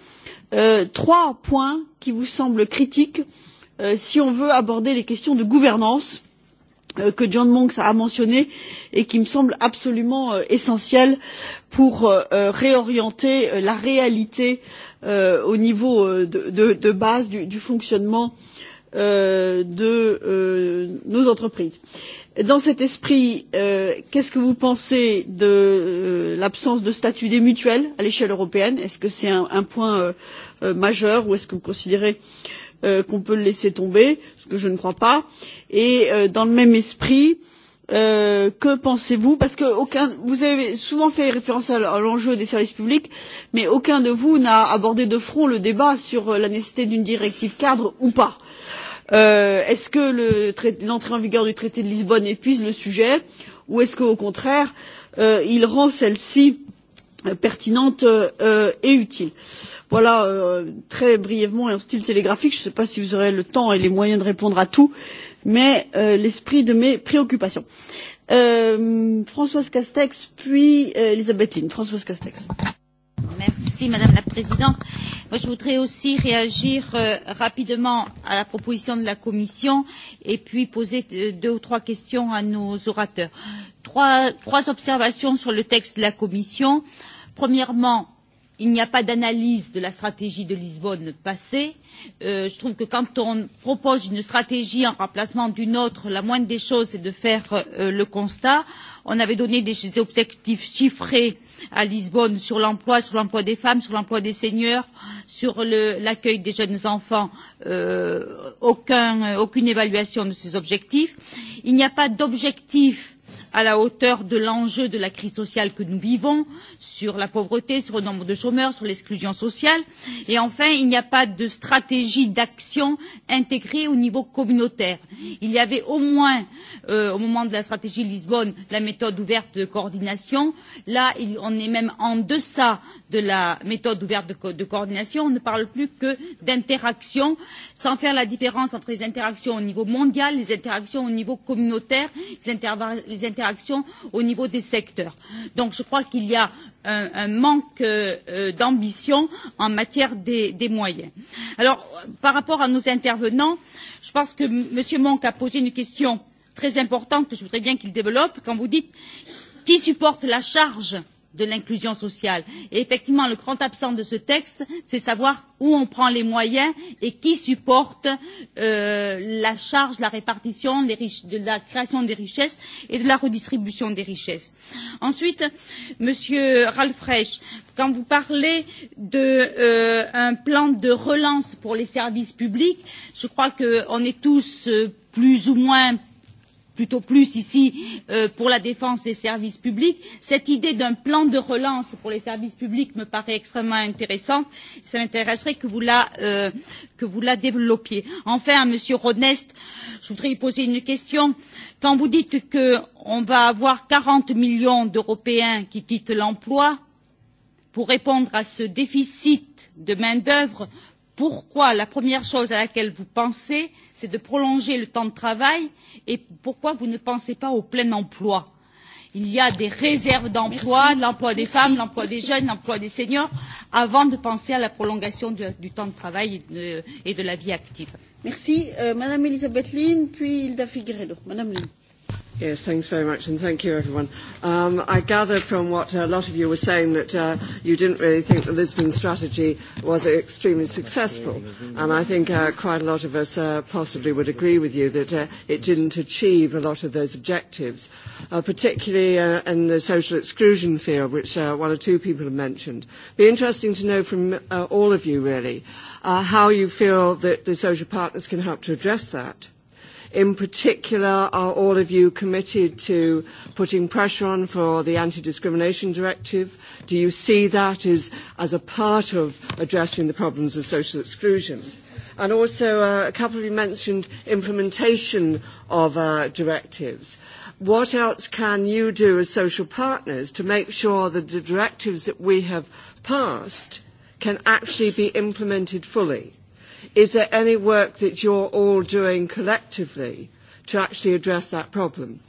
euh, trois points qui vous semblent critiques euh, si on veut aborder les questions de gouvernance euh, que John Monks a mentionné et qui me semblent absolument euh, essentielles pour euh, euh réorienter euh, la réalité euh, au niveau euh, de, de, de base du, du fonctionnement euh, de euh, nos entreprises. Euh, dans cet esprit euh, qu'est ce que vous pensez de euh, l'absence de statut des mutuelles à l'échelle européenne? est ce que c'est un, un point euh, euh majeur ou est ce que vous considérez euh, qu'on peut le laisser tomber ce que je ne crois pas? et euh, dans le même esprit que pensez vous parce que aucun, vous avez souvent fait référence à l'enjeu des services publics mais aucun de vous n'a abordé de front le débat sur la nécessité d'une directive cadre ou pas. Euh, Euh, est ce que l'entrée en vigueur du traité de lisbonne épuise le sujet ou est ce qu'au contraire euh, il rend celle ci euh, pertinente et utile? voilà très brièvement et en style télégraphique je ne sais pas si vous aurez le temps et les moyens de répondre à tout mais l'esprit de mes préoccupations. françoise castex puis elisabeth lynne. françoise castex. Merci Madame la Présidente. Moi, je voudrais aussi réagir euh, rapidement à la proposition de la Commission et puis poser euh, deux ou trois questions à nos orateurs. Trois, trois observations sur le texte de la Commission. Premièrement, il n'y a pas d'analyse de la stratégie de Lisbonne passée Euh, je trouve que quand on propose une stratégie en remplacement d'une autre, la moindre des choses, c'est de faire euh, le constat. On avait donné des objectifs chiffrés à Lisbonne sur l'emploi, sur l'emploi des femmes, sur l'emploi des seniors, sur l'accueil des jeunes enfants. Euh, aucun, aucune évaluation de ces objectifs. Il n'y a pas d'objectif euh, à la hauteur de l'enjeu de la crise sociale que nous vivons sur la pauvreté, sur le nombre de chômeurs, sur l'exclusion sociale. Et enfin, il n'y a pas de stratégie d'action intégrée au niveau communautaire. Il y avait au moins, euh, au moment de la stratégie Lisbonne, la méthode ouverte de coordination. Là, il, on est même en deçà de la méthode ouverte de, co de coordination, on ne parle plus que d'interaction, sans faire la différence entre les interactions au niveau mondial, les interactions au niveau communautaire, les, inter les interactions au niveau des secteurs. Donc je crois qu'il y a un, un manque euh, euh, d'ambition en matière des, des moyens. Alors, par rapport à nos intervenants, je pense que M. Monk a posé une question très importante que je voudrais bien qu'il développe quand vous dites qui supporte la charge euh, de l'inclusion sociale. Et effectivement, le grand absent de ce texte, c'est savoir où on prend les moyens et qui supporte euh, la charge, la répartition les riches, de la création des richesses et de la redistribution des richesses. Ensuite, Monsieur Ralfreich, quand vous parlez d'un euh, plan de relance pour les services publics, je crois qu'on est tous euh, plus ou moins plutôt plus ici euh, pour la défense des services publics. Cette idée d'un plan de relance pour les services publics me paraît extrêmement intéressante. Ça m'intéresserait que vous la, euh, que vous la développiez. Enfin, à M. Rodnest, je voudrais lui poser une question. Quand vous dites qu'on va avoir 40 millions d'Européens qui quittent l'emploi, pour répondre à ce déficit de main-d'œuvre, pourquoi la première chose à laquelle vous pensez, c'est de prolonger le temps de travail et pourquoi vous ne pensez pas au plein emploi. Il y a des réserves d'emploi, l'emploi des femmes, l'emploi des jeunes, l'emploi des seniors, avant de penser à la prolongation de, du temps de travail et de, et de la vie active. Merci. Euh, Madame Elisabeth Lynn, puis Hilda Figueredo. Madame Lynn. Yes, thanks very much, and thank you, everyone. Um, I gather from what a lot of you were saying that uh, you didn't really think the Lisbon strategy was extremely successful, and I think uh, quite a lot of us uh, possibly would agree with you that uh, it didn't achieve a lot of those objectives, uh, particularly uh, in the social exclusion field, which uh, one or two people have mentioned. It'd be interesting to know from uh, all of you, really, uh, how you feel that the social partners can help to address that. In particular, are all of you committed to putting pressure on for the anti-discrimination directive? Do you see that as, as a part of addressing the problems of social exclusion? and also uh, a couple of you mentioned implementation of uh, directives. What else can you do as social partners to make sure that the directives that we have passed can actually be implemented fully? Is there any work that you're all doing collectively to actually address that problem?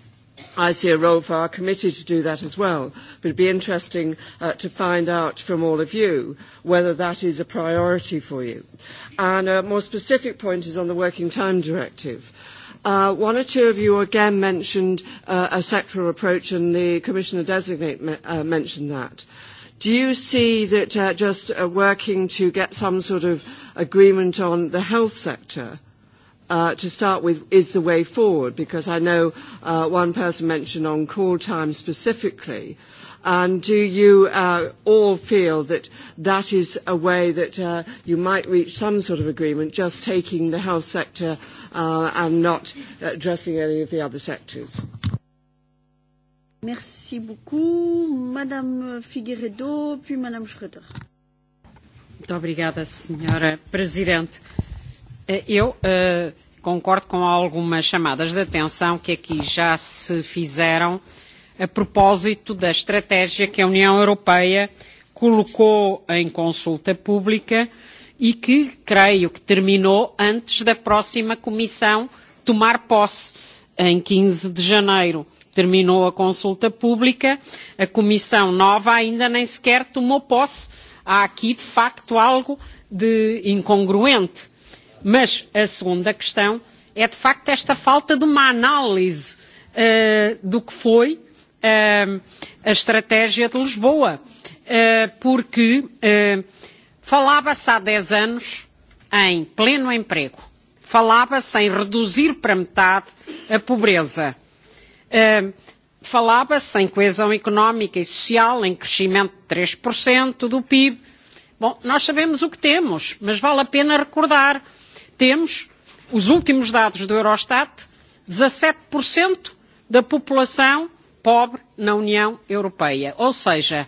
I see a role for our committee to do that as well, but it'd be interesting uh, to find out from all of you whether that is a priority for you. And a more specific point is on the Working Time Directive. Uh, one or two of you again mentioned uh, a sectoral approach, and the Commissioner designate me uh, mentioned that. Do you see that uh, just uh, working to get some sort of agreement on the health sector uh, to start with is the way forward because I know uh, one person mentioned on call time specifically. And do you uh, all feel that that is a way that uh, you might reach some sort of agreement, just taking the health sector uh, and not addressing any of the other sectors? Merci beaucoup, Madame Figueredo, puis Madame Schroeder doamnă președintă eh, Eu eh, concord cu algumas chamadas de atenção que aqui já se fizeram a propósito da estratégia que a União Europeia colocou em consulta pública e que, creio que terminou antes da próxima Comissão tomar posse, em 15 de janeiro. Terminou a consulta pública, a Comissão nova ainda nem sequer tomou posse Há aqui, de facto, algo de incongruente. Mas a segunda questão é, de facto, esta falta de uma análise uh, do que foi uh, a estratégia de Lisboa. Uh, porque uh, falava-se há 10 anos em pleno emprego, falava-se em reduzir para metade a pobreza. Uh, falava-se em coesão económica e social, em crescimento de 3% do PIB. Bom, nós sabemos o que temos, mas vale a pena recordar. Temos, os últimos dados do Eurostat, 17% da população pobre na União Europeia. Ou seja,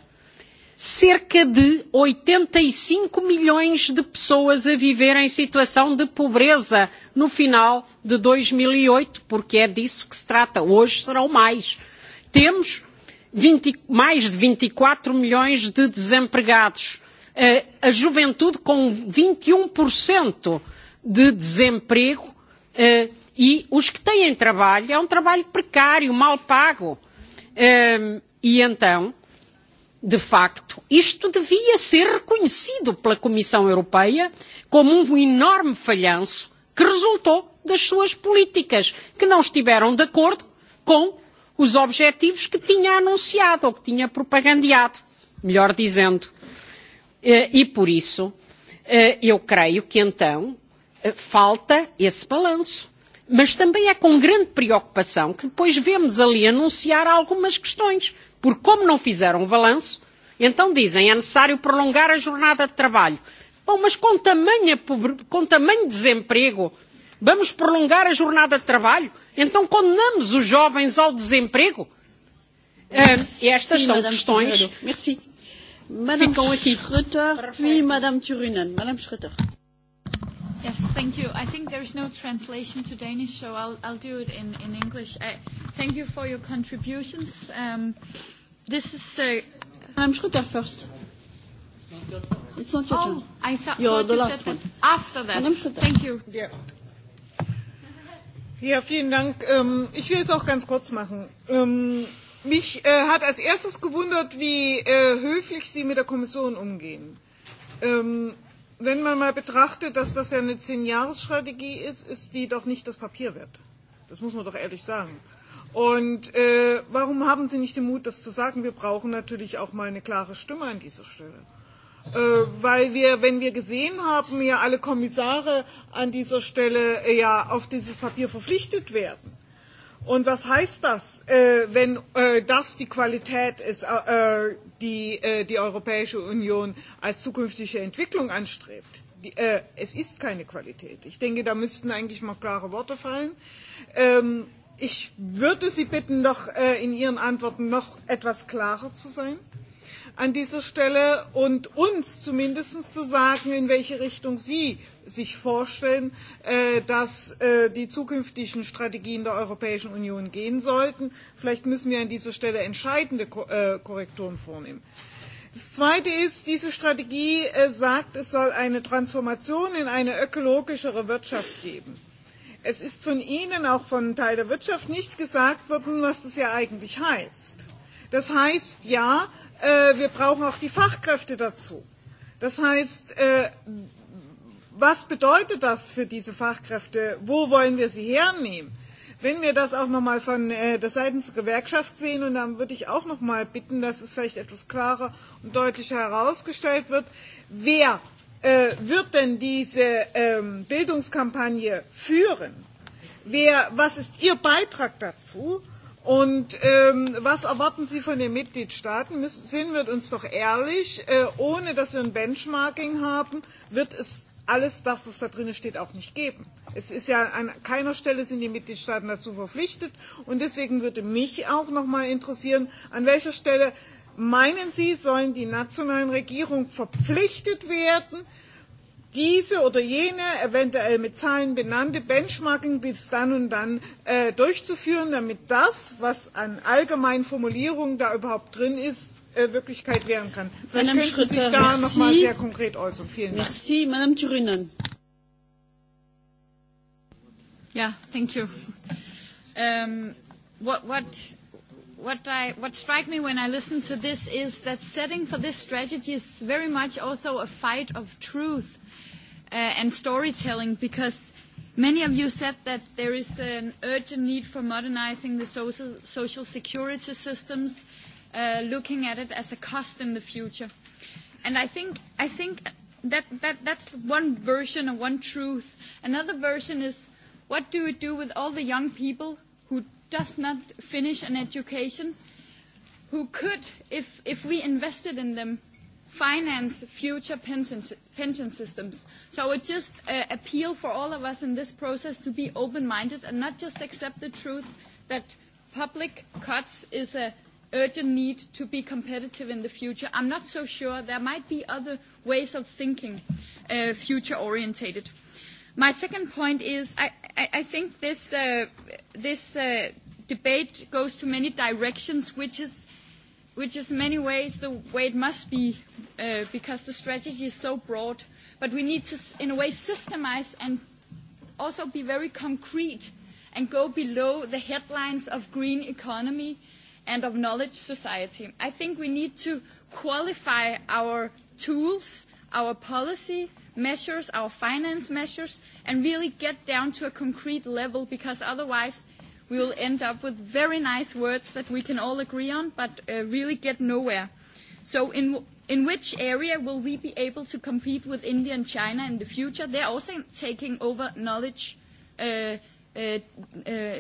cerca de 85 milhões de pessoas a viver em situação de pobreza no final de 2008, porque é disso que se trata. Hoje serão mais temos 20, mais de 24 milhões de desempregados. Eh, a juventude com 21% um de desemprego eh, e os que têm trabalho é um trabalho precário, mal pago. Eh, e então, de facto, isto devia ser reconhecido pela Comissão Europeia como um enorme falhanço que resultou das suas políticas, que não estiveram de acordo com os objetivos que tinha anunciado ou que tinha propagandeado, melhor dizendo. Eh, e por isso, eh, eu creio que então eh, falta esse balanço. Mas também é com grande preocupação que depois vemos ali anunciar algumas questões, porque como não fizeram o balanço, então dizem é necessário prolongar a jornada de trabalho. Bom, mas com tamanho, com tamanho desemprego, vamos prolongar a jornada de trabalho? Então condenamos os jovens ao desemprego? Eh, Merci, Estas são Madame questões. Merci. Madame ficam aqui. Schroeter, puis Madame Turunen. Madame Schroeter. Yes, thank you. I think there's no translation to Danish, so I'll, I'll do it in, in English. I, uh, thank you for your contributions. Um, this is... Uh, Madame Schroeter first. It's not your turn. It's not your Oh, turn. I saw You're what the you last said one. after that. Madame Schroeter. Thank you. Yeah. Ja, vielen Dank. Ähm, ich will es auch ganz kurz machen. Ähm, mich äh, hat als erstes gewundert, wie äh, höflich Sie mit der Kommission umgehen. Ähm, wenn man mal betrachtet, dass das ja eine Zehn-Jahres-Strategie ist, ist die doch nicht das Papier wert. Das muss man doch ehrlich sagen. Und äh, warum haben Sie nicht den Mut, das zu sagen? Wir brauchen natürlich auch mal eine klare Stimme an dieser Stelle. Äh, weil wir, wenn wir gesehen haben, ja alle Kommissare an dieser Stelle äh, ja auf dieses Papier verpflichtet werden. Und was heißt das, äh, wenn äh, das die Qualität ist, äh, die äh, die Europäische Union als zukünftige Entwicklung anstrebt? Die, äh, es ist keine Qualität. Ich denke, da müssten eigentlich mal klare Worte fallen. Ähm, ich würde Sie bitten, noch äh, in Ihren Antworten noch etwas klarer zu sein an dieser Stelle und uns zumindest zu sagen, in welche Richtung Sie sich vorstellen, äh, dass äh, die zukünftigen Strategien der Europäischen Union gehen sollten. Vielleicht müssen wir an dieser Stelle entscheidende Ko äh, Korrekturen vornehmen. Das Zweite ist, diese Strategie äh, sagt, es soll eine Transformation in eine ökologischere Wirtschaft geben. Es ist von Ihnen, auch von einem Teil der Wirtschaft, nicht gesagt worden, was das ja eigentlich heißt. Das heißt ja, äh, wir brauchen auch die Fachkräfte dazu. Das heißt, äh, was bedeutet das für diese Fachkräfte? Wo wollen wir sie hernehmen? Wenn wir das auch nochmal von äh, der Seite der Gewerkschaft sehen, und dann würde ich auch nochmal bitten, dass es vielleicht etwas klarer und deutlicher herausgestellt wird, wer äh, wird denn diese ähm, Bildungskampagne führen? Wer, was ist Ihr Beitrag dazu? Und ähm, was erwarten Sie von den Mitgliedstaaten? sehen wir uns doch ehrlich, äh, ohne dass wir ein Benchmarking haben, wird es alles das, was da drin steht, auch nicht geben. Es ist ja an keiner Stelle sind die Mitgliedstaaten dazu verpflichtet. Und deswegen würde mich auch noch mal interessieren, an welcher Stelle meinen Sie, sollen die nationalen Regierungen verpflichtet werden, diese oder jene eventuell mit Zahlen benannte Benchmarking bis dann und dann äh, durchzuführen, damit das, was an allgemeinen Formulierungen da überhaupt drin ist, äh, Wirklichkeit werden kann. Vielleicht Madame könnten Sie sich da nochmal sehr konkret äußern. Vielen Dank. Merci, Madame Thurinen. Yeah, thank you. Um, what, what, what, I, what strikes me when I listen to this is that setting for this strategy is very much also a fight of truth uh, and storytelling because many of you said that there is an urgent need for modernizing the social, social security systems, uh, looking at it as a cost in the future. And I think, I think that, that, that's one version of one truth. Another version is what do we do with all the young people who does not finish an education, who could, if, if we invested in them, finance future pension, pension systems. So I would just uh, appeal for all of us in this process to be open-minded and not just accept the truth that public cuts is a urgent need to be competitive in the future. I'm not so sure. There might be other ways of thinking uh, future-orientated. My second point is I, I, I think this, uh, this uh, debate goes to many directions, which is, which is in many ways the way it must be uh, because the strategy is so broad. But we need to, in a way, systemize and also be very concrete and go below the headlines of green economy and of knowledge society. I think we need to qualify our tools, our policy measures, our finance measures, and really get down to a concrete level because otherwise we will end up with very nice words that we can all agree on but uh, really get nowhere. So in in which area will we be able to compete with India and China in the future? They're also taking over knowledge uh, uh, uh,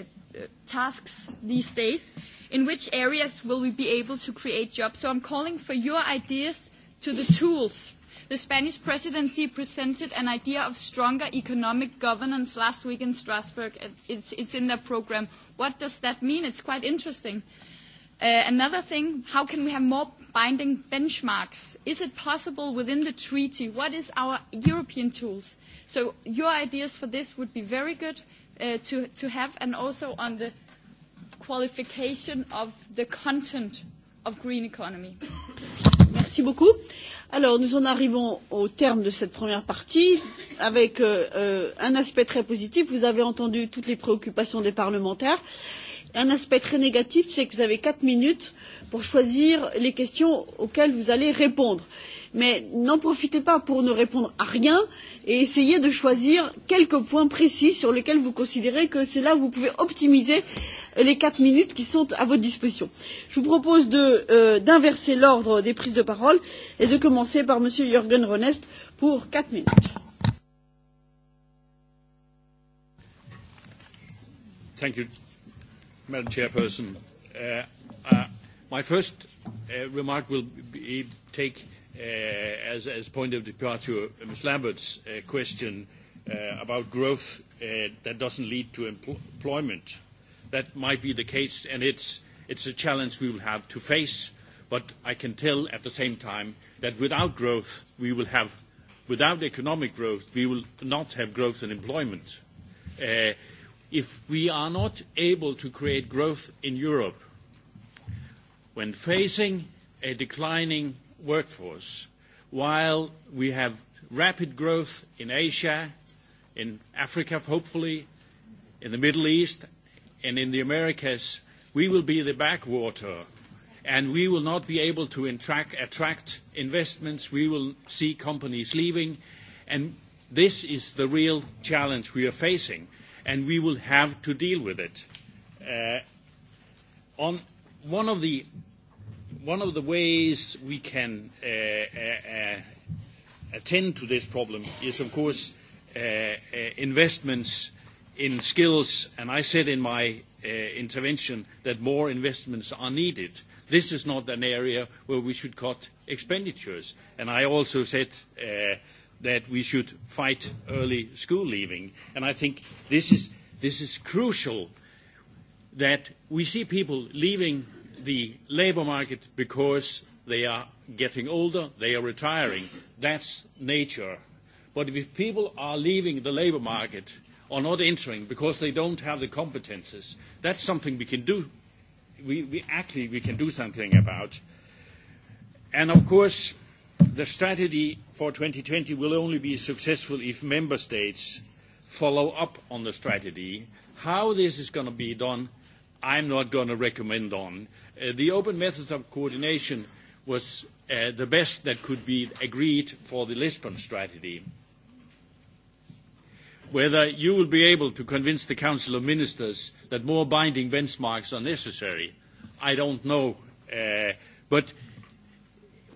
tasks these days. In which areas will we be able to create jobs? So I'm calling for your ideas to the tools. The Spanish presidency presented an idea of stronger economic governance last week in Strasbourg. It's, it's in their program. What does that mean? It's quite interesting. Uh, another thing, how can we have more binding benchmarks? Is it possible within the treaty? What is our European tools? So your ideas for this would be very good uh, to, to have, and also on the qualification of the content of green economy. Merci beaucoup. Alors, nous en arrivons au terme de cette première partie avec euh, euh un aspect très positif. Vous avez entendu toutes les préoccupations des parlementaires. Euh, un aspect très négatif, c'est que vous avez quatre minutes pour choisir les questions auxquelles vous allez répondre. Mais n'en profitez pas pour ne répondre à rien et essayez de choisir quelques points précis sur lesquels vous considérez que c'est là où vous pouvez optimiser les quatre minutes qui sont à votre disposition. Je vous propose euh, d'inverser euh, l'ordre des prises de parole et de commencer par M. Jürgen Ronest pour quatre minutes. Thank you, Madam Chairperson. Uh, uh, my first uh, remark will be, take as, as point of departure Ms. Lambert's question about growth that doesn't lead to empl employment. That might be the case, and it's, it's a challenge we will have to face. But I can tell at the same time that without growth, we will have, without economic growth, we will not have growth and employment if we are not able to create growth in Europe when facing a declining workforce, while we have rapid growth in Asia, in Africa, hopefully, in the Middle East, and in the Americas, we will be the backwater, and we will not be able to attract investments. We will see companies leaving, and this is the real challenge we are facing and we will have to deal with it. Uh, on one of the one of the ways we can uh, uh, uh attend to this problem is, of course, uh, uh, investments in skills. And I said in my intervention that more investments are needed. This is not an area where we should cut expenditures. And I also said that we should fight early school leaving. And I think this is, this is crucial that we see people leaving the labour market because they are getting older, they are retiring. That's nature. But if people are leaving the labour market or not entering because they don't have the competences, that's something we can do. We, we actually we can do something about. And of course, The strategy for 2020 will only be successful if member states follow up on the strategy. How this is going to be done, I'm not going to recommend on. Uh, the open methods of coordination was uh, the best that could be agreed for the Lisbon strategy. Whether you will be able to convince the Council of Ministers that more binding benchmarks are necessary, I don't know. Uh, but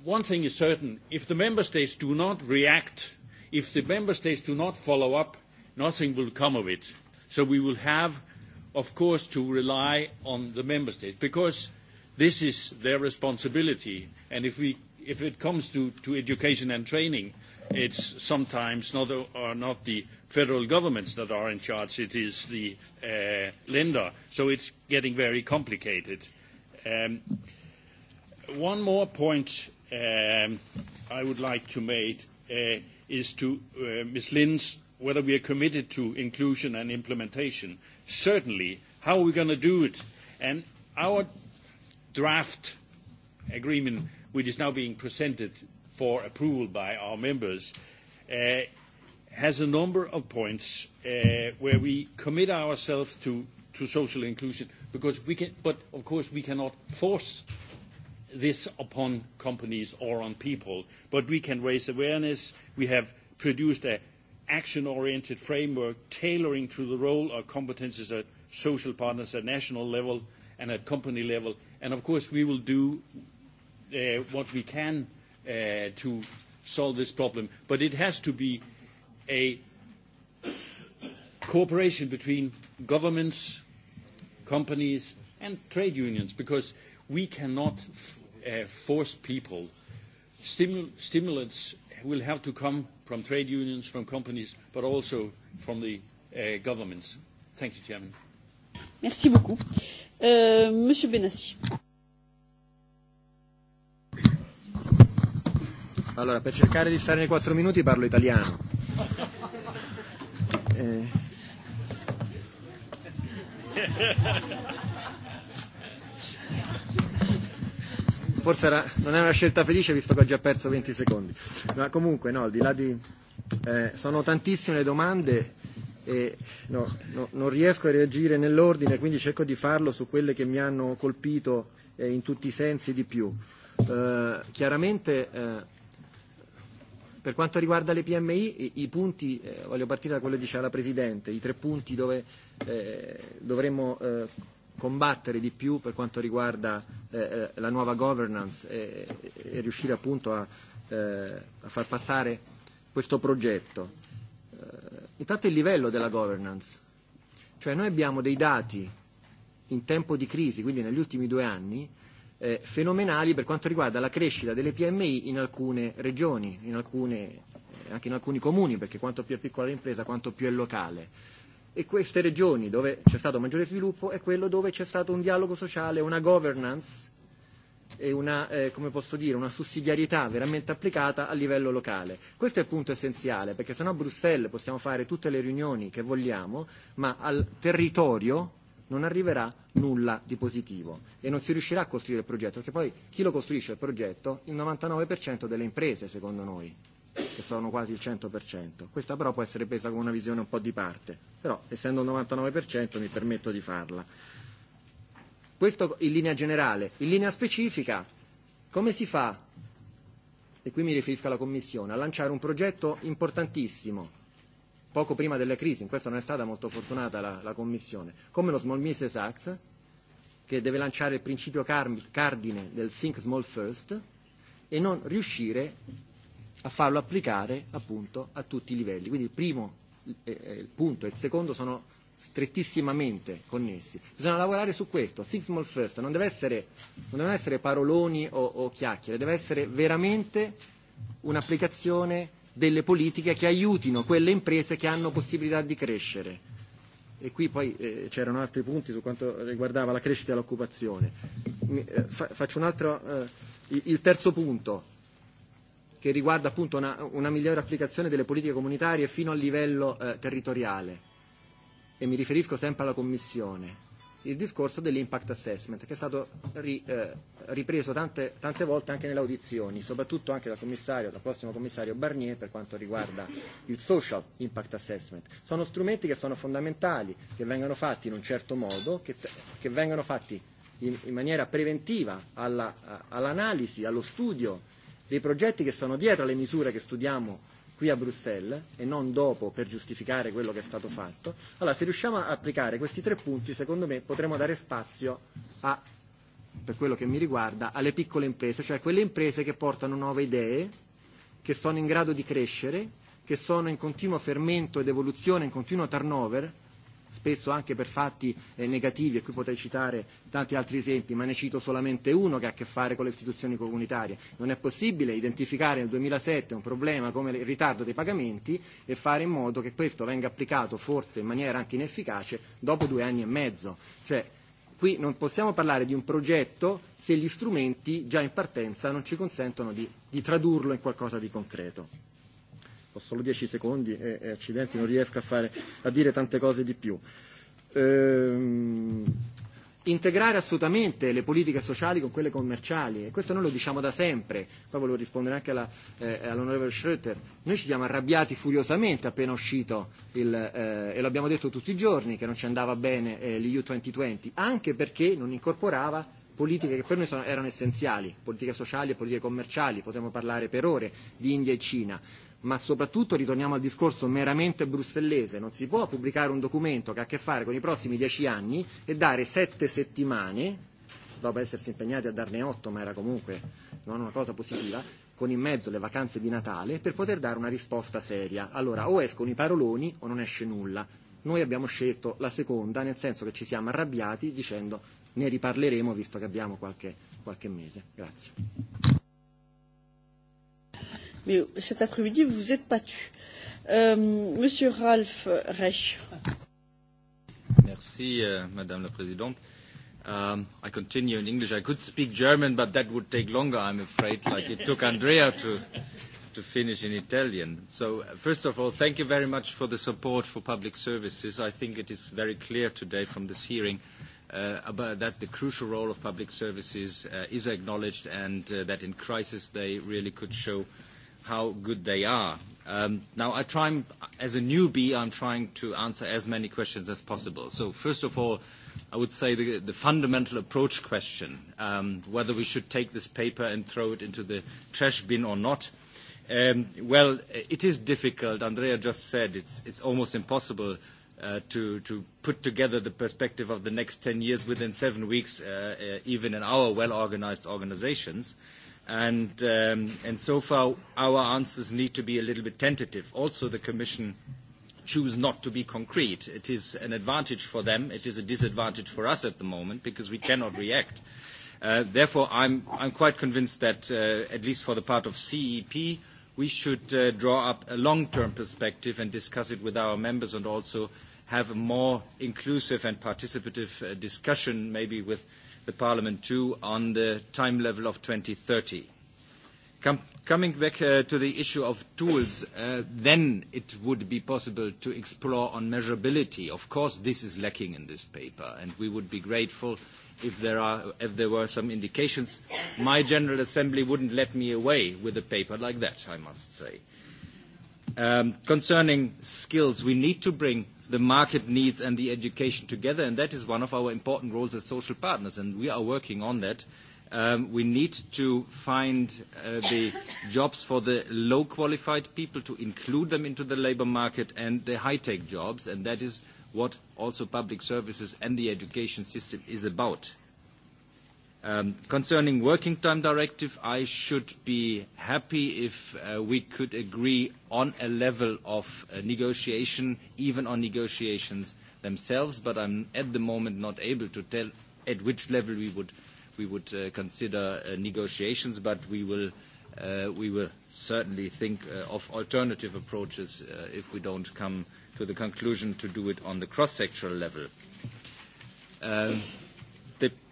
one thing is certain, if the member states do not react, if the member states do not follow up, nothing will come of it. So we will have, of course, to rely on the member states because this is their responsibility. And if, we, if it comes to, to education and training, it's sometimes not, are not the federal governments that are in charge, it is the uh, lender. So it's getting very complicated. Um, one more point um, I would like to make uh, is to uh, Ms. Lynn's whether we are committed to inclusion and implementation. Certainly, how are we going to do it? And our draft agreement, which is now being presented for approval by our members, uh, has a number of points uh, where we commit ourselves to, to social inclusion because we can, but of course we cannot force this upon companies or on people, but we can raise awareness. We have produced an action-oriented framework tailoring to the role or competences of social partners at national level and at company level. And of course, we will do uh, what we can uh, to solve this problem, but it has to be a cooperation between governments, companies, and trade unions, because we cannot uh, force people. Stimul stimulants will have to come from trade unions, from companies, but also from the uh, governments. Thank you, Chairman. Merci beaucoup. Uh, Monsieur Benassi. Allora, per cercare di stare nei quattro minuti parlo italiano. Eh. forse era, non è una scelta felice visto che ho già perso 20 secondi. Ma comunque, no, al di là di... Eh, sono tantissime le domande e no, no, non riesco a reagire nell'ordine, quindi cerco di farlo su quelle che mi hanno colpito eh, in tutti i sensi di più. Eh, chiaramente, eh, per quanto riguarda le PMI, i, i punti, eh, voglio partire da quello che diceva la Presidente, i tre punti dove eh, dovremmo eh, combattere di più per quanto riguarda eh, eh la nuova governance e, e riuscire appunto a, eh, a far passare questo progetto. Eh, intanto il livello della governance, cioè noi abbiamo dei dati in tempo di crisi, quindi negli ultimi due anni, eh, fenomenali per quanto riguarda la crescita delle PMI in alcune regioni, in alcune, eh, anche in alcuni comuni, perché quanto più è piccola l'impresa, quanto più è locale Eh, e queste regioni dove c'è stato maggiore sviluppo è quello dove c'è stato un dialogo sociale, una governance e una, eh, come posso dire, una sussidiarietà veramente applicata a livello locale. Questo è il punto essenziale, perché se no a Bruxelles possiamo fare tutte le riunioni che vogliamo, ma al territorio non arriverà nulla di positivo e non si riuscirà a costruire il progetto, perché poi chi lo costruisce il progetto? Il 99% delle imprese, secondo noi che sono quasi il 100%. Questa però può essere presa come una visione un po' di parte, però essendo un 99% mi permetto di farla. Questo in linea generale. In linea specifica, come si fa, e qui mi riferisco alla Commissione, a lanciare un progetto importantissimo, poco prima della crisi, in questo non è stata molto fortunata la, la Commissione, come lo Small Business Act, che deve lanciare il principio cardine del Think Small First, e non riuscire a farlo applicare appunto a tutti i livelli. Quindi il primo eh, eh, il punto e il secondo sono strettissimamente connessi. Bisogna lavorare su questo, think small first, non, deve essere, non devono essere paroloni o, o chiacchiere, deve essere veramente un'applicazione delle politiche che aiutino quelle imprese che hanno possibilità di crescere. E qui poi eh, c'erano altri punti su quanto riguardava la crescita e l'occupazione. Mi, eh, fa, faccio un altro, eh, il terzo punto, che riguarda appunto una, una migliore applicazione delle politiche comunitarie fino a livello eh, territoriale, e mi riferisco sempre alla Commissione, il discorso dell'impact assessment, che è stato ri, eh, ripreso tante, tante volte anche nelle audizioni, soprattutto anche dal commissario, dal prossimo commissario Barnier per quanto riguarda il social impact assessment. Sono strumenti che sono fondamentali, che vengono fatti in un certo modo, che, che vengono fatti in, in maniera preventiva alla, all'analisi, allo studio dei progetti che sono dietro alle misure che studiamo qui a Bruxelles e non dopo per giustificare quello che è stato fatto, allora se riusciamo a applicare questi tre punti, secondo me potremo dare spazio a, per quello che mi riguarda, alle piccole imprese, cioè quelle imprese che portano nuove idee, che sono in grado di crescere, che sono in continuo fermento ed evoluzione, in continuo turnover, spesso anche per fatti eh, negativi, e qui potrei citare tanti altri esempi, ma ne cito solamente uno che ha a che fare con le istituzioni comunitarie. Non è possibile identificare nel 2007 un problema come il ritardo dei pagamenti e fare in modo che questo venga applicato forse in maniera anche inefficace dopo due anni e mezzo. Cioè, qui non possiamo parlare di un progetto se gli strumenti già in partenza non ci consentono di, di tradurlo in qualcosa di concreto ho solo 10 secondi e, e accidenti, non riesco a, fare, a dire tante cose di più. Ehm, integrare assolutamente le politiche sociali con quelle commerciali e questo noi lo diciamo da sempre. Poi volevo rispondere anche alla, eh, all'onorevole Schröter. Noi ci siamo arrabbiati furiosamente appena uscito il, eh, e lo abbiamo detto tutti i giorni che non ci andava bene eh, l'EU 2020, anche perché non incorporava politiche che per noi sono, erano essenziali, politiche sociali e politiche commerciali, potremmo parlare per ore di India e Cina ma soprattutto ritorniamo al discorso meramente brussellese, non si può pubblicare un documento che ha a che fare con i prossimi dieci anni e dare sette settimane, dopo essersi impegnati a darne otto, ma era comunque non una cosa positiva, con in mezzo le vacanze di Natale, per poter dare una risposta seria. Allora o escono i paroloni o non esce nulla. Noi abbiamo scelto la seconda, nel senso che ci siamo arrabbiati dicendo ne riparleremo visto che abbiamo qualche, qualche mese. Grazie mais euh, cet après-midi, vous vous êtes battu. Euh, Monsieur Ralph Reich. Merci, euh, Madame la Présidente. Um, I continue in English. I could speak German, but that would take longer, I'm afraid, like it took Andrea to, to finish in Italian. So, uh, first of all, thank you very much for the support for public services. I think it is very clear today from this hearing uh, about that the crucial role of public services uh, is acknowledged and uh, that in crisis they really could show uh, how good they are. Um, now, I try, as a newbie, I'm trying to answer as many questions as possible. So, first of all, I would say the, the fundamental approach question, um, whether we should take this paper and throw it into the trash bin or not. Um, well, it is difficult. Andrea just said it's, it's almost impossible uh, to, to put together the perspective of the next 10 years within seven weeks, uh, uh, even in our well-organized organizations. Uh, And, um, and so far, our answers need to be a little bit tentative. Also, the Commission choose not to be concrete. It is an advantage for them. It is a disadvantage for us at the moment because we cannot react. Uh, therefore, I'm, I'm quite convinced that, uh, at least for the part of CEP, we should uh, draw up a long-term perspective and discuss it with our members and also have a more inclusive and participative uh, discussion, maybe with uh, the Parliament to on the time level of 2030. Com coming back uh, to the issue of tools, uh, then it would be possible to explore on measurability. Of course, this is lacking in this paper, and we would be grateful if there, are, if there were some indications. My General Assembly wouldn't let me away with a paper like that, I must say. Um, concerning skills, we need to bring the market needs and the education together, and that is one of our important roles as social partners, and we are working on that. Um, we need to find uh, the jobs for the low qualified people to include them into the labour market and the high tech jobs, and that is what also public services and the education system is about. Um, concerning working time directive, I should be happy if uh, we could agree on a level of uh, negotiation, even on negotiations themselves, but I'm at the moment not able to tell at which level we would, uh, consider negotiations, but we will, certainly think of alternative approaches if we don't come to the conclusion to do it on the cross-sectoral level. Um,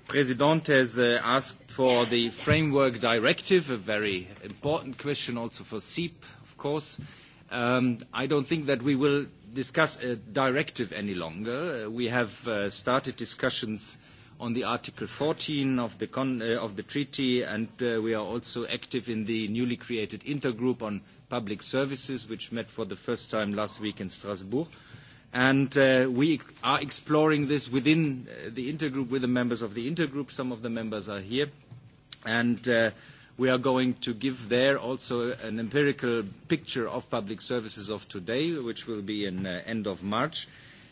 President has uh, asked for the framework directive, a very important question also for SEEP, of course. Um, I don't think that we will discuss a directive any longer. Uh, we have uh, started discussions on the Article 14 of the, con uh, of the treaty, and uh, we are also active in the newly created intergroup on public services, which met for the first time last week in Strasbourg. Uh, and uh, we are exploring this within uh, the intergroup with the members of the intergroup. Some of the members are here, and uh, we are going to give there also an empirical picture of public services of today, which will be in uh, end of March.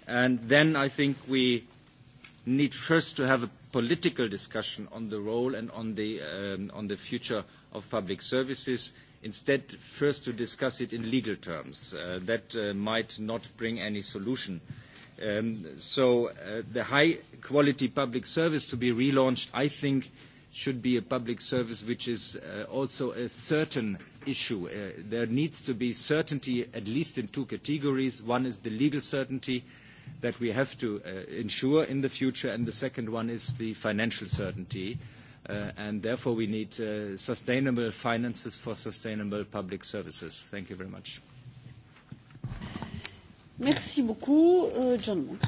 And then I think we need first to have a political discussion on the role and on the, um, on the future of public services instead first to discuss it in legal terms. Uh, that uh, might not bring any solution. Um, so uh, the high-quality public service to be relaunched, I think, should be a public service which is uh, also a certain issue. Uh, there needs to be certainty at least in two categories. One is the legal certainty that we have to uh, ensure in the future, and the second one is the financial certainty. Uh, Uh, and therefore we need uh, sustainable finances for sustainable public services. Thank you very much. Merci beaucoup. Uh, John Monk.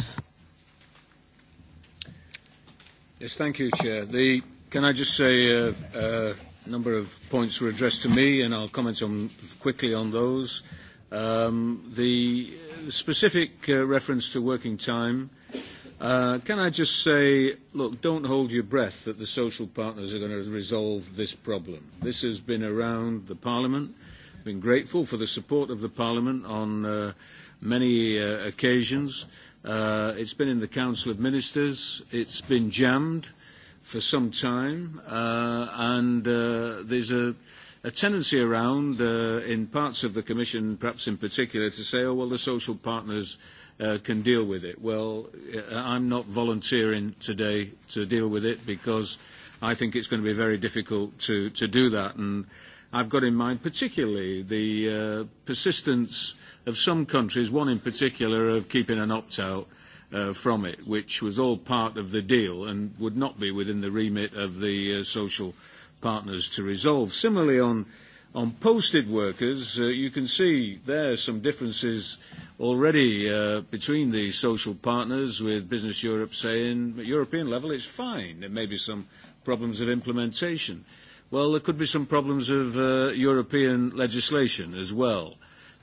Yes, thank you, Chair. The, can I just say uh, uh, a number of points were addressed to me, and I'll comment on, quickly on those. Um, the specific uh, reference to working time, Uh, can I just say, look, don't hold your breath that the social partners are going to resolve this problem. This has been around the Parliament. Been grateful for the support of the Parliament on uh, many uh, occasions. Uh, it's been in the Council of Ministers. It's been jammed for some time, uh, and uh, there's a, a tendency around uh, in parts of the Commission, perhaps in particular, to say, "Oh well, the social partners." uh, can deal with it. Well, uh, I'm not volunteering today to deal with it because I think it's going to be very difficult to, to do that. And I've got in mind particularly the uh, persistence of some countries, one in particular, of keeping an opt-out uh, from it, which was all part of the deal and would not be within the remit of the uh, social partners to resolve. Similarly, on On posted workers, uh, you can see there are some differences already uh, between the social partners, with Business Europe saying at European level it's fine. There may be some problems of implementation. Well, there could be some problems of uh, European legislation as well.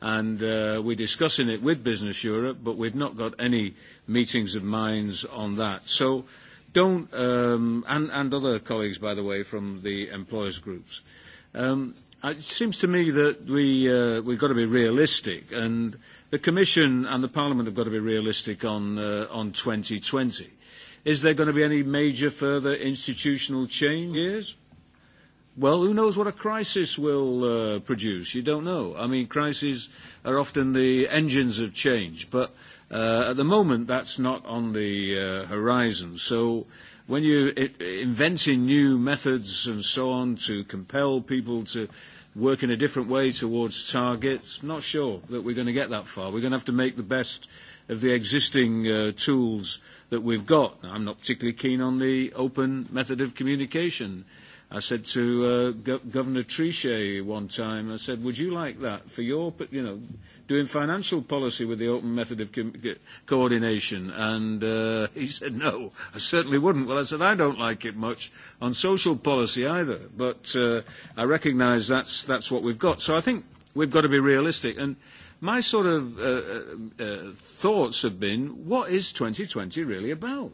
And uh, we're discussing it with Business Europe, but we've not got any meetings of minds on that. So don't, um, and, and other colleagues, by the way, from the employers groups. Um, Uh, it seems to me that we, uh, we've got to be realistic, and the Commission and the Parliament have got to be realistic on, uh, on 2020. Is there going to be any major further institutional changes? Well, who knows what a crisis will uh, produce? You don't know. I mean, crises are often the engines of change, but uh, at the moment that's not on the uh, horizon. So when you're inventing new methods and so on to compel people to work in a different way towards targets. Not sure that we're going to get that far. We're going to have to make the best of the existing uh, tools that we've got. Now, I'm not particularly keen on the open method of communication I said to uh, Go- Governor Trichet one time, I said, would you like that for your, you know, doing financial policy with the open method of co- coordination? And uh, he said, no, I certainly wouldn't. Well, I said, I don't like it much on social policy either, but uh, I recognize that's, that's what we've got. So I think we've got to be realistic. And my sort of uh, uh, uh thoughts have been, what is 2020 really about?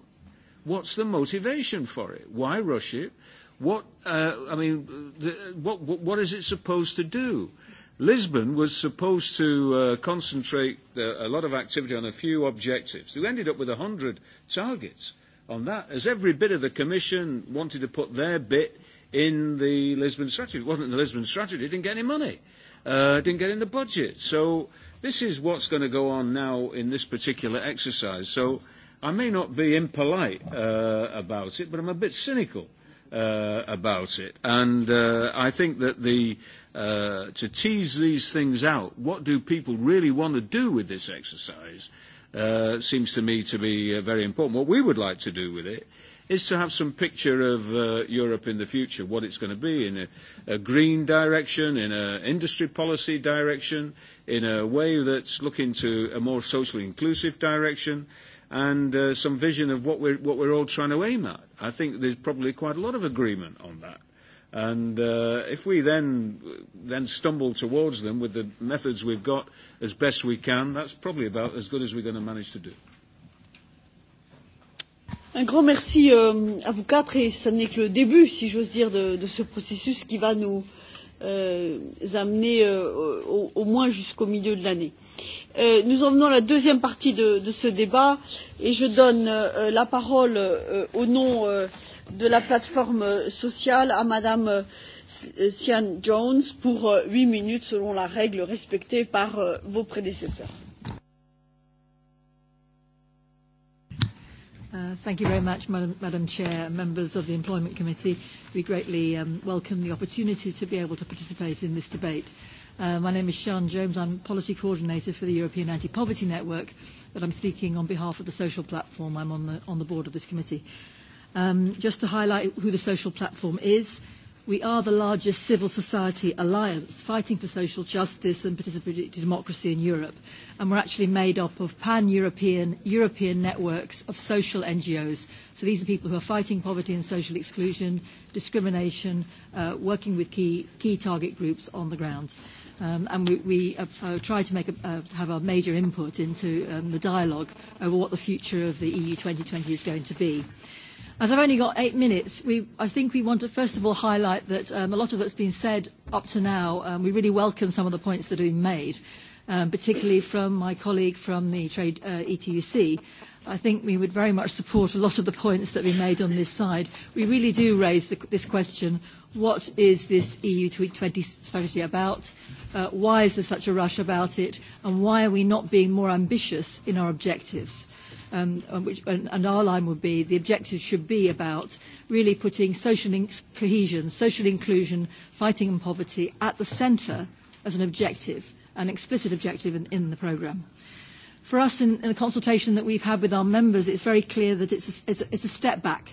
What's the motivation for it? Why rush it? What, uh, I mean, the, what, what, what is it supposed to do? Lisbon was supposed to uh, concentrate the, uh, a lot of activity on a few objectives. We ended up with 100 targets on that, as every bit of the Commission wanted to put their bit in the Lisbon strategy. It wasn't in the Lisbon strategy, it didn't get any money, uh, didn't get in the budget. So this is what's going to go on now in this particular exercise. So I may not be impolite uh, about it, but I'm a bit cynical uh, about it. And uh, I think that the, uh, to tease these things out, what do people really want to do with this exercise, uh, seems to me to be uh, very important. What we would like to do with it is to have some picture of uh, Europe in the future, what it's going to be in a, a green direction, in an industry policy direction, in a way that's looking to a more socially inclusive direction, uh, and uh, some vision of what we're, what we're all trying to aim at. I think there's probably quite a lot of agreement on that. And uh, if we then, then stumble towards them with the methods we've got as best we can, that's probably about as good as we're going to manage to do. Un grand merci euh, à vous quatre et ce n'est que le début, si j'ose dire, de, de ce processus qui va nous euh, amener euh, au, au moins jusqu'au milieu de l'année. Euh, Euh, nous en venons à la deuxième partie de, de ce débat et je donne euh, la parole euh, au nom euh, de la plateforme sociale à mme euh, euh, sian jones pour huit minutes selon la règle respectée par vos prédécesseurs. Uh, thank you very much, Madam, Madam Chair, members of the Employment Committee. We greatly um, welcome the opportunity to be able to participate in this debate. Uh, my name is Sean Jones. I'm Policy Coordinator for the European Anti-Poverty Network, but I'm speaking on behalf of the social platform. I'm on the, on the board of this committee. Um, just to highlight who the social platform is, We are the largest civil society alliance fighting for social justice and participatory democracy in Europe, and we're actually made up of pan-European European networks of social NGOs. So these are people who are fighting poverty and social exclusion, discrimination, uh, working with key, key target groups on the ground. Um, and we, we uh, uh, try to make a, uh, have a major input into um, the dialogue over what the future of the EU 2020 is going to be. As I've only got eight minutes, we, I think we want to first of all highlight that um, a lot of that's been said up to now. Um, we really welcome some of the points that have been made, um, particularly from my colleague from the trade uh, ETUC. I think we would very much support a lot of the points that we made on this side. We really do raise the, this question, what is this EU 2020 strategy about? Uh, why is there such a rush about it? And why are we not being more ambitious in our objectives? Um, um, which, and, and our line would be the objectives should be about really putting social in- cohesion, social inclusion, fighting poverty at the centre as an objective, an explicit objective in, in the programme. For us, in, in the consultation that we've had with our members, it's very clear that it's a, it's a, it's a step back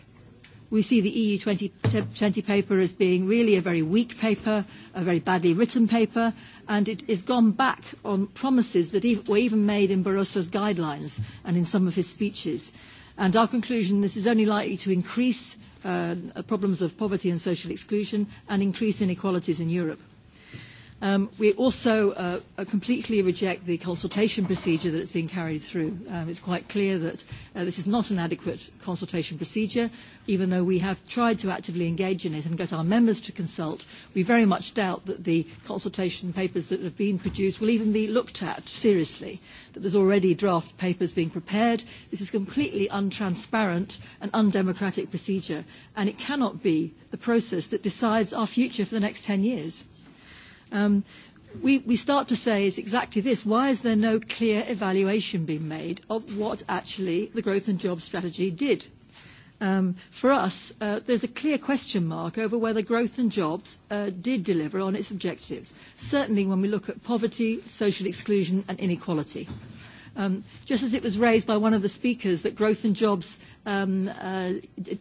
We see the EU 2020 paper as being really a very weak paper, a very badly written paper, and it has gone back on promises that were even made in Barroso's guidelines and in some of his speeches. And our conclusion, this is only likely to increase uh, problems of poverty and social exclusion and increase inequalities in Europe. Um, we also uh, completely reject the consultation procedure that is being carried through. Um, it's quite clear that uh, this is not an adequate consultation procedure, even though we have tried to actively engage in it and get our members to consult. We very much doubt that the consultation papers that have been produced will even be looked at seriously, that there's already draft papers being prepared. This is completely untransparent and undemocratic procedure, and it cannot be the process that decides our future for the next 10 years um, we, we start to say is exactly this. Why is there no clear evaluation being made of what actually the growth and jobs strategy did? Um, for us, uh, there's a clear question mark over whether growth and jobs uh, did deliver on its objectives, certainly when we look at poverty, social exclusion and inequality. Um, just as it was raised by one of the speakers that growth and jobs, um, uh,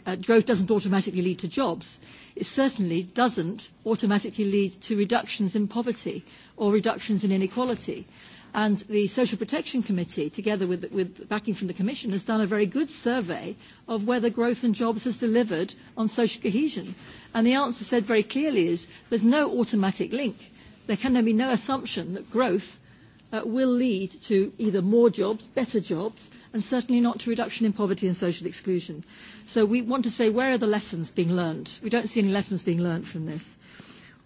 uh, growth doesn't automatically lead to jobs, it certainly doesn't automatically lead to reductions in poverty or reductions in inequality. And the Social Protection Committee, together with, with backing from the Commission, has done a very good survey of whether growth and jobs has delivered on social cohesion. And the answer said very clearly is there's no automatic link. There can be no assumption that growth uh, will lead to either more jobs, better jobs, and certainly not to reduction in poverty and social exclusion. So we want to say where are the lessons being learned? We don't see any lessons being learned from this.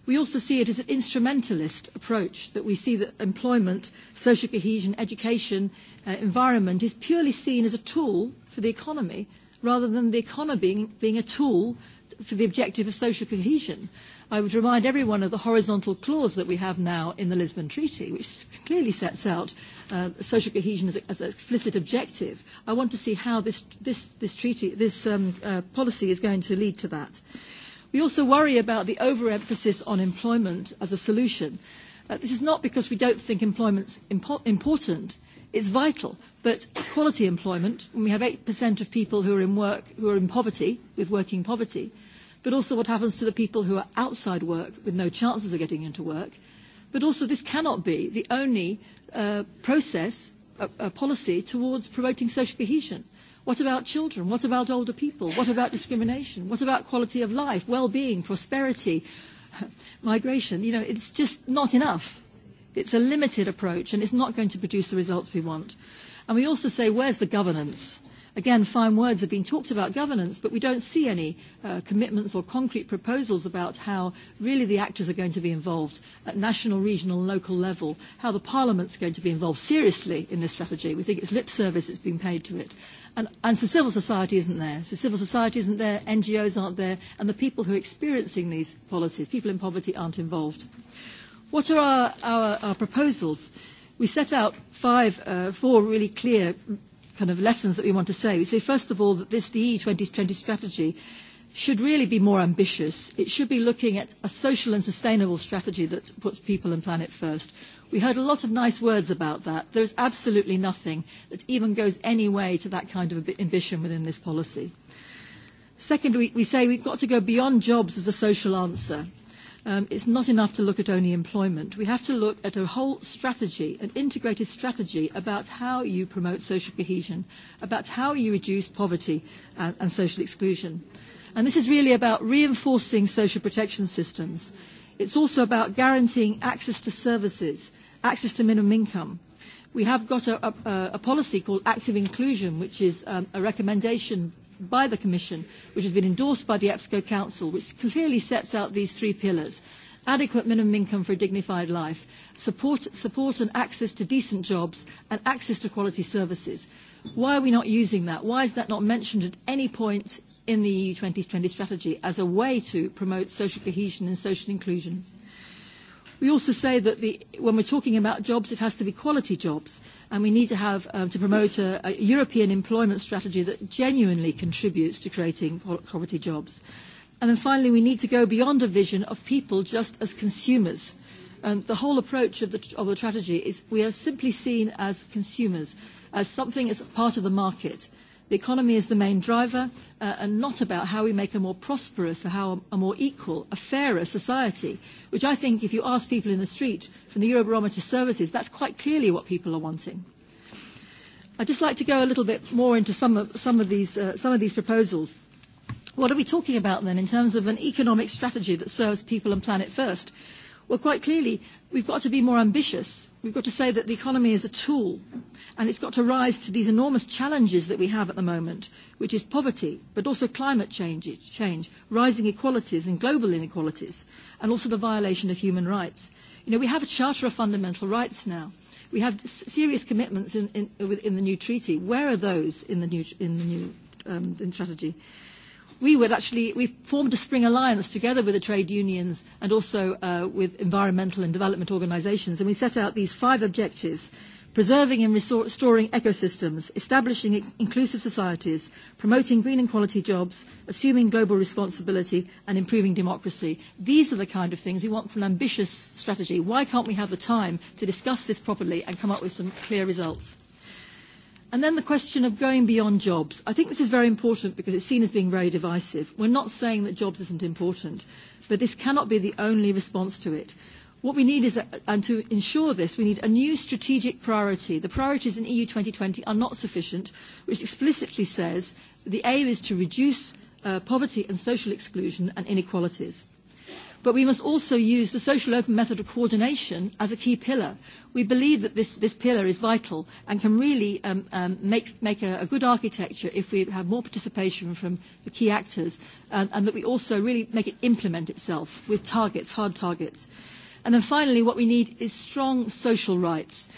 We also see it as an instrumentalist approach that we see that employment, social cohesion, education, uh, environment is purely seen as a tool for the economy rather than the economy being, being a tool for the objective of social cohesion. I would remind everyone of the horizontal clause that we have now in the Lisbon Treaty, which clearly sets out uh, social cohesion as, a, as an explicit objective. I want to see how this, this, this treaty, this um, uh, policy is going to lead to that. We also worry about the overemphasis on employment as a solution. Uh, this is not because we don't think employment's impo- important. It's vital, but quality employment, when we have 8% of people who are in work, who are in poverty, with working poverty, but also what happens to the people who are outside work with no chances of getting into work. But also this cannot be the only uh, process, a, a policy towards promoting social cohesion. What about children? What about older people? What about discrimination? What about quality of life, well-being, prosperity, migration? You know, it's just not enough. It's a limited approach and it's not going to produce the results we want. And we also say, where's the governance? Again, fine words have been talked about governance, but we don't see any uh, commitments or concrete proposals about how really the actors are going to be involved at national, regional, and local level, how the Parliament's going to be involved seriously in this strategy. We think it's lip service that's been paid to it. And, and so civil society isn't there. So civil society isn't there, NGOs aren't there, and the people who are experiencing these policies, people in poverty, aren't involved. What are our, our, our proposals? We set out five, uh, four really clear kind of lessons that we want to say. We say, first of all, that this, the EU 2020 strategy should really be more ambitious. It should be looking at a social and sustainable strategy that puts people and planet first. We heard a lot of nice words about that. There is absolutely nothing that even goes any way to that kind of ambition within this policy. Second, we, we say we've got to go beyond jobs as a social answer um, it's not enough to look at only employment. We have to look at a whole strategy, an integrated strategy about how you promote social cohesion, about how you reduce poverty and, uh, and social exclusion. And this is really about reinforcing social protection systems. It's also about guaranteeing access to services, access to minimum income. We have got a, a, a policy called active inclusion, which is um, a recommendation by the Commission, which has been endorsed by the EPSCO Council, which clearly sets out these three pillars adequate minimum income for a dignified life, support, support and access to decent jobs, and access to quality services. Why are we not using that? Why is that not mentioned at any point in the EU 2020 strategy as a way to promote social cohesion and social inclusion? We also say that the, when we're talking about jobs, it has to be quality jobs, and we need to have um, to promote a, a European employment strategy that genuinely contributes to creating quality jobs. And then finally, we need to go beyond a vision of people just as consumers. And the whole approach of the, of the strategy is we are simply seen as consumers, as something as part of the market The economy is the main driver uh, and not about how we make a more prosperous, or how a more equal, a fairer society, which I think if you ask people in the street from the Eurobarometer services, that's quite clearly what people are wanting. I'd just like to go a little bit more into some of, some of, these, uh, some of these proposals. What are we talking about then in terms of an economic strategy that serves people and planet first? Well, quite clearly, we've got to be more ambitious. We've got to say that the economy is a tool and it's got to rise to these enormous challenges that we have at the moment, which is poverty, but also climate change, change rising inequalities and global inequalities, and also the violation of human rights. You know, we have a Charter of Fundamental Rights now. We have serious commitments in, in, in the new treaty. Where are those in the new, in the new um, in strategy? we would actually, we formed a spring alliance together with the trade unions and also uh, with environmental and development organisations, and we set out these five objectives preserving and restoring ecosystems, establishing inclusive societies, promoting green and quality jobs, assuming global responsibility, and improving democracy. These are the kind of things we want from an ambitious strategy. Why can't we have the time to discuss this properly and come up with some clear results? And then the question of going beyond jobs. I think this is very important because it's seen as being very divisive. We're not saying that jobs isn't important, but this cannot be the only response to it. What we need is, a, and to ensure this, we need a new strategic priority. The priorities in EU 2020 are not sufficient, which explicitly says the aim is to reduce uh, poverty and social exclusion and inequalities. But we must also use the social open method of coordination as a key pillar. We believe that this, this pillar is vital and can really um, um, make, make a, a good architecture if we have more participation from the key actors and, and that we also really make it implement itself with targets, hard targets. And then finally, what we need is strong social rights.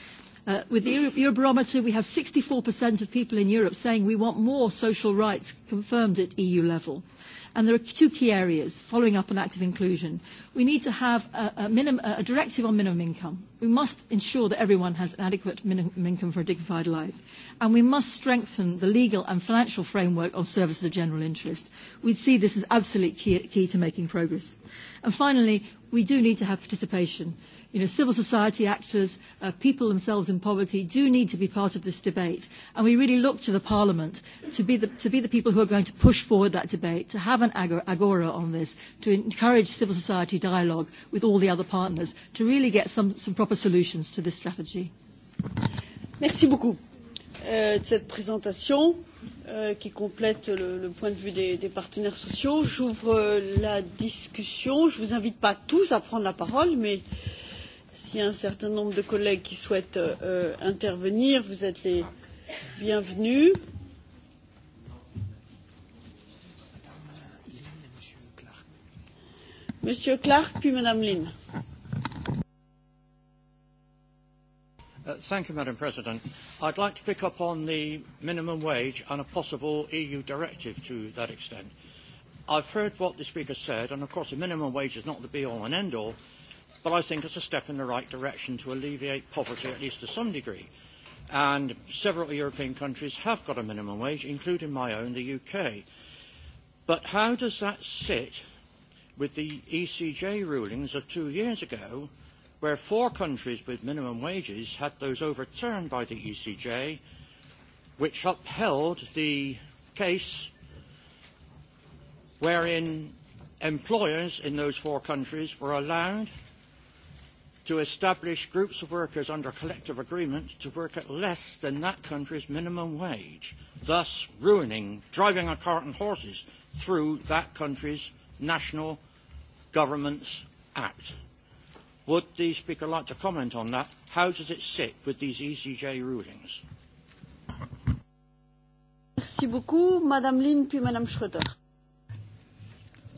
Uh, with the Eurobarometer, we have 64% of people in Europe saying we want more social rights confirmed at EU level. Uh, And there are two key areas following up on active inclusion. We need to have a, a, minim, a directive on minimum income. We must ensure that everyone has an adequate minimum income for a dignified life. And we must strengthen the legal and financial framework on services of general interest. We see this as absolutely key, key to making progress. And finally, we do need to have participation you know, civil society actors, uh, people themselves in poverty do need to be part of this debate. And we really look to the Parliament to be the, to be the people who are going to push forward that debate, to have an agora on this, to encourage civil society dialogue with all the other partners, to really get some, some proper solutions to this strategy. Merci beaucoup euh, de cette présentation euh, qui complète le, le point de vue des, des partenaires sociaux. J'ouvre euh, la discussion. Je ne vous invite pas tous à prendre la parole, mais euh, S'il y a un certain nombre de collègues qui souhaitent euh, intervenir, vous êtes les bienvenus. Monsieur Clark, puis Madame Lynn. Uh, thank you, Madam President. I'd like to pick up on the minimum wage and a possible EU directive to that extent. I've heard what the Speaker said, and of course the minimum wage is not the be-all and end-all, but I think it's a step in the right direction to alleviate poverty, at least to some degree. And several European countries have got a minimum wage, including my own, the UK. But how does that sit with the ECJ rulings of two years ago, where four countries with minimum wages had those overturned by the ECJ, which upheld the case wherein employers in those four countries were allowed to establish groups of workers under collective agreement to work at less than that country's minimum wage, thus ruining driving a cart and horses through that country's national government's act. Would the Speaker like to comment on that? How does it sit with these ECJ rulings? Merci beaucoup, Madame Lynn, puis Madame Schroeder.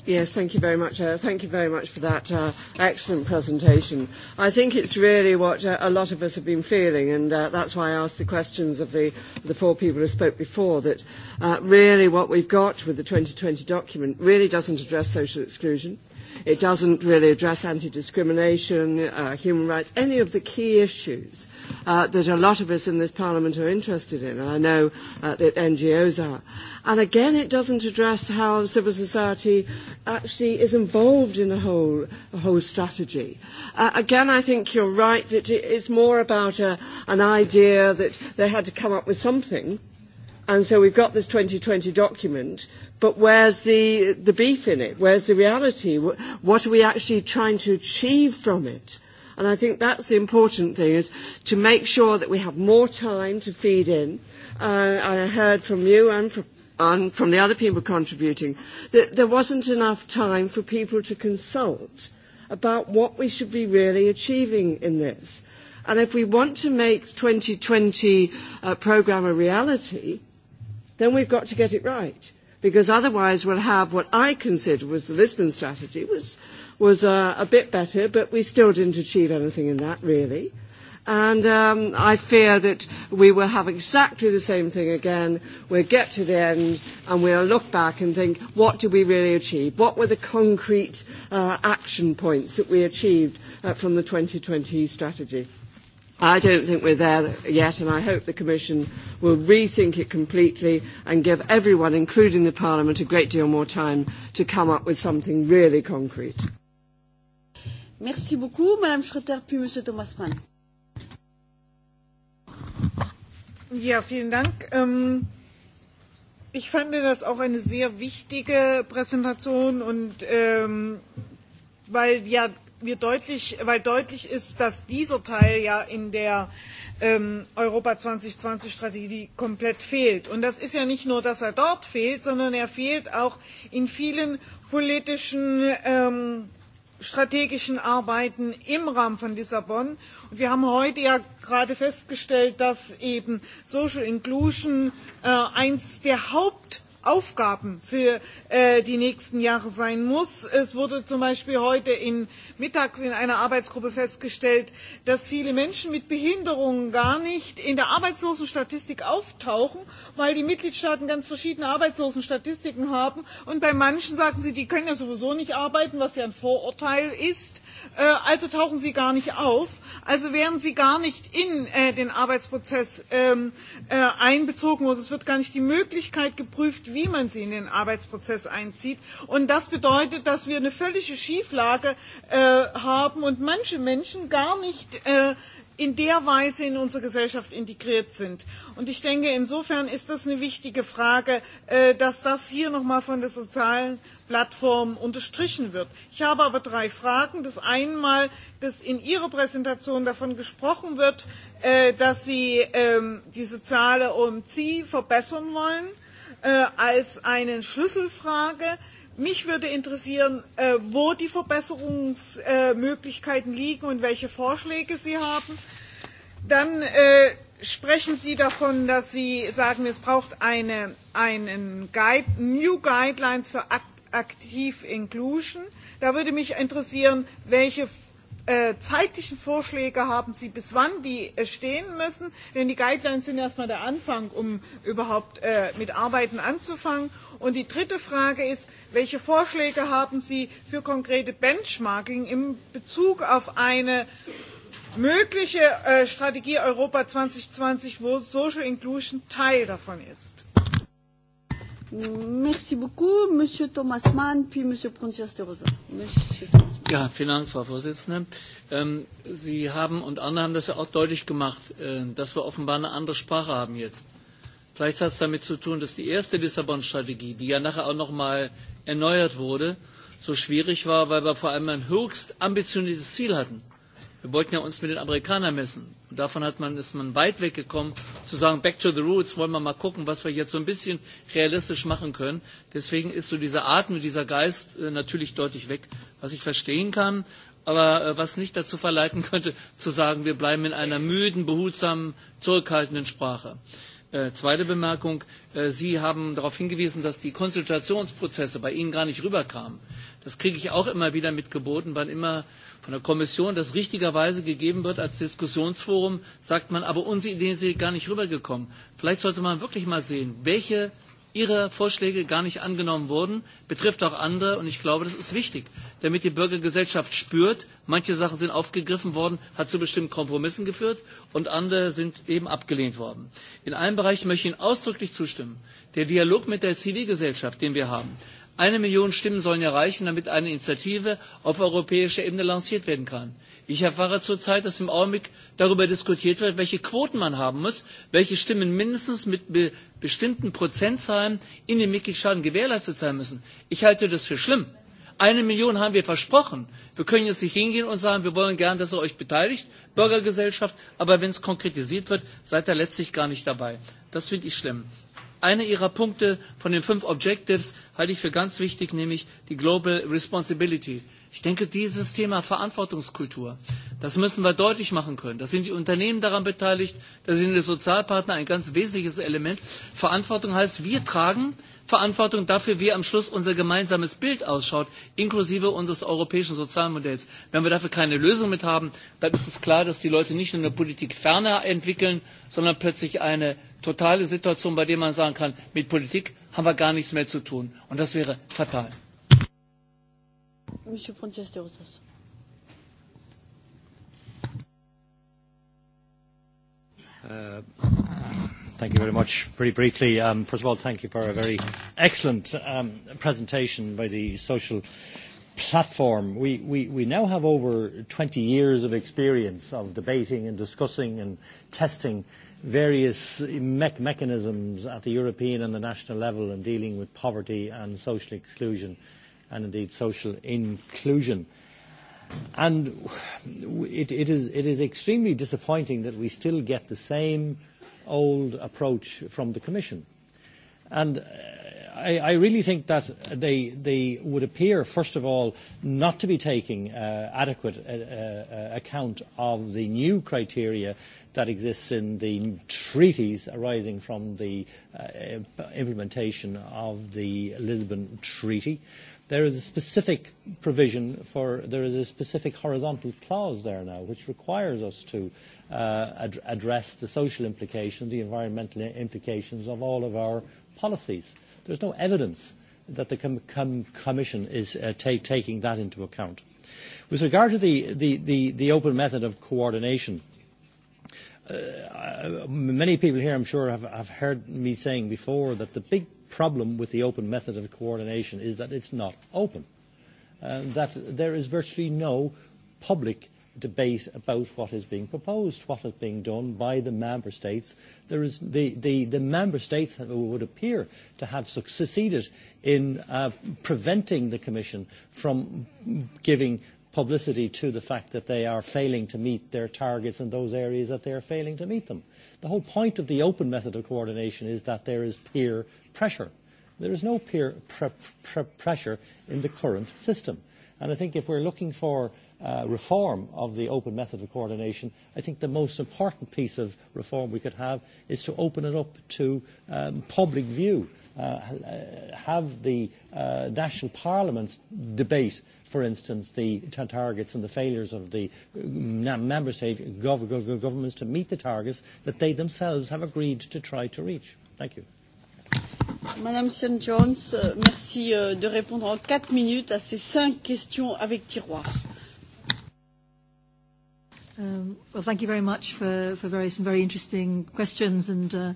Yes, thank you very much. Uh, thank you very much for that uh, excellent presentation. I think it's really what uh, a lot of us have been feeling, and uh, that's why I asked the questions of the, the four people who spoke before, that uh, really what we've got with the 2020 document really doesn't address social exclusion. It doesn't really address anti-discrimination, uh, human rights, any of the key issues uh, that a lot of us in this Parliament are interested in, and I know uh, that NGOs are. And again, it doesn't address how civil society actually is involved in the whole, whole strategy. Uh, again, I think you're right that it's more about a, an idea that they had to come up with something, and so we've got this 2020 document, But where's the, the beef in it? Where's the reality? What are we actually trying to achieve from it? And I think that's the important thing is to make sure that we have more time to feed in. Uh, I heard from you and from, and from the other people contributing that there wasn't enough time for people to consult about what we should be really achieving in this. And if we want to make 2020 uh, programme a reality, then we've got to get it right because otherwise we'll have what I consider was the Lisbon strategy was was uh, a bit better, but we still didn't achieve anything in that really. And um, I fear that we will have exactly the same thing again. We'll get to the end and we'll look back and think, what did we really achieve? What were the concrete uh, action points that we achieved uh, from the 2020 strategy? I don't think we're there yet, and I hope the Commission will rethink it completely and give everyone, including the Parliament, a great deal more time to come up with something really concrete. Merci beaucoup, Madame Schroeter, puis Monsieur Thomas Mann. Ja, vielen Dank. Ähm, ich fand das auch eine sehr wichtige Präsentation und ähm, weil ja wir deutlich, weil deutlich ist, dass dieser Teil ja in der ähm, Europa 2020 Strategie komplett fehlt. Und das ist ja nicht nur, dass er dort fehlt, sondern er fehlt auch in vielen politischen ähm, strategischen Arbeiten im Rahmen von Lissabon. Und wir haben heute ja gerade festgestellt, dass eben Social Inclusion äh, eins der Haupt Aufgaben für äh, die nächsten Jahre sein muss. Es wurde zum Beispiel heute in, mittags in einer Arbeitsgruppe festgestellt, dass viele Menschen mit Behinderungen gar nicht in der Arbeitslosenstatistik auftauchen, weil die Mitgliedstaaten ganz verschiedene Arbeitslosenstatistiken haben. Und bei manchen sagen sie, die können ja sowieso nicht arbeiten, was ja ein Vorurteil ist. Äh, also tauchen sie gar nicht auf. Also werden sie gar nicht in äh, den Arbeitsprozess ähm, äh, einbezogen und es wird gar nicht die Möglichkeit geprüft, wie man sie in den Arbeitsprozess einzieht. Und das bedeutet, dass wir eine völlige Schieflage äh, haben und manche Menschen gar nicht äh, in der Weise in unsere Gesellschaft integriert sind. Und ich denke, insofern ist das eine wichtige Frage, äh, dass das hier nochmal von der sozialen Plattform unterstrichen wird. Ich habe aber drei Fragen. Das einmal, dass in Ihrer Präsentation davon gesprochen wird, äh, dass Sie ähm, die soziale OMC verbessern wollen äh, als eine Schlüsselfrage. Mich würde interessieren, äh, wo die Verbesserungsmöglichkeiten äh, liegen und welche Vorschläge Sie haben. Dann äh, sprechen Sie davon, dass Sie sagen, es braucht eine, einen Guide, New Guidelines für Act Active Inclusion. Da würde mich interessieren, welche Äh, zeitlichen Vorschläge haben Sie, bis wann die äh, stehen müssen? Denn die Guidelines sind erstmal der Anfang, um überhaupt äh, mit Arbeiten anzufangen. Und die dritte Frage ist, welche Vorschläge haben Sie für konkrete Benchmarking in Bezug auf eine mögliche Strategie Europa 2020, wo Social Inclusion Teil davon ist? Merci beaucoup, Monsieur Thomas Mann, puis Monsieur Proncias de Rosa. Monsieur Thomas. Ja, vielen Dank, Frau Vorsitzende. Ähm, Sie haben und andere haben das ja auch deutlich gemacht, äh, dass wir offenbar eine andere Sprache haben jetzt. Vielleicht hat es damit zu tun, dass die erste Lissabon-Strategie, die ja nachher auch nochmal erneuert wurde, so schwierig war, weil wir vor allem ein höchst ambitioniertes Ziel hatten. Wir wollten ja uns mit den Amerikanern messen. Und davon hat man, ist man weit weggekommen, zu sagen, back to the roots, wollen wir mal gucken, was wir jetzt so ein bisschen realistisch machen können. Deswegen ist so dieser Atem, dieser Geist äh, natürlich deutlich weg, was ich verstehen kann, aber äh, was nicht dazu verleiten könnte, zu sagen, wir bleiben in einer müden, behutsamen, zurückhaltenden Sprache. Äh, zweite Bemerkung. Äh, Sie haben darauf hingewiesen, dass die Konsultationsprozesse bei Ihnen gar nicht rüberkamen. Das kriege ich auch immer wieder mitgeboten, wann immer von der Kommission das richtigerweise gegeben wird als Diskussionsforum, sagt man, aber unsere Ideen sind gar nicht rübergekommen. Vielleicht sollte man wirklich mal sehen, welche ihre Vorschläge gar nicht angenommen wurden, betrifft auch andere. Und ich glaube, das ist wichtig, damit die Bürgergesellschaft spürt, manche Sachen sind aufgegriffen worden, hat zu bestimmten Kompromissen geführt und andere sind eben abgelehnt worden. In einem Bereich möchte ich Ihnen ausdrücklich zustimmen. Der Dialog mit der Zivilgesellschaft, den wir haben, Eine Million Stimmen sollen erreichen, damit eine Initiative auf europäischer Ebene lanciert werden kann. Ich erfahre zurzeit, dass im Augenblick darüber diskutiert wird, welche Quoten man haben muss, welche Stimmen mindestens mit be bestimmten Prozentzahlen in den Mitgliedstaaten gewährleistet sein müssen. Ich halte das für schlimm. Eine Million haben wir versprochen. Wir können jetzt nicht hingehen und sagen, wir wollen gern, dass ihr euch beteiligt, Bürgergesellschaft, aber wenn es konkretisiert wird, seid ihr letztlich gar nicht dabei. Das finde ich schlimm. Einer Ihrer Punkte von den fünf Objectives halte ich für ganz wichtig, nämlich die Global Responsibility. Ich denke, dieses Thema Verantwortungskultur, das müssen wir deutlich machen können. Da sind die Unternehmen daran beteiligt, da sind die Sozialpartner ein ganz wesentliches Element. Verantwortung heißt, wir tragen Verantwortung dafür, wie am Schluss unser gemeinsames Bild ausschaut, inklusive unseres europäischen Sozialmodells. Wenn wir dafür keine Lösung mit haben, dann ist es klar, dass die Leute nicht nur eine Politik ferner entwickeln, sondern plötzlich eine totale Situation, bei der man sagen kann, mit Politik haben wir gar nichts mehr zu tun. Und das wäre fatal. Monsieur Pontius de Rosas. Uh, Thank you very much. Very briefly, um, first of all, thank you for a very excellent um, presentation by the social platform. We, we, we now have over 20 years of experience of debating and discussing and testing various me mechanisms at the European and the national level in dealing with poverty and social exclusion and indeed social inclusion. And it, it, is, it is extremely disappointing that we still get the same – old approach from the Commission. And uh, I, I really think that they, they would appear, first of all, not to be taking uh, adequate uh, uh, account of the new criteria that exists in the treaties arising from the uh, implementation of the Lisbon Treaty. Uh, There is a specific provision for, there is a specific horizontal clause there now which requires us to uh, ad address the social implications, the environmental implications of all of our policies. There's no evidence that the com com Commission is uh, ta taking that into account. With regard to the, the, the, the open method of coordination, uh, many people here, I'm sure, have, have heard me saying before that the big problem with the open method of coordination is that it's not open, uh, that there is virtually no public debate about what is being proposed, what is being done by the member states. There is the, the, the member states would appear to have succeeded in uh, preventing the Commission from giving publicity to the fact that they are failing to meet their targets in those areas that they are failing to meet them. The whole point of the open method of coordination is that there is peer pressure. There is no peer pre- pre- pressure in the current system. And I think if we're looking for uh, reform of the open method of coordination, I think the most important piece of reform we could have is to open it up to um, public view. Uh, uh have the uh, national parliaments debate, for instance, the targets and the failures of the uh, member state gov gov governments to meet the targets that they themselves have agreed to try to reach. Thank you. Madame St. John's, euh, merci euh, de répondre en quatre minutes à ces cinq questions avec tiroir. Um, well, thank you very much for, for various and very interesting questions, and uh,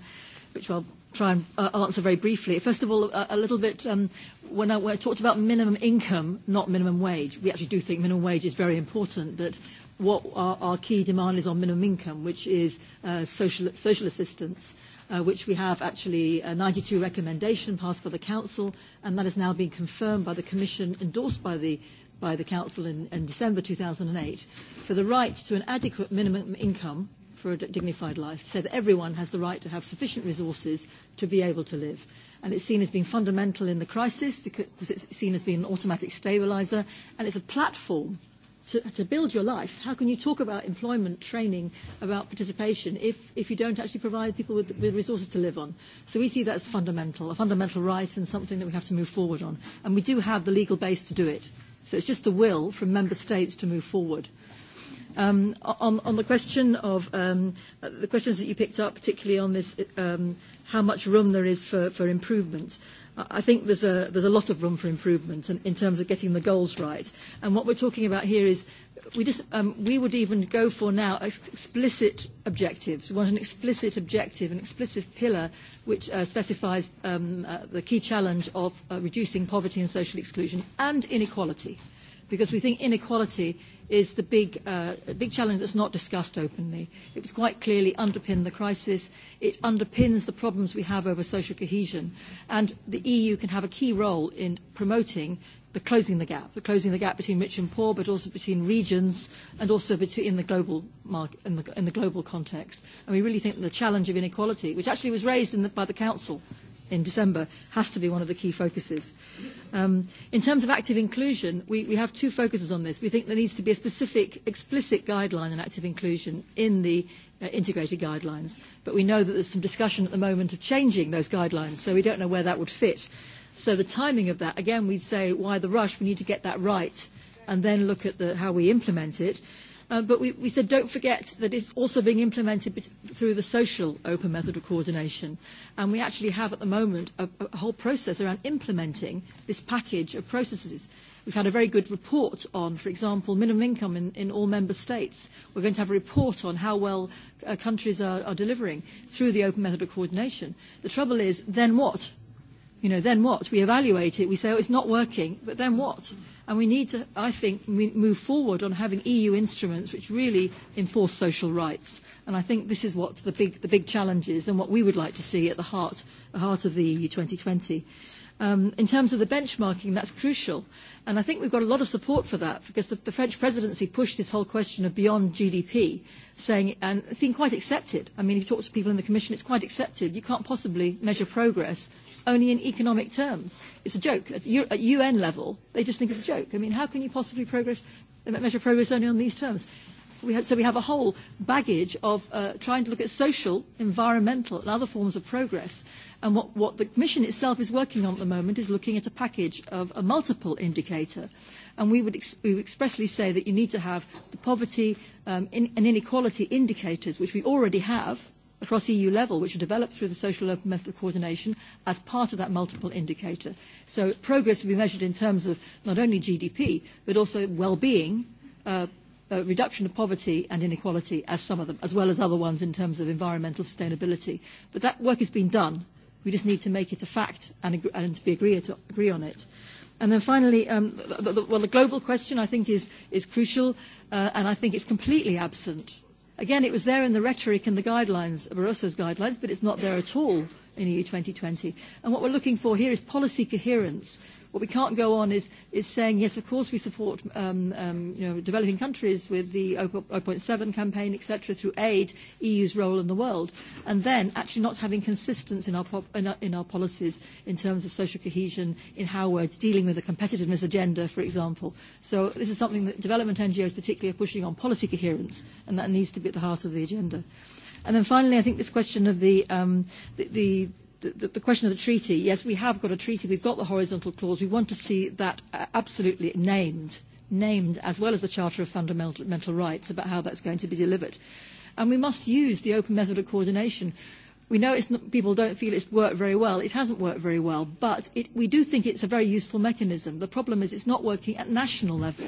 which I'll try and uh, answer very briefly. First of all, a, a little bit, um, when, I, when I talked about minimum income, not minimum wage, we actually do think minimum wage is very important, but what our, our key demand is on minimum income, which is uh, social, social assistance uh, which we have actually a uh, 92 recommendation passed by the Council, and that has now been confirmed by the Commission, endorsed by the by the Council in, in December 2008, for the right to an adequate minimum income for a dignified life, so that everyone has the right to have sufficient resources to be able to live. And it's seen as being fundamental in the crisis because it's seen as being an automatic stabiliser, and it's a platform to, to build your life, how can you talk about employment, training, about participation if, if you don't actually provide people with, with resources to live on? So we see that as fundamental, a fundamental right and something that we have to move forward on. And we do have the legal base to do it. So it's just the will from member states to move forward. Um, on, on the question of um, the questions that you picked up, particularly on this, um, how much room there is for, for improvement. I think there's a, there's a lot of room for improvement in, in terms of getting the goals right. And what we're talking about here is we, just, um, we would even go for now explicit objectives. We want an explicit objective, an explicit pillar which uh, specifies um, uh, the key challenge of uh, reducing poverty and social exclusion and inequality because we think inequality is the big, uh, big challenge that's not discussed openly. It was quite clearly underpinned the crisis. It underpins the problems we have over social cohesion. And the EU can have a key role in promoting the closing the gap, the closing the gap between rich and poor, but also between regions and also between, in the global market, in the, in the global context. And we really think that the challenge of inequality, which actually was raised in the, by the Council in December has to be one of the key focuses. Um, in terms of active inclusion, we, we have two focuses on this. We think there needs to be a specific, explicit guideline on active inclusion in the uh, integrated guidelines, but we know that there's some discussion at the moment of changing those guidelines, so we don't know where that would fit. So the timing of that, again, we'd say, why the rush? We need to get that right and then look at the, how we implement it. Uh, but we, we said don't forget that it's also being implemented through the social open method of coordination. And we actually have at the moment a, a whole process around implementing this package of processes. We've had a very good report on, for example, minimum income in, in all member states. We're going to have a report on how well uh, countries are, are delivering through the open method of coordination. The trouble is, then what? you know, then what? We evaluate it. We say, oh, it's not working, but then what? And we need to, I think, move forward on having EU instruments which really enforce social rights. And I think this is what the big, the big challenge is and what we would like to see at the heart, the heart of the EU 2020. Um, in terms of the benchmarking, that's crucial. And I think we've got a lot of support for that because the, the French presidency pushed this whole question of beyond GDP, saying, and it's been quite accepted. I mean, if you talk to people in the Commission, it's quite accepted. You can't possibly measure progress only in economic terms. It's a joke. At, U- at UN level, they just think it's a joke. I mean, how can you possibly progress, uh, measure progress only on these terms? We have, so we have a whole baggage of uh, trying to look at social, environmental, and other forms of progress. And what, what the Commission itself is working on at the moment is looking at a package of a multiple indicator. And we would, ex- we would expressly say that you need to have the poverty um, in, and inequality indicators, which we already have across EU level, which are developed through the social and method of coordination as part of that multiple indicator. So progress will be measured in terms of not only GDP, but also well-being, uh, uh, reduction of poverty and inequality as some of them, as well as other ones in terms of environmental sustainability. But that work has been done. We just need to make it a fact and, and to be agree, to agree on it. And then finally, um, the, the, well, the global question I think is, is crucial, uh, and I think it's completely absent Again, it was there in the rhetoric and the guidelines, Barroso's guidelines, but it's not there at all in EU 2020. And what we're looking for here is policy coherence What we can't go on is, is saying, yes, of course we support um, um, you know, developing countries with the 0.7 campaign, etc., through aid, EU's role in the world, and then actually not having consistency in our, pop, in our, in our policies in terms of social cohesion, in how we're dealing with a competitiveness agenda, for example. So this is something that development NGOs particularly are pushing on policy coherence, and that needs to be at the heart of the agenda. And then finally, I think this question of the, um, the, the the, the question of the treaty, yes, we have got a treaty, we've got the horizontal clause. We want to see that uh, absolutely named, named as well as the Charter of Fundamental Rights about how that's going to be delivered. And we must use the open method of coordination. We know it's not, people don't feel it's worked very well. It hasn't worked very well, but it, we do think it's a very useful mechanism. The problem is it's not working at national level.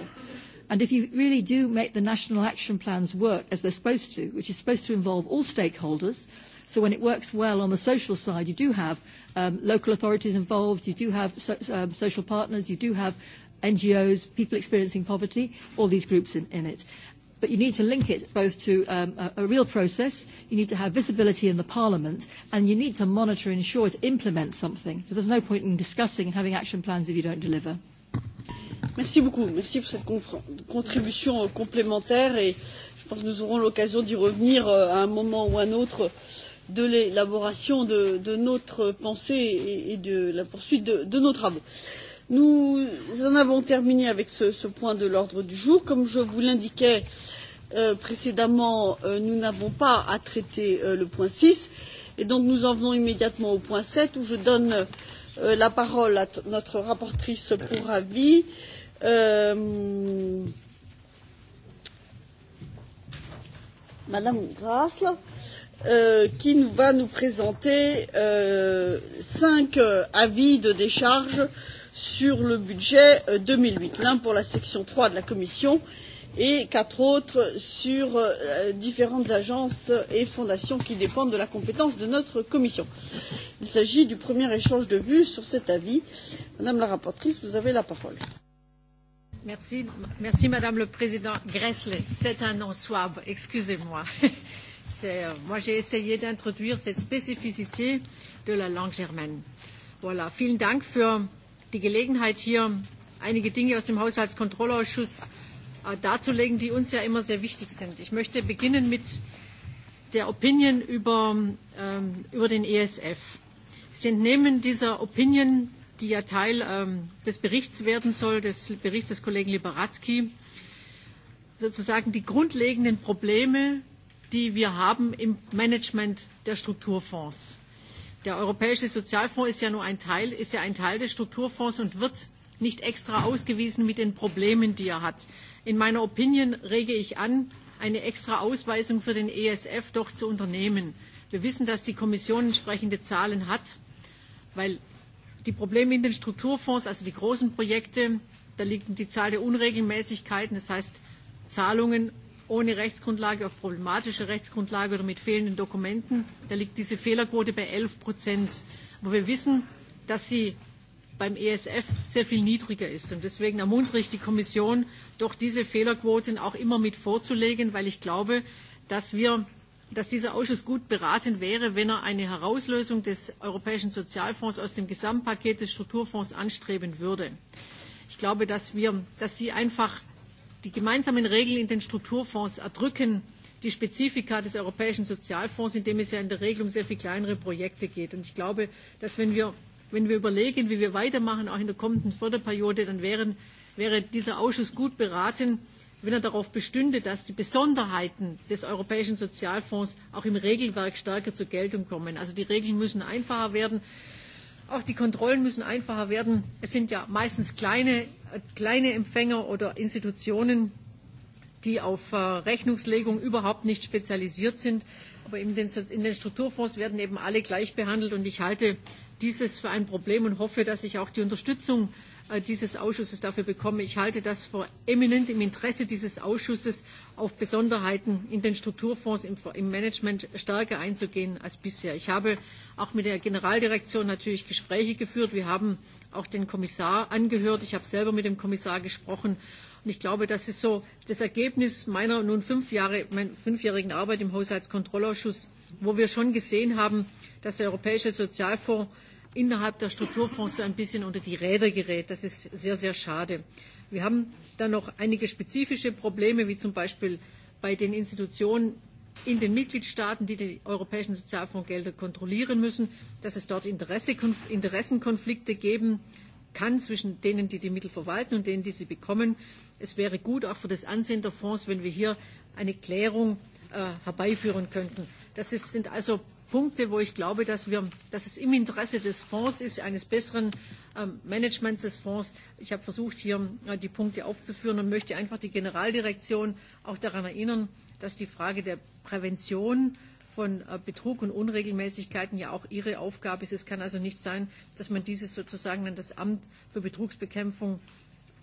And if you really do make the national action plans work as they're supposed to, which is supposed to involve all stakeholders, So when it works well on the social side, you do have um, local authorities involved, you do have so, um, social partners, you do have NGOs, people experiencing poverty, all these groups in, in it but you need to link it both to um, a, a real process, you need to have visibility in the parliament, and you need to monitor and ensure it implements something. Because there's no point in discussing and having action plans if you don't deliver. Merci beaucoup. Merci pour cette contribution euh, complémentaire et je pense que nous aurons l'occasion d'y revenir euh, à un moment ou à un autre de l'élaboration de, de notre pensée et, et de la poursuite de, de nos travaux. Nous en avons terminé avec ce, ce point de l'ordre du jour. Comme je vous l'indiquais euh, précédemment, euh, nous n'avons pas à traiter euh, le point 6 et donc nous en venons immédiatement au point 7 où je donne euh, la parole à notre rapportrice pour avis. Euh, Madame Grasle, euh, Euh, qui nous, va nous présenter euh, cinq euh, avis de décharge sur le budget euh, 2008, l'un pour la section 3 de la Commission et quatre autres sur euh, différentes agences et fondations qui dépendent de la compétence de notre commission. Il s'agit du premier échange de vues sur cet avis. Madame la rapporteure, vous avez la parole. Merci, merci Madame le Président. Gressley. c'est un nom suave, excusez-moi. moi j'ai essayé d'introduire cette spécificité de la langue germaine. Voilà, vielen Dank für die Gelegenheit, hier einige Dinge aus dem Haushaltskontrollausschuss äh, darzulegen, die uns ja immer sehr wichtig sind. Ich möchte beginnen mit der Opinion über, ähm, über den ESF. Sie entnehmen dieser Opinion, die ja Teil ähm, des Berichts werden soll, des Berichts des Kollegen Liberatzki, sozusagen die grundlegenden Probleme, die wir haben im Management der Strukturfonds. Der Europäische Sozialfonds ist ja nur ein Teil, ist ja ein Teil des Strukturfonds und wird nicht extra ausgewiesen mit den Problemen, die er hat. In meiner Opinion rege ich an, eine extra Ausweisung für den ESF doch zu unternehmen. Wir wissen, dass die Kommission entsprechende Zahlen hat, weil die Probleme in den Strukturfonds, also die großen Projekte, da liegt die Zahl der Unregelmäßigkeiten, das heißt Zahlungen ohne Rechtsgrundlage auf problematische Rechtsgrundlage oder mit fehlenden Dokumenten. Da liegt diese Fehlerquote bei 11 Prozent. Aber wir wissen, dass sie beim ESF sehr viel niedriger ist. Und deswegen ermuntere ich die Kommission, doch diese Fehlerquoten auch immer mit vorzulegen, weil ich glaube, dass wir dass dieser Ausschuss gut beraten wäre, wenn er eine Herauslösung des Europäischen Sozialfonds aus dem Gesamtpaket des Strukturfonds anstreben würde. Ich glaube, dass, wir, dass Sie einfach Die gemeinsamen Regeln in den Strukturfonds erdrücken die Spezifika des Europäischen Sozialfonds, in dem es ja in der Regel um sehr viel kleinere Projekte geht. Und ich glaube, dass wenn wir, wenn wir überlegen, wie wir weitermachen, auch in der kommenden Förderperiode, dann wären, wäre dieser Ausschuss gut beraten, wenn er darauf bestünde, dass die Besonderheiten des Europäischen Sozialfonds auch im Regelwerk stärker zur Geltung kommen. Also die Regeln müssen einfacher werden. Auch die Kontrollen müssen einfacher werden. Es sind ja meistens kleine, kleine Empfänger oder Institutionen, die auf äh, Rechnungslegung überhaupt nicht spezialisiert sind. Aber in den, Strukturfonds werden eben alle gleich behandelt. Und ich halte dieses für ein Problem und hoffe, dass ich auch die Unterstützung äh, dieses Ausschusses dafür bekomme. Ich halte das für eminent im Interesse dieses Ausschusses, auf Besonderheiten in den Strukturfonds im, im Management stärker einzugehen als bisher. Ich habe auch mit der Generaldirektion natürlich Gespräche geführt. Wir haben auch den Kommissar angehört. Ich habe selber mit dem Kommissar gesprochen. Und ich glaube, das ist so das Ergebnis meiner nun fünf Jahre, fünfjährigen Arbeit im Haushaltskontrollausschuss, wo wir schon gesehen haben, dass der Europäische Sozialfonds innerhalb der Strukturfonds so ein bisschen unter die Räder gerät. Das ist sehr, sehr schade. Wir haben da noch einige spezifische Probleme, wie zum Beispiel bei den Institutionen in den Mitgliedstaaten, die die europäischen Sozialfondsgelder kontrollieren müssen, dass es dort Interessenkonflikte geben kann zwischen denen, die die Mittel verwalten und denen, die sie bekommen. Es wäre gut auch für das Ansehen der Fonds, wenn wir hier eine Klärung äh, herbeiführen könnten. Das ist, sind also Punkte, wo ich glaube, dass, wir, dass es im Interesse des Fonds ist, eines besseren ähm, Managements des Fonds. Ich habe versucht, hier äh, die Punkte aufzuführen und möchte einfach die Generaldirektion auch daran erinnern, dass die Frage der Prävention von äh, Betrug und Unregelmäßigkeiten ja auch ihre Aufgabe ist. Es kann also nicht sein, dass man dieses sozusagen an das Amt für Betrugsbekämpfung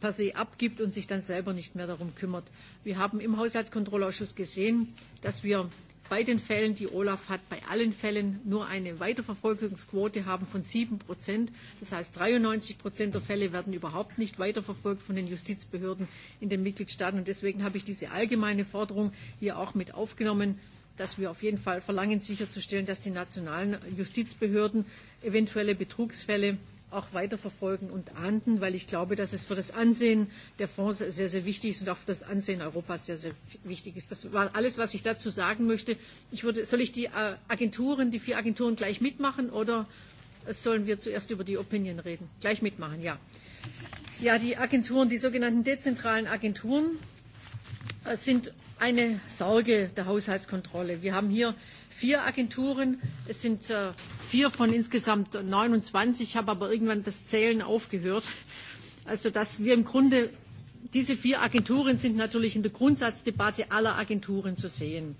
per se abgibt und sich dann selber nicht mehr darum kümmert. Wir haben im Haushaltskontrollausschuss gesehen, dass wir bei den Fällen, die Olaf hat, bei allen Fällen nur eine Weiterverfolgungsquote haben von 7 Prozent. Das heißt, 93 Prozent der Fälle werden überhaupt nicht weiterverfolgt von den Justizbehörden in den Mitgliedstaaten. Und deswegen habe ich diese allgemeine Forderung hier auch mit aufgenommen dass wir auf jeden Fall verlangen, sicherzustellen, dass die nationalen Justizbehörden eventuelle Betrugsfälle auch weiterverfolgen und ahnden, weil ich glaube, dass es für das Ansehen der Fonds sehr, sehr wichtig ist und auch für das Ansehen Europas sehr, sehr wichtig ist. Das war alles, was ich dazu sagen möchte. Ich würde, soll ich die äh, Agenturen, die vier Agenturen gleich mitmachen oder sollen wir zuerst über die Opinion reden? Gleich mitmachen, ja. Ja, die Agenturen, die sogenannten dezentralen Agenturen äh, sind eine Sorge der Haushaltskontrolle. Wir haben hier vier Agenturen. Es sind äh, vier von insgesamt 29. Ich habe aber irgendwann das Zählen aufgehört. Also dass wir im Grunde diese vier Agenturen sind natürlich in der Grundsatzdebatte aller Agenturen zu sehen.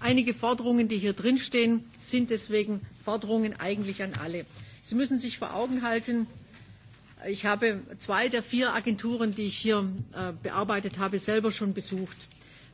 Einige Forderungen, die hier drinstehen, sind deswegen Forderungen eigentlich an alle. Sie müssen sich vor Augen halten, ich habe zwei der vier Agenturen, die ich hier äh, bearbeitet habe, selber schon besucht.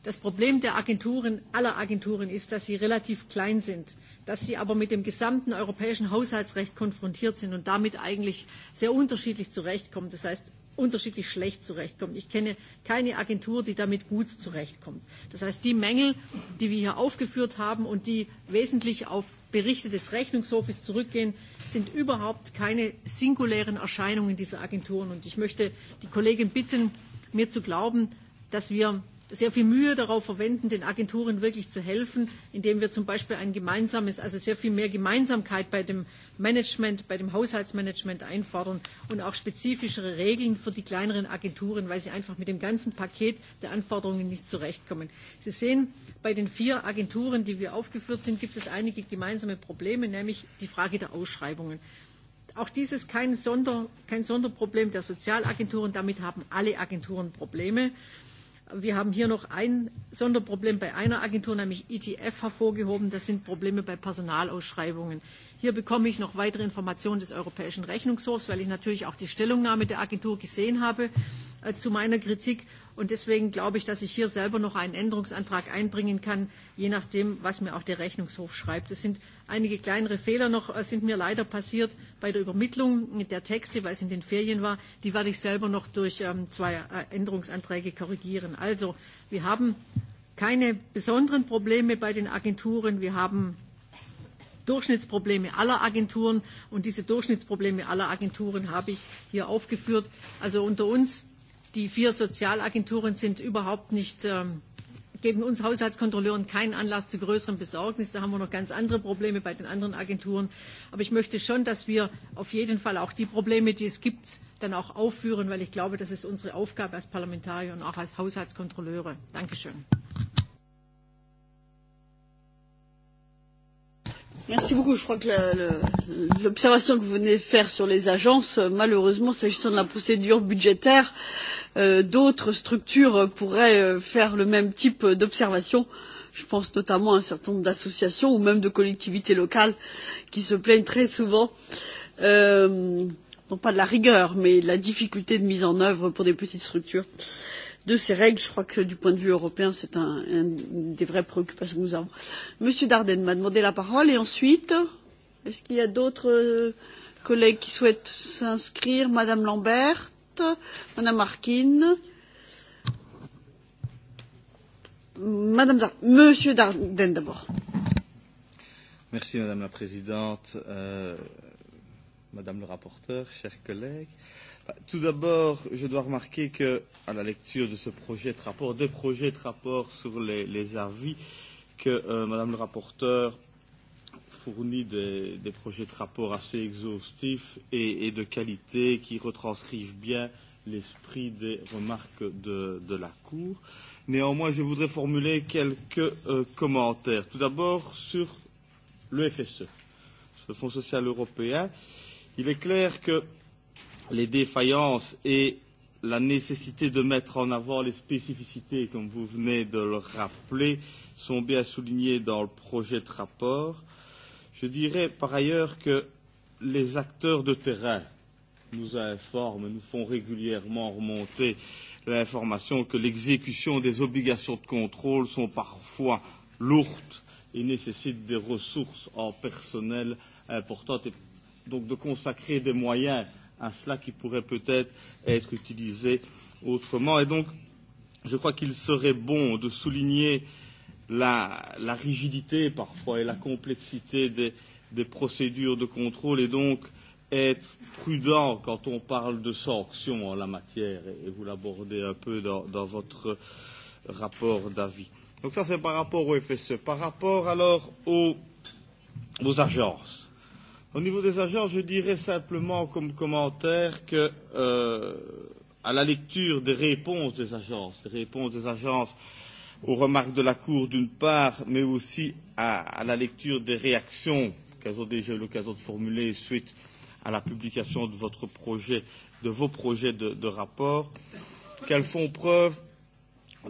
Das Problem der Agenturen, aller Agenturen ist, dass sie relativ klein sind, dass sie aber mit dem gesamten europäischen Haushaltsrecht konfrontiert sind und damit eigentlich sehr unterschiedlich zurechtkommen. Das heißt, unterschiedlich schlecht zurechtkommt. Ich kenne keine Agentur, die damit gut zurechtkommt. Das heißt, die Mängel, die wir hier aufgeführt haben und die wesentlich auf Berichte des Rechnungshofes zurückgehen, sind überhaupt keine singulären Erscheinungen dieser Agenturen. Und ich möchte die Kollegin bitten, mir zu glauben, dass wir sehr viel Mühe darauf verwenden, den Agenturen wirklich zu helfen, indem wir zum Beispiel ein gemeinsames, also sehr viel mehr Gemeinsamkeit bei dem Management, bei dem Haushaltsmanagement einfordern und auch spezifischere Regeln für die kleineren Agenturen, weil sie einfach mit dem ganzen Paket der Anforderungen nicht zurechtkommen. Sie sehen, bei den vier Agenturen, die wir aufgeführt sind, gibt es einige gemeinsame Probleme, nämlich die Frage der Ausschreibungen. Auch dies ist kein, Sonder, kein Sonderproblem der Sozialagenturen, damit haben alle Agenturen Probleme. Wir haben hier noch ein Sonderproblem bei einer Agentur, nämlich ETF, hervorgehoben. Das sind Probleme bei Personalausschreibungen. Hier bekomme ich noch weitere Informationen des Europäischen Rechnungshofs, weil ich natürlich auch die Stellungnahme der Agentur gesehen habe äh, zu meiner Kritik. Und deswegen glaube ich, dass ich hier selber noch einen Änderungsantrag einbringen kann, je nachdem, was mir auch der Rechnungshof schreibt. Es sind Einige kleinere Fehler noch äh, sind mir leider passiert bei der Übermittlung der Texte, weil es in den Ferien war. Die werde ich selber noch durch ähm, zwei äh, Änderungsanträge korrigieren. Also, wir haben keine besonderen Probleme bei den Agenturen. Wir haben Durchschnittsprobleme aller Agenturen und diese Durchschnittsprobleme aller Agenturen habe ich hier aufgeführt. Also unter uns, die vier Sozialagenturen sind überhaupt nicht ähm, geben uns Haushaltskontrolleuren keinen Anlass zu größeren Besorgnis. Da haben wir noch ganz andere Probleme bei den anderen Agenturen. Aber ich möchte schon, dass wir auf jeden Fall auch die Probleme, die es gibt, dann auch aufführen, weil ich glaube, das ist unsere Aufgabe als Parlamentarier und auch als Haushaltskontrolleure. Dankeschön. Merci beaucoup. Je crois que l'observation que vous venez faire sur les agences, malheureusement, s'agissant de la procédure budgétaire, euh, Euh, d'autres structures pourraient euh, faire le même type d'observation je pense notamment à un certain nombre d'associations ou même de collectivités locales qui se plaignent très souvent euh, non pas de la rigueur mais de la difficulté de mise en œuvre pour des petites structures de ces règles. Je crois que du point de vue européen, c'est un, un, une des vraies préoccupations que nous avons. Monsieur Dardenne m'a demandé la parole et ensuite, est-ce qu'il y a d'autres euh, collègues qui souhaitent s'inscrire Madame Lambert Madame Harkin. Madame Dar Monsieur Darden d'abord. Merci Madame la Présidente, euh, Madame le rapporteur, chers collègues. Tout d'abord, je dois remarquer que, à la lecture de ce projet de rapport, deux projets de rapport sur les, les avis, que euh, Madame le rapporteur fourni des, des projets de rapport assez exhaustifs et, et de qualité qui retranscrivent bien l'esprit des remarques de, de la Cour. Néanmoins, je voudrais formuler quelques euh, commentaires. Tout d'abord, sur le FSE, le Fonds social européen, il est clair que les défaillances et la nécessité de mettre en avant les spécificités, comme vous venez de le rappeler, sont bien soulignées dans le projet de rapport. Je dirais par ailleurs que les acteurs de terrain nous informent, nous font régulièrement remonter l'information que l'exécution des obligations de contrôle sont parfois lourdes et nécessitent des ressources en personnel importantes et donc de consacrer des moyens à cela qui pourrait peut-être être utilisé autrement. Et donc, je crois qu'il serait bon de souligner euh, la, la rigidité parfois et la complexité des, des procédures de contrôle et donc être prudent quand on parle de sanctions en la matière et, vous l'abordez un peu dans, dans votre rapport d'avis. Donc ça c'est par rapport au FSE. Par rapport alors aux, aux agences. Au niveau des agences, je dirais simplement comme commentaire que euh, à la lecture des réponses des agences, des réponses des agences euh, aux remarques de la Cour d'une part, mais aussi à, à la lecture des réactions qu'elles ont déjà eu l'occasion de formuler suite à la publication de, votre projet, de vos projets de, de rapport, qu'elles font preuve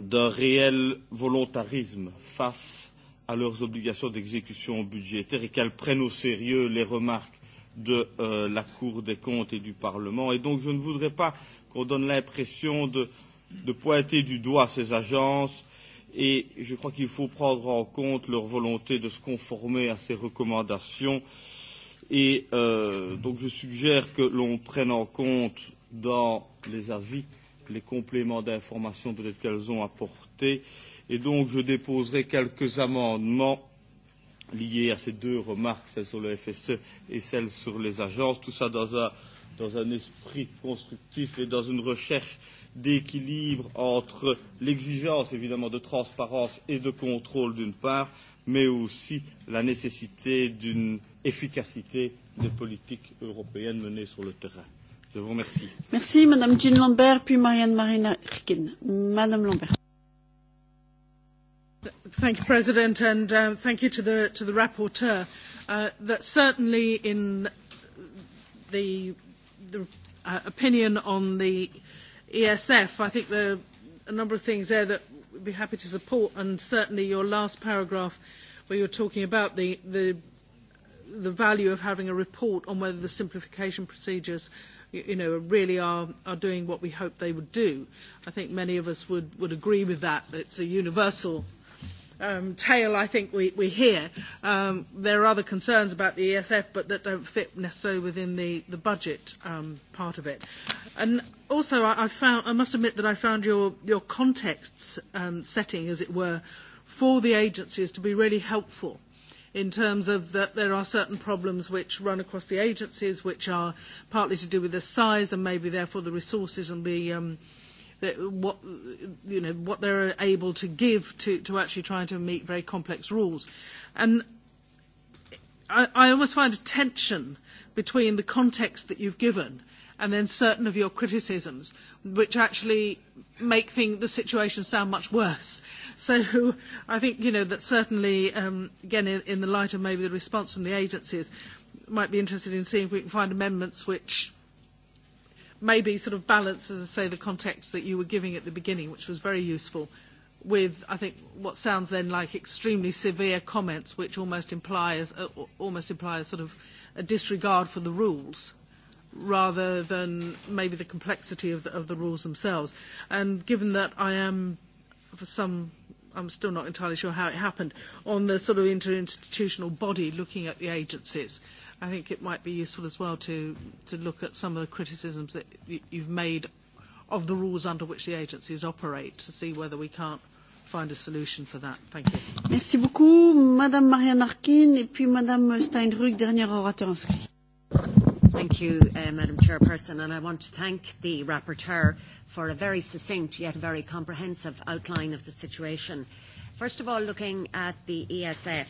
d'un réel volontarisme face à leurs obligations d'exécution budgétaire et qu'elles prennent au sérieux les remarques de euh, la Cour des comptes et du Parlement. Et donc je ne voudrais pas qu'on donne l'impression de, de pointer du doigt ces agences et je crois qu'il faut prendre en compte leur volonté de se conformer à ces recommandations. Et euh, donc je suggère que l'on prenne en compte dans les avis les compléments d'informations peut-être qu'elles ont apportés. Et donc je déposerai quelques amendements liés à ces deux remarques, celle sur le FSE et celle sur les agences, tout ça dans un, dans un esprit constructif et dans une recherche euh, d'équilibre entre l'exigence évidemment de transparence et de contrôle d'une part, mais aussi la nécessité d'une efficacité des politiques européennes menées sur le terrain. Je vous remercie. Merci Madame Jean Lambert, puis Marianne Marina Rikin. Madame Lambert. Thank you, President, and uh, thank you to the, to the rapporteur. Uh, that certainly in the, the uh, opinion on the uh, ESF, I think there are a number of things there that we'd be happy to support, and certainly your last paragraph where you're talking about the, the, the value of having a report on whether the simplification procedures you, you know, really are, are doing what we hope they would do. I think many of us would, would agree with that. It's a universal um, tale I think we, we hear. Um, there are other concerns about the ESF, but that don't fit necessarily within the, the budget um, part of it. And also, I, I, found, I must admit that I found your, your context um, setting, as it were, for the agencies to be really helpful in terms of that there are certain problems which run across the agencies, which are partly to do with the size and maybe therefore the resources and the um, that what, you know, what they're able to give to, to actually trying to meet very complex rules. And I, I almost find a tension between the context that you've given and then certain of your criticisms, which actually make thing, the situation sound much worse. So I think, you know, that certainly, um, again, in, in the light of maybe the response from the agencies, might be interested in seeing if we can find amendments which maybe sort of balance, as I say, the context that you were giving at the beginning, which was very useful, with I think what sounds then like extremely severe comments, which almost implies uh, almost implies sort of a disregard for the rules rather than maybe the complexity of the, of the rules themselves. And given that I am, for some, I'm still not entirely sure how it happened, on the sort of interinstitutional body looking at the agencies, I think it might be useful as well to, to look at some of the criticisms that you've made of the rules under which the agencies operate to see whether we can't find a solution for that. Thank you. Merci beaucoup, Madame Marianne Arkin et puis Madame Steinruck, dernier orateur inscrit. Thank you, uh, Madam Chairperson, and I want to thank the rapporteur for a very succinct yet very comprehensive outline of the situation. First of all, looking at the ESF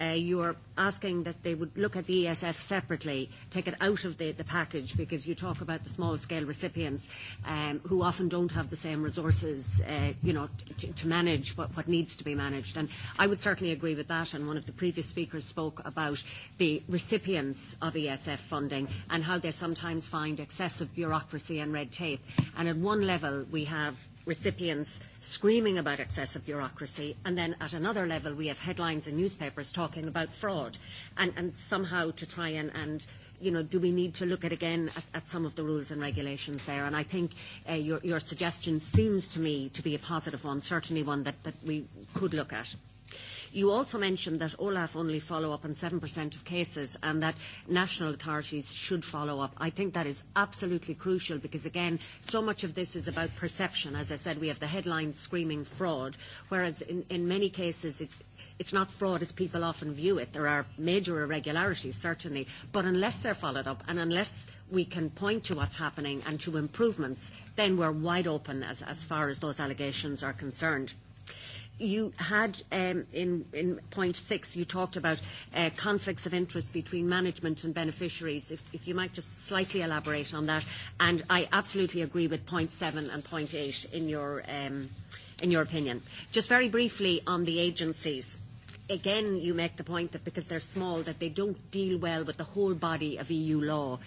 uh, you are asking that they would look at the ESF separately, take it out of the, the package, because you talk about the small-scale recipients um, who often don't have the same resources, uh, you know, to, to manage what, what needs to be managed. And I would certainly agree with that, and one of the previous speakers spoke about the recipients of ESF funding and how they sometimes find excessive bureaucracy and red tape. And at one level, we have recipients screaming about excessive bureaucracy, and then at another level we have headlines in newspapers talking about fraud, and, and somehow to try and, and you know, do we need to look at again at, at some of the rules and regulations there? And I think uh, your, your suggestion seems to me to be a positive one, certainly one that, that we could look at. You also mentioned that OLAF only follow up on 7% of cases and that national authorities should follow up. I think that is absolutely crucial because, again, so much of this is about perception. As I said, we have the headlines screaming fraud, whereas in, in many cases it's, it's not fraud as people often view it. There are major irregularities, certainly, but unless they're followed up and unless we can point to what's happening and to improvements, then we're wide open as, as far as those allegations are concerned you had um, in, in point six, you talked about uh, conflicts of interest between management and beneficiaries. If, if you might just slightly elaborate on that. And I absolutely agree with point seven and point eight in your, um, in your opinion. Just very briefly on the agencies again, you make the point that because they're small, that they don't deal well with the whole body of EU law.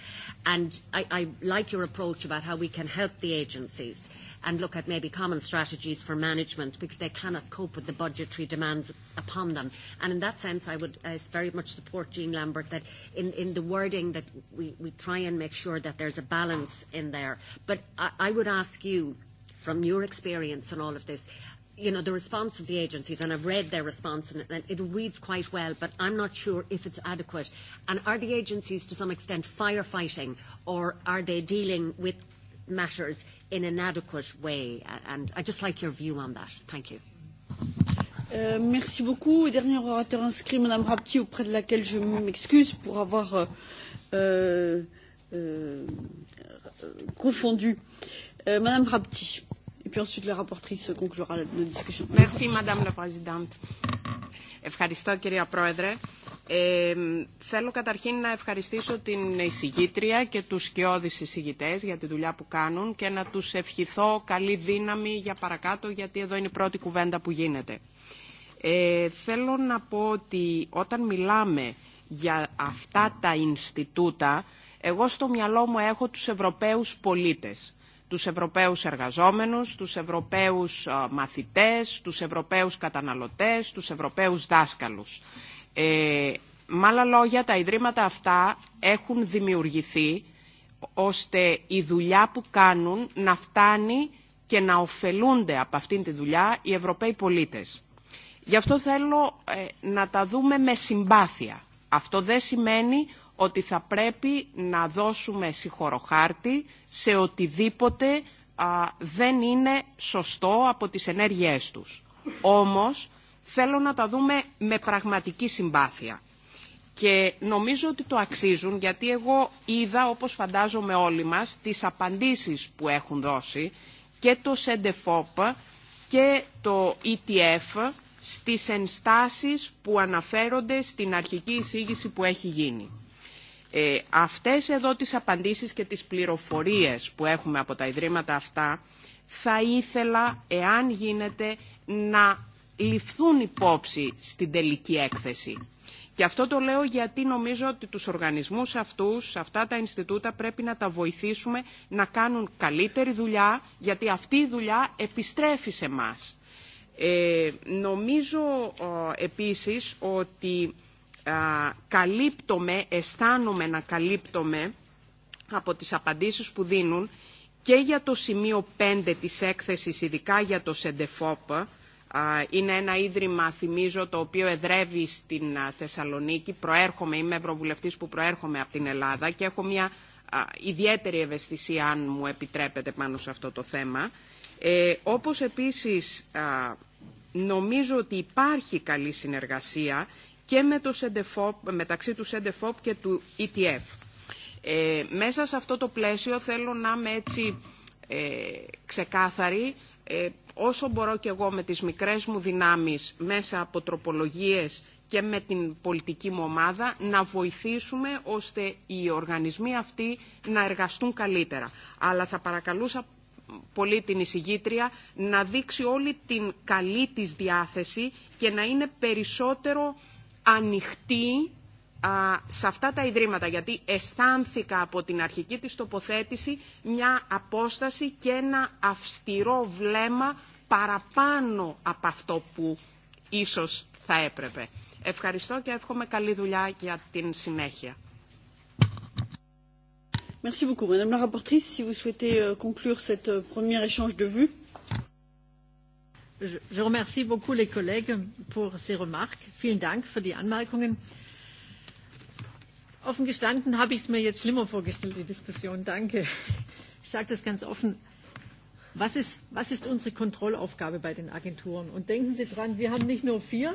And I, I like your approach about how we can help the agencies and look at maybe common strategies for management because they cannot cope with the budgetary demands upon them. And in that sense, I would very much support Jean Lambert that in, in the wording that we, we try and make sure that there's a balance in there. But I, I would ask you, from your experience in all of this, you know, the response of the agencies, and I've read their response, and it, it reads quite well, but I'm not sure if it's adequate. And are the agencies to some extent firefighting, or are they dealing with matters in an adequate way? And I'd just like your view on that. Thank you. Euh, merci beaucoup. Dernier orateur inscrit, Madame Rapti, auprès de laquelle je m'excuse pour avoir euh, euh, euh confondu. Euh, Madame Rapti. Et puis ensuite, la rapportrice conclura nos discussions. Merci, Madame la Présidente. Ευχαριστώ, κυρία Πρόεδρε. Ε, θέλω καταρχήν να ευχαριστήσω την εισηγήτρια και τους σκιώδεις εισηγητές για τη δουλειά που κάνουν και να τους ευχηθώ καλή δύναμη για παρακάτω γιατί εδώ είναι η πρώτη κουβέντα που γίνεται. Ε, θέλω να πω ότι όταν μιλάμε για αυτά τα Ινστιτούτα, εγώ στο μυαλό μου έχω τους Ευρωπαίους πολίτες τους Ευρωπαίους εργαζόμενους, τους Ευρωπαίους μαθητές, τους Ευρωπαίους καταναλωτές, τους Ευρωπαίους δάσκαλους. Ε, με άλλα λόγια, τα ιδρύματα αυτά έχουν δημιουργηθεί ώστε η δουλειά που κάνουν να φτάνει και να ωφελούνται από αυτήν τη δουλειά οι Ευρωπαίοι πολίτες. Γι' αυτό θέλω ε, να τα δούμε με συμπάθεια. Αυτό δεν σημαίνει ότι θα πρέπει να δώσουμε συγχωροχάρτη σε οτιδήποτε α, δεν είναι σωστό από τις ενέργειές τους. Όμως θέλω να τα δούμε με πραγματική συμπάθεια. Και νομίζω ότι το αξίζουν γιατί εγώ είδα όπως φαντάζομαι όλοι μας τις απαντήσεις που έχουν δώσει και το ΣΕΝΤΕΦΟΠ και το ETF στις ενστάσεις που αναφέρονται στην αρχική εισήγηση που έχει γίνει. Ε, αυτές εδώ τις απαντήσεις και τις πληροφορίες που έχουμε από τα ιδρύματα αυτά θα ήθελα, εάν γίνεται, να ληφθούν υπόψη στην τελική έκθεση. Και αυτό το λέω γιατί νομίζω ότι τους οργανισμούς αυτούς, αυτά τα Ινστιτούτα πρέπει να τα βοηθήσουμε να κάνουν καλύτερη δουλειά, γιατί αυτή η δουλειά επιστρέφει σε μας. Ε, νομίζω ε, επίσης ότι καλύπτομαι, αισθάνομαι να καλύπτομαι από τις απαντήσεις που δίνουν και για το σημείο 5 της έκθεσης, ειδικά για το ΣΕΝΤΕΦΟΠ, είναι ένα ίδρυμα, θυμίζω, το οποίο εδρεύει στην Θεσσαλονίκη. Προέρχομαι, είμαι ευρωβουλευτής που προέρχομαι από την Ελλάδα και έχω μια ιδιαίτερη ευαισθησία, αν μου επιτρέπετε, πάνω σε αυτό το θέμα. Ε, όπως επίσης νομίζω ότι υπάρχει καλή συνεργασία και με τους EDFOP, μεταξύ του SEDEFOP και του ETF. Ε, μέσα σε αυτό το πλαίσιο θέλω να είμαι έτσι ε, ξεκάθαρη ε, όσο μπορώ και εγώ με τις μικρές μου δυνάμεις μέσα από τροπολογίες και με την πολιτική μου ομάδα να βοηθήσουμε ώστε οι οργανισμοί αυτοί να εργαστούν καλύτερα. Αλλά θα παρακαλούσα πολύ την εισηγήτρια να δείξει όλη την καλή της διάθεση και να είναι περισσότερο ανοιχτή α, σε αυτά τα ιδρύματα, γιατί αισθάνθηκα από την αρχική της τοποθέτηση μια απόσταση και ένα αυστηρό βλέμμα παραπάνω από αυτό που ίσως θα έπρεπε. Ευχαριστώ και εύχομαι καλή δουλειά για την συνέχεια. Merci beaucoup. Madame la rapporteure, si vous souhaitez conclure cette première échange de vues je, je remercie beaucoup les collègues pour ces remarques. Vielen Dank für die Anmerkungen. Offen gestanden habe ich es mir jetzt schlimmer vorgestellt, die Diskussion. Danke. Ich sage das ganz offen. Was ist, was ist unsere Kontrollaufgabe bei den Agenturen? Und denken Sie dran, wir haben nicht nur vier,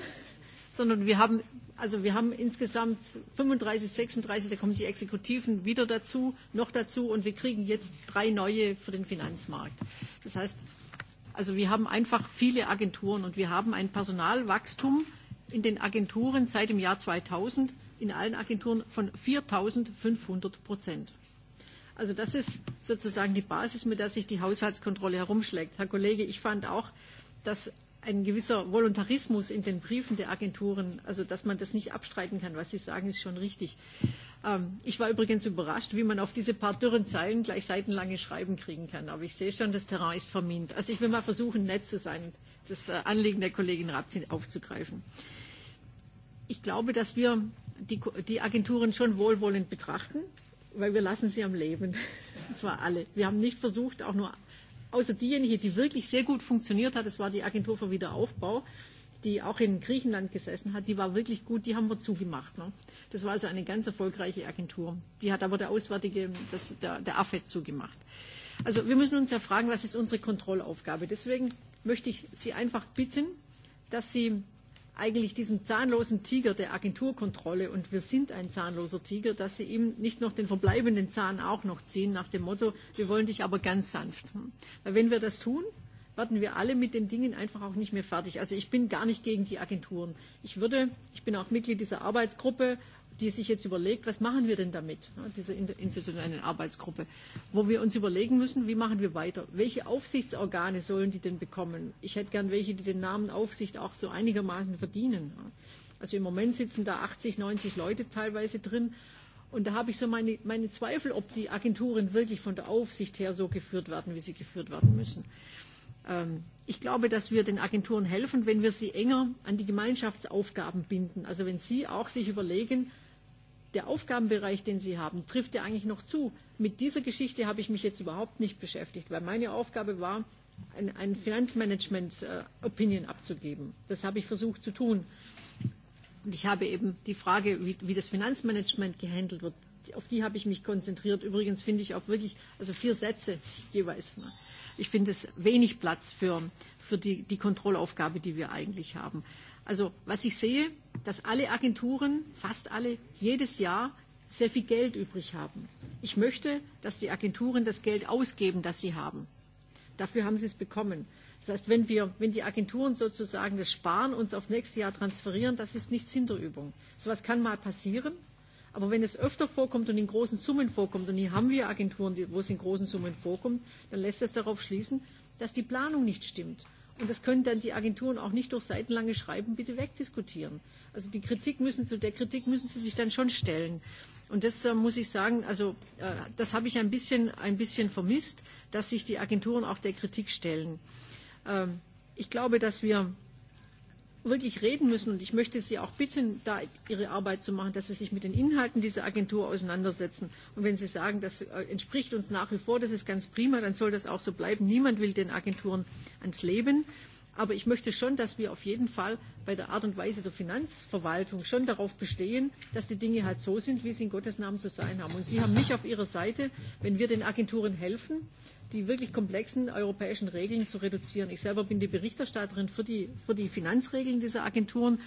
sondern wir haben, also wir haben insgesamt 35, 36, da kommen die Exekutiven wieder dazu, noch dazu und wir kriegen jetzt drei neue für den Finanzmarkt. Das heißt, Also wir haben einfach viele Agenturen und wir haben ein Personalwachstum in den Agenturen seit dem Jahr 2000 in allen Agenturen von 4.500 Prozent. Also das ist sozusagen die Basis, mit der sich die Haushaltskontrolle herumschlägt. Herr Kollege, ich fand auch, dass ein gewisser Voluntarismus in den Briefen der Agenturen, also dass man das nicht abstreiten kann, was sie sagen, ist schon richtig. Ähm, ich war übrigens überrascht, wie man auf diese paar dürren Zeilen gleich seitenlange Schreiben kriegen kann. Aber ich sehe schon, das Terrain ist vermint. Also ich will mal versuchen, nett zu sein, das äh, Anliegen der Kollegin Rabtin aufzugreifen. Ich glaube, dass wir die, die Agenturen schon wohlwollend betrachten, weil wir lassen sie am Leben, und zwar alle. Wir haben nicht versucht, auch nur außer diejenige, die wirklich sehr gut funktioniert hat, das war die Agentur für Wiederaufbau, die auch in Griechenland gesessen hat, die war wirklich gut, die haben wir zugemacht. Ne? Das war also eine ganz erfolgreiche Agentur. Die hat aber der Auswärtige, das, der, der AFED zugemacht. Also wir müssen uns ja fragen, was ist unsere Kontrollaufgabe? Deswegen möchte ich Sie einfach bitten, dass Sie eigentlich diesem zahnlosen Tiger der Agenturkontrolle, und wir sind ein zahnloser Tiger, dass sie ihm nicht noch den verbleibenden Zahn auch noch ziehen, nach dem Motto, wir wollen dich aber ganz sanft. Hm. Weil wenn wir das tun, werden wir alle mit den Dingen einfach auch nicht mehr fertig. Also ich bin gar nicht gegen die Agenturen. Ich würde, ich bin auch Mitglied dieser Arbeitsgruppe die sich jetzt überlegt, was machen wir denn damit, ja, diese institutionellen Arbeitsgruppe, wo wir uns überlegen müssen, wie machen wir weiter, welche Aufsichtsorgane sollen die denn bekommen. Ich hätte gern welche, die den Namen Aufsicht auch so einigermaßen verdienen. Ja. Also im Moment sitzen da 80, 90 Leute teilweise drin. Und da habe ich so meine, meine Zweifel, ob die Agenturen wirklich von der Aufsicht her so geführt werden, wie sie geführt werden müssen. Ähm, Ich glaube, dass wir den Agenturen helfen, wenn wir sie enger an die Gemeinschaftsaufgaben binden. Also wenn sie auch sich überlegen, der Aufgabenbereich, den Sie haben, trifft ja eigentlich noch zu. Mit dieser Geschichte habe ich mich jetzt überhaupt nicht beschäftigt, weil meine Aufgabe war, ein, ein Finanzmanagement-Opinion äh, abzugeben. Das habe ich versucht zu tun. Und ich habe eben die Frage, wie, wie das Finanzmanagement gehandelt wird, auf die habe ich mich konzentriert. Übrigens finde ich auch wirklich, also vier Sätze jeweils. Ne? Ich finde es wenig Platz für, für die, die Kontrollaufgabe, die wir eigentlich haben. Also was ich sehe, dass alle Agenturen, fast alle, jedes Jahr sehr viel Geld übrig haben. Ich möchte, dass die Agenturen das Geld ausgeben, das sie haben. Dafür haben sie es bekommen. Das heißt, wenn, wir, wenn die Agenturen sozusagen das Sparen uns auf nächstes Jahr transferieren, das ist nichts Hinterübung. So etwas kann mal passieren. Aber wenn es öfter vorkommt und in großen Summen vorkommt, und hier haben wir Agenturen, wo es in großen Summen vorkommt, dann lässt das darauf schließen, dass die Planung nicht stimmt. Und das können dann die Agenturen auch nicht durch seitenlange Schreiben bitte wegdiskutieren. Also die Kritik müssen, zu der Kritik müssen sie sich dann schon stellen. Und das äh, muss ich sagen, also äh, das habe ich ein bisschen, ein bisschen vermisst, dass sich die Agenturen auch der Kritik stellen. Ähm, ich glaube, dass wir wirklich reden müssen. Und ich möchte Sie auch bitten, da Ihre Arbeit zu machen, dass Sie sich mit den Inhalten dieser Agentur auseinandersetzen. Und wenn Sie sagen, das äh, entspricht uns nach wie vor, das ist ganz prima, dann soll das auch so bleiben. Niemand will den Agenturen ans Leben. Aber ich möchte schon, dass wir auf jeden Fall bei der Art und Weise der Finanzverwaltung schon darauf bestehen, dass die Dinge halt so sind, wie sie in Gottes Namen zu sein haben. Und Sie haben mich auf Ihrer Seite, wenn wir den Agenturen helfen, die wirklich komplexen europäischen Regeln zu reduzieren. Ich selber bin die Berichterstatterin für die, für die Finanzregeln dieser Agenturen.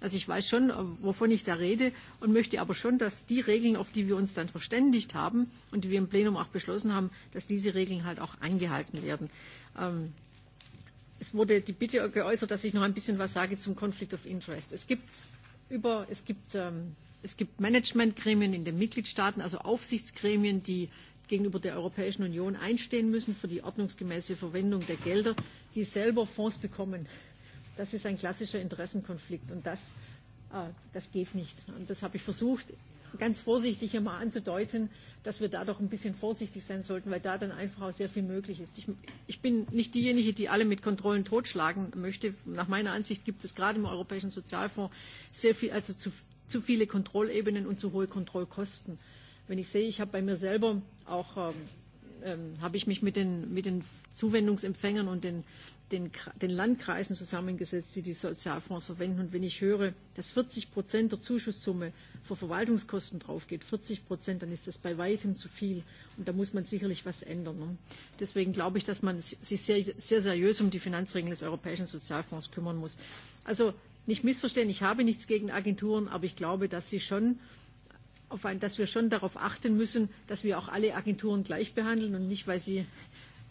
Also ich weiß schon, äh, wovon ich da rede und möchte aber schon, dass die Regeln, auf die wir uns dann verständigt haben und die wir im Plenum auch beschlossen haben, dass diese Regeln halt auch eingehalten werden. Ähm, es wurde die Bitte geäußert, dass ich noch ein bisschen was sage zum Conflict of Interest. Es gibt über, es gibt, ähm, es gibt Managementgremien in den Mitgliedstaaten, also Aufsichtsgremien, die gegenüber der Europäischen Union einstehen müssen für die ordnungsgemäße Verwendung der Gelder, die selber Fonds bekommen. Das ist ein klassischer Interessenkonflikt und das, äh, das geht nicht. Und das habe ich versucht, ganz vorsichtig hier mal anzudeuten, dass wir da doch ein bisschen vorsichtig sein sollten, weil da dann einfach auch sehr viel möglich ist. Ich, ich bin nicht diejenige, die alle mit Kontrollen totschlagen möchte. Nach meiner Ansicht gibt es gerade im Europäischen Sozialfonds sehr viel, also zu, zu viele Kontrollebenen und zu hohe Kontrollkosten wenn ich sehe, ich habe bei mir selber auch, ähm, ähm, habe ich mich mit den, mit den Zuwendungsempfängern und den, den, den Landkreisen zusammengesetzt, die die Sozialfonds verwenden. Und wenn ich höre, dass 40 Prozent der Zuschusssumme für Verwaltungskosten draufgeht, 40 Prozent, dann ist das bei weitem zu viel. Und da muss man sicherlich was ändern. Ne? Deswegen glaube ich, dass man sich sehr, sehr seriös um die Finanzregeln des Europäischen Sozialfonds kümmern muss. Also nicht missverstehen, ich habe nichts gegen Agenturen, aber ich glaube, dass sie schon auf ein, dass wir schon darauf achten müssen, dass wir auch alle Agenturen gleich behandeln und nicht, weil sie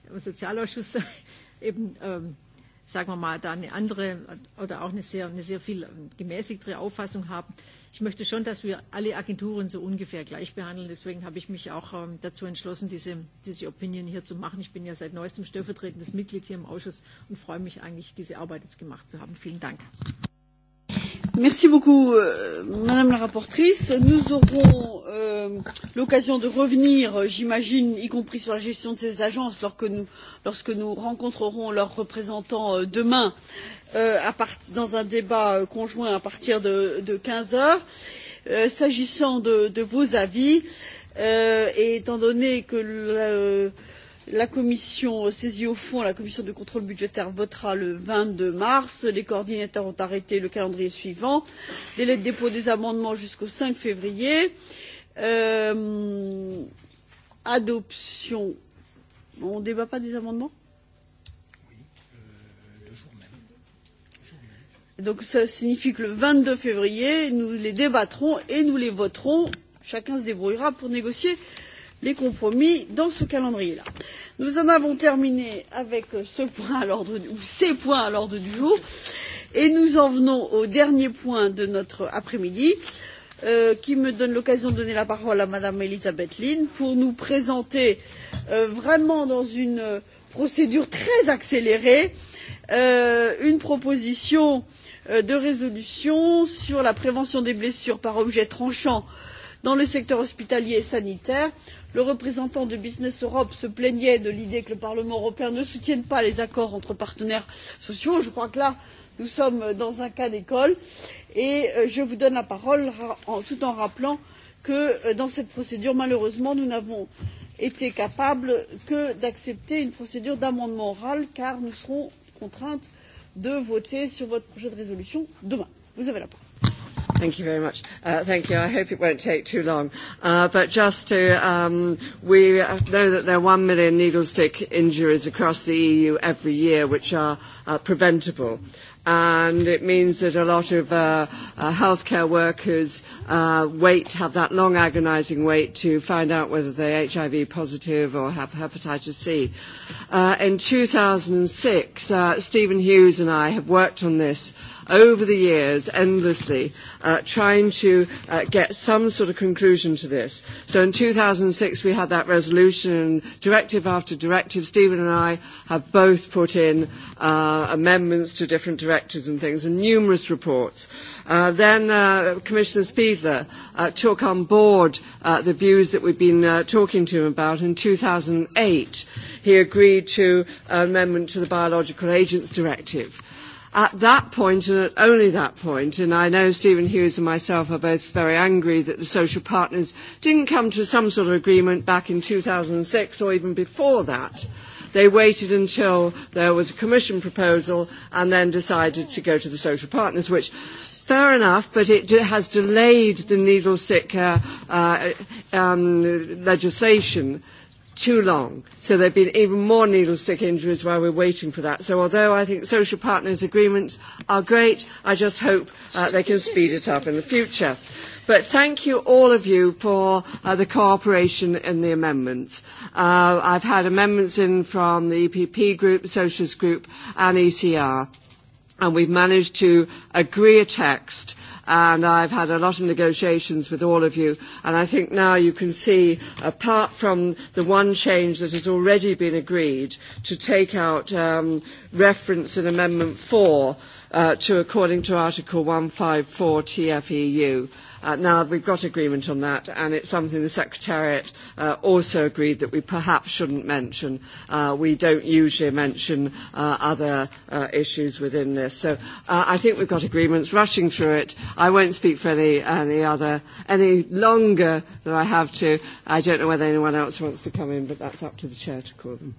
im Sozialausschuss eben, ähm, sagen wir mal, da eine andere oder auch eine sehr, eine sehr viel ähm, gemäßigtere Auffassung haben. Ich möchte schon, dass wir alle Agenturen so ungefähr gleich behandeln. Deswegen habe ich mich auch ähm, dazu entschlossen, diese, diese Opinion hier zu machen. Ich bin ja seit neuestem stellvertretendes Mitglied hier im Ausschuss und freue mich eigentlich, diese Arbeit jetzt gemacht zu haben. Vielen Dank. Merci beaucoup, euh, Madame la rapporteure. Nous aurons euh, l'occasion de revenir, euh, j'imagine, y compris sur la gestion de ces agences, lorsque nous, lorsque nous rencontrerons leurs représentants euh, demain euh, à part, dans un débat conjoint à partir de, de 15 heures. S'agissant de, de vos avis, et étant donné que le, la commission saisie au fond la commission de contrôle budgétaire votera le vingt deux mars les coordinateurs ont arrêté le calendrier suivant délai de dépôt des amendements jusqu'au cinq février euh, adoption on ne débat pas des amendements euh, donc ça signifie que le 22 février, nous les débattrons et nous les voterons. Chacun se débrouillera pour négocier euh, les compromis dans ce calendrier là. nous en avons terminé avec ce point à l'ordre ou ces points à l'ordre du jour et nous en venons au dernier point de notre après midi euh, qui me donne l'occasion de donner la parole à mme elisabeth lynne pour nous présenter euh, vraiment dans une procédure très accélérée euh, une proposition euh, de résolution sur la prévention des blessures par objet tranchant dans le secteur hospitalier et sanitaire le représentant de business europe se plaignait de l'idée que le parlement européen ne soutienne pas les accords entre partenaires sociaux je crois que là nous sommes dans un cas d'école et euh, je vous donne la parole tout en rappelant que euh, dans cette procédure malheureusement nous n'avons été capables que d'accepter une procédure d'amendement oral car nous serons contraints de voter sur votre projet de résolution demain. vous avez la parole. Thank you very much. Uh, thank you. I hope it won't take too long. Uh, but just to, um, we know that there are one million needle stick injuries across the EU every year, which are uh, preventable and it means that a lot of uh, uh, healthcare workers uh, wait, have that long agonising wait to find out whether they're HIV positive or have hepatitis C. Uh, in 2006, uh, Stephen Hughes and I have worked on this over the years endlessly uh, trying to uh, get some sort of conclusion to this. So in 2006 we had that resolution and directive after directive. Stephen and I have both put in uh, amendments to different directives and things and numerous reports. Uh, then uh, Commissioner Speedler uh, took on board uh, the views that we've been uh, talking to him about in 2008. He agreed to an amendment to the Biological Agents Directive at that point and at only that point, and I know Stephen Hughes and myself are both very angry that the social partners didn't come to some sort of agreement back in 2006 or even before that. They waited until there was a commission proposal and then decided to go to the social partners, which fair enough, but it has delayed the needle stick uh, uh, um, legislation too long. So there have been even more needle stick injuries while we're waiting for that. So although I think social partners' agreements are great, I just hope uh, they can speed it up in the future. But thank you, all of you, for uh, the cooperation in the amendments. Uh, I've had amendments in from the EPP group, Socialist group, and ECR. And we've managed to agree a text and I've had a lot of negotiations with all of you and I think now you can see apart from the one change that has already been agreed to take out um, reference in Amendment 4 uh, to according to Article 154 TFEU. Uh, now, we've got agreement on that, and it's something the Secretariat uh, also agreed that we perhaps shouldn't mention. Uh, we don't usually mention uh, other uh, issues within this. So uh, I think we've got agreements rushing through it. I won't speak for any, any other, any longer than I have to. I don't know whether anyone else wants to come in, but that's up to the Chair to call them.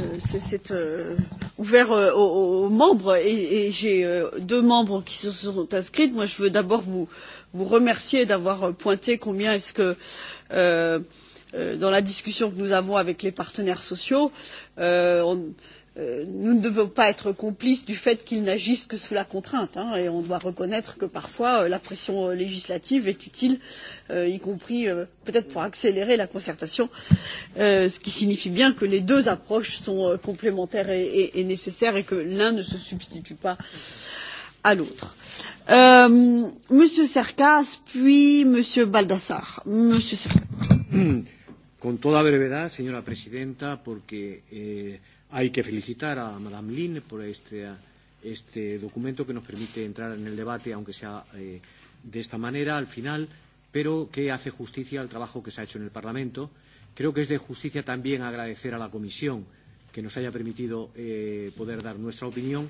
Euh, c'est euh, ouvert euh, aux, aux membres et, et j'ai euh, deux membres qui se sont inscrits. Moi, je veux d'abord vous, vous remercier d'avoir pointé combien est-ce que euh, euh, dans la discussion que nous avons avec les partenaires sociaux, euh, on, euh, nous ne devons pas être complices du fait qu'ils n'agissent que sous la contrainte. Hein, et on doit reconnaître que parfois euh, la pression législative est utile Euh, y compris euh, peut être pour accélérer la concertation euh, ce qui signifie bien que les deux approches sont complémentaires et, et, et nécessaires et que l'un ne se substitue pas à l'autre. monsieur cercas puis monsieur baldassarre. monsieur cercas. Con toda brevedad, señora presidenta, porque eh, hay que felicitar a Madame Lin por este, este documento que nos permite entrar en el debate, aunque sea eh, de esta manera. Al final, pero que hace justicia al trabajo que se ha hecho en el Parlamento. Creo que es de justicia también agradecer a la Comisión que nos haya permitido eh, poder dar nuestra opinión.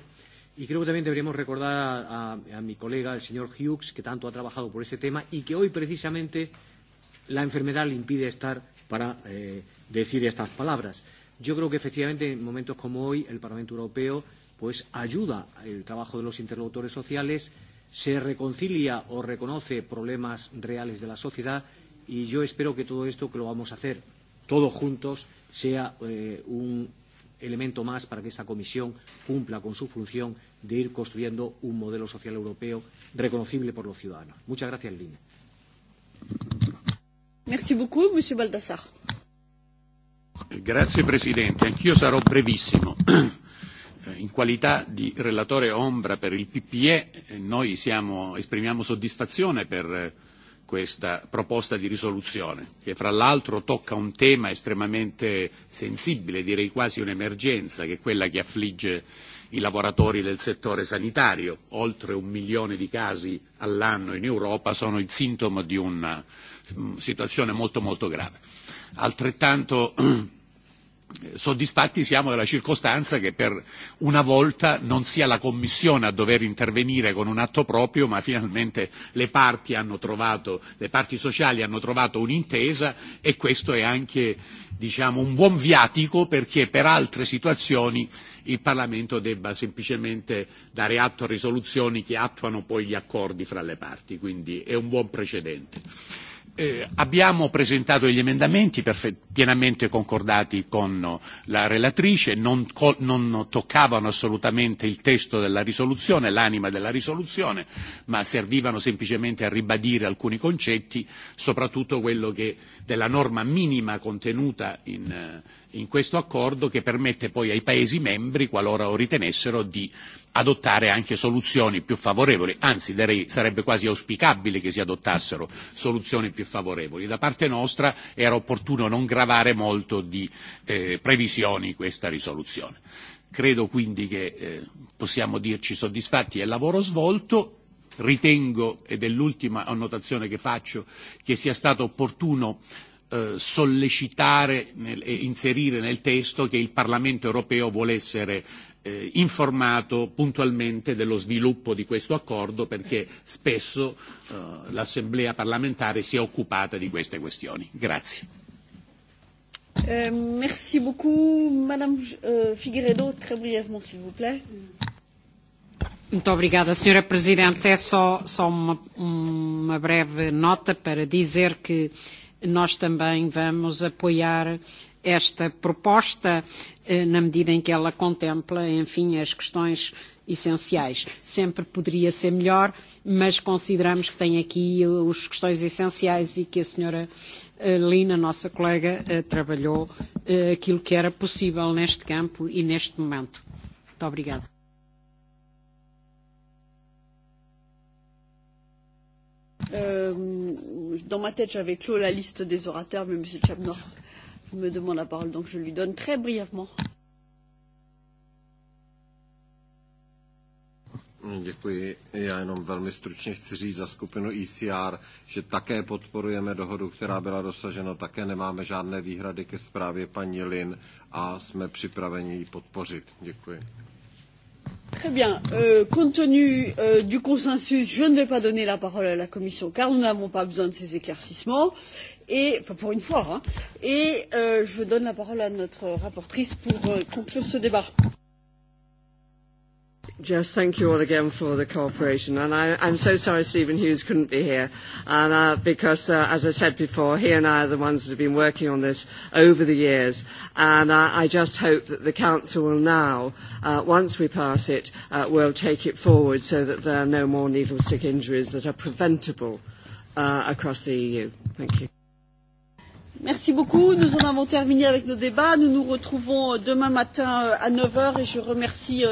Y creo que también deberíamos recordar a, a, a mi colega, el señor Hughes, que tanto ha trabajado por ese tema y que hoy precisamente la enfermedad le impide estar para eh, decir estas palabras. Yo creo que efectivamente en momentos como hoy el Parlamento Europeo pues ayuda el trabajo de los interlocutores sociales, se reconcilia o reconoce problemas reales de la sociedad y yo espero que todo esto que lo vamos a hacer todos juntos sea eh, un elemento más para que esta comisión cumpla con su función de ir construyendo un modelo social europeo reconocible por los ciudadanos. Muchas gracias, Lina. Merci beaucoup, Monsieur Baldassar. Grazie Presidente, anch'io sarò brevissimo. Eh, in qualità di relatore ombra per il PPE eh, noi siamo, esprimiamo soddisfazione per eh, questa proposta di risoluzione, che fra l'altro tocca un tema estremamente sensibile, direi quasi un'emergenza, che è quella che affligge i lavoratori del settore sanitario. Oltre un milione di casi all'anno in Europa sono il sintomo di una mm, situazione molto molto grave. Altrettanto soddisfatti siamo della circostanza che per una volta non sia la Commissione a dover intervenire con un atto proprio, ma finalmente le parti, hanno trovato, le parti sociali hanno trovato un'intesa e questo è anche diciamo, un buon viatico perché per altre situazioni il Parlamento debba semplicemente dare atto a risoluzioni che attuano poi gli accordi fra le parti, quindi è un buon precedente. Eh, abbiamo presentato degli emendamenti pienamente concordati con la relatrice, non, non toccavano assolutamente il testo della risoluzione, l'anima della risoluzione, ma servivano semplicemente a ribadire alcuni concetti, soprattutto quello che della norma minima contenuta in, eh, in questo accordo che permette poi ai Paesi membri, qualora lo ritenessero, di adottare anche soluzioni più favorevoli, anzi direi, sarebbe quasi auspicabile che si adottassero soluzioni più favorevoli. Da parte nostra era opportuno non gravare molto di eh, previsioni questa risoluzione. Credo quindi che eh, possiamo dirci soddisfatti del lavoro svolto. Ritengo, ed è l'ultima annotazione che faccio, che sia stato opportuno eh, eh, sollecitare nel, e inserire nel testo che il Parlamento europeo vuole essere eh, informato puntualmente dello sviluppo di questo accordo perché spesso eh, l'Assemblea parlamentare si è occupata di queste questioni. Grazie. Euh, merci beaucoup. Madame euh, Figueredo, très brièvement, s'il vous plaît. Muito obrigada, Sra. Presidente. É só, só uma, uma breve nota para dizer que nós também vamos apoiar esta proposta eh, na medida em que ela contempla, enfim, as questões essenciais. Sempre poderia ser melhor, mas consideramos que tem aqui as questões essenciais e que a senhora eh, Lina, nossa colega, eh, trabalhou aquilo que era possível neste campo e neste momento. Muito obrigada. Euh, dans ma tête, j'avais clos la liste des orateurs, mais M. Chabnor me demande la parole, donc je lui donne très brièvement. Děkuji. Já jenom velmi stručně chci říct za skupinu ECR, že také podporujeme dohodu, která byla dosažena, také nemáme žádné výhrady ke zprávě paní Lin a jsme připraveni ji podpořit. Děkuji. Très bien. Euh, compte tenu euh, du consensus, je ne vais pas donner la parole à la Commission car nous n'avons pas besoin de ces éclaircissements. Et, pour une fois. Hein, et euh, je donne la parole à notre rapporteure pour euh, conclure ce débat. Jess, thank you all again for the cooperation. And I, I'm so sorry Stephen Hughes couldn't be here, and, uh, because, uh, as I said before, he and I are the ones that have been working on this over the years. And uh, I just hope that the Council will now, uh, once we pass it, uh, will take it forward so that there are no more needle stick injuries that are preventable uh, across the EU. Thank you. Merci beaucoup. Nous en avons terminé avec nos débats. Nous nous retrouvons euh, demain matin euh, à 9h et je remercie euh,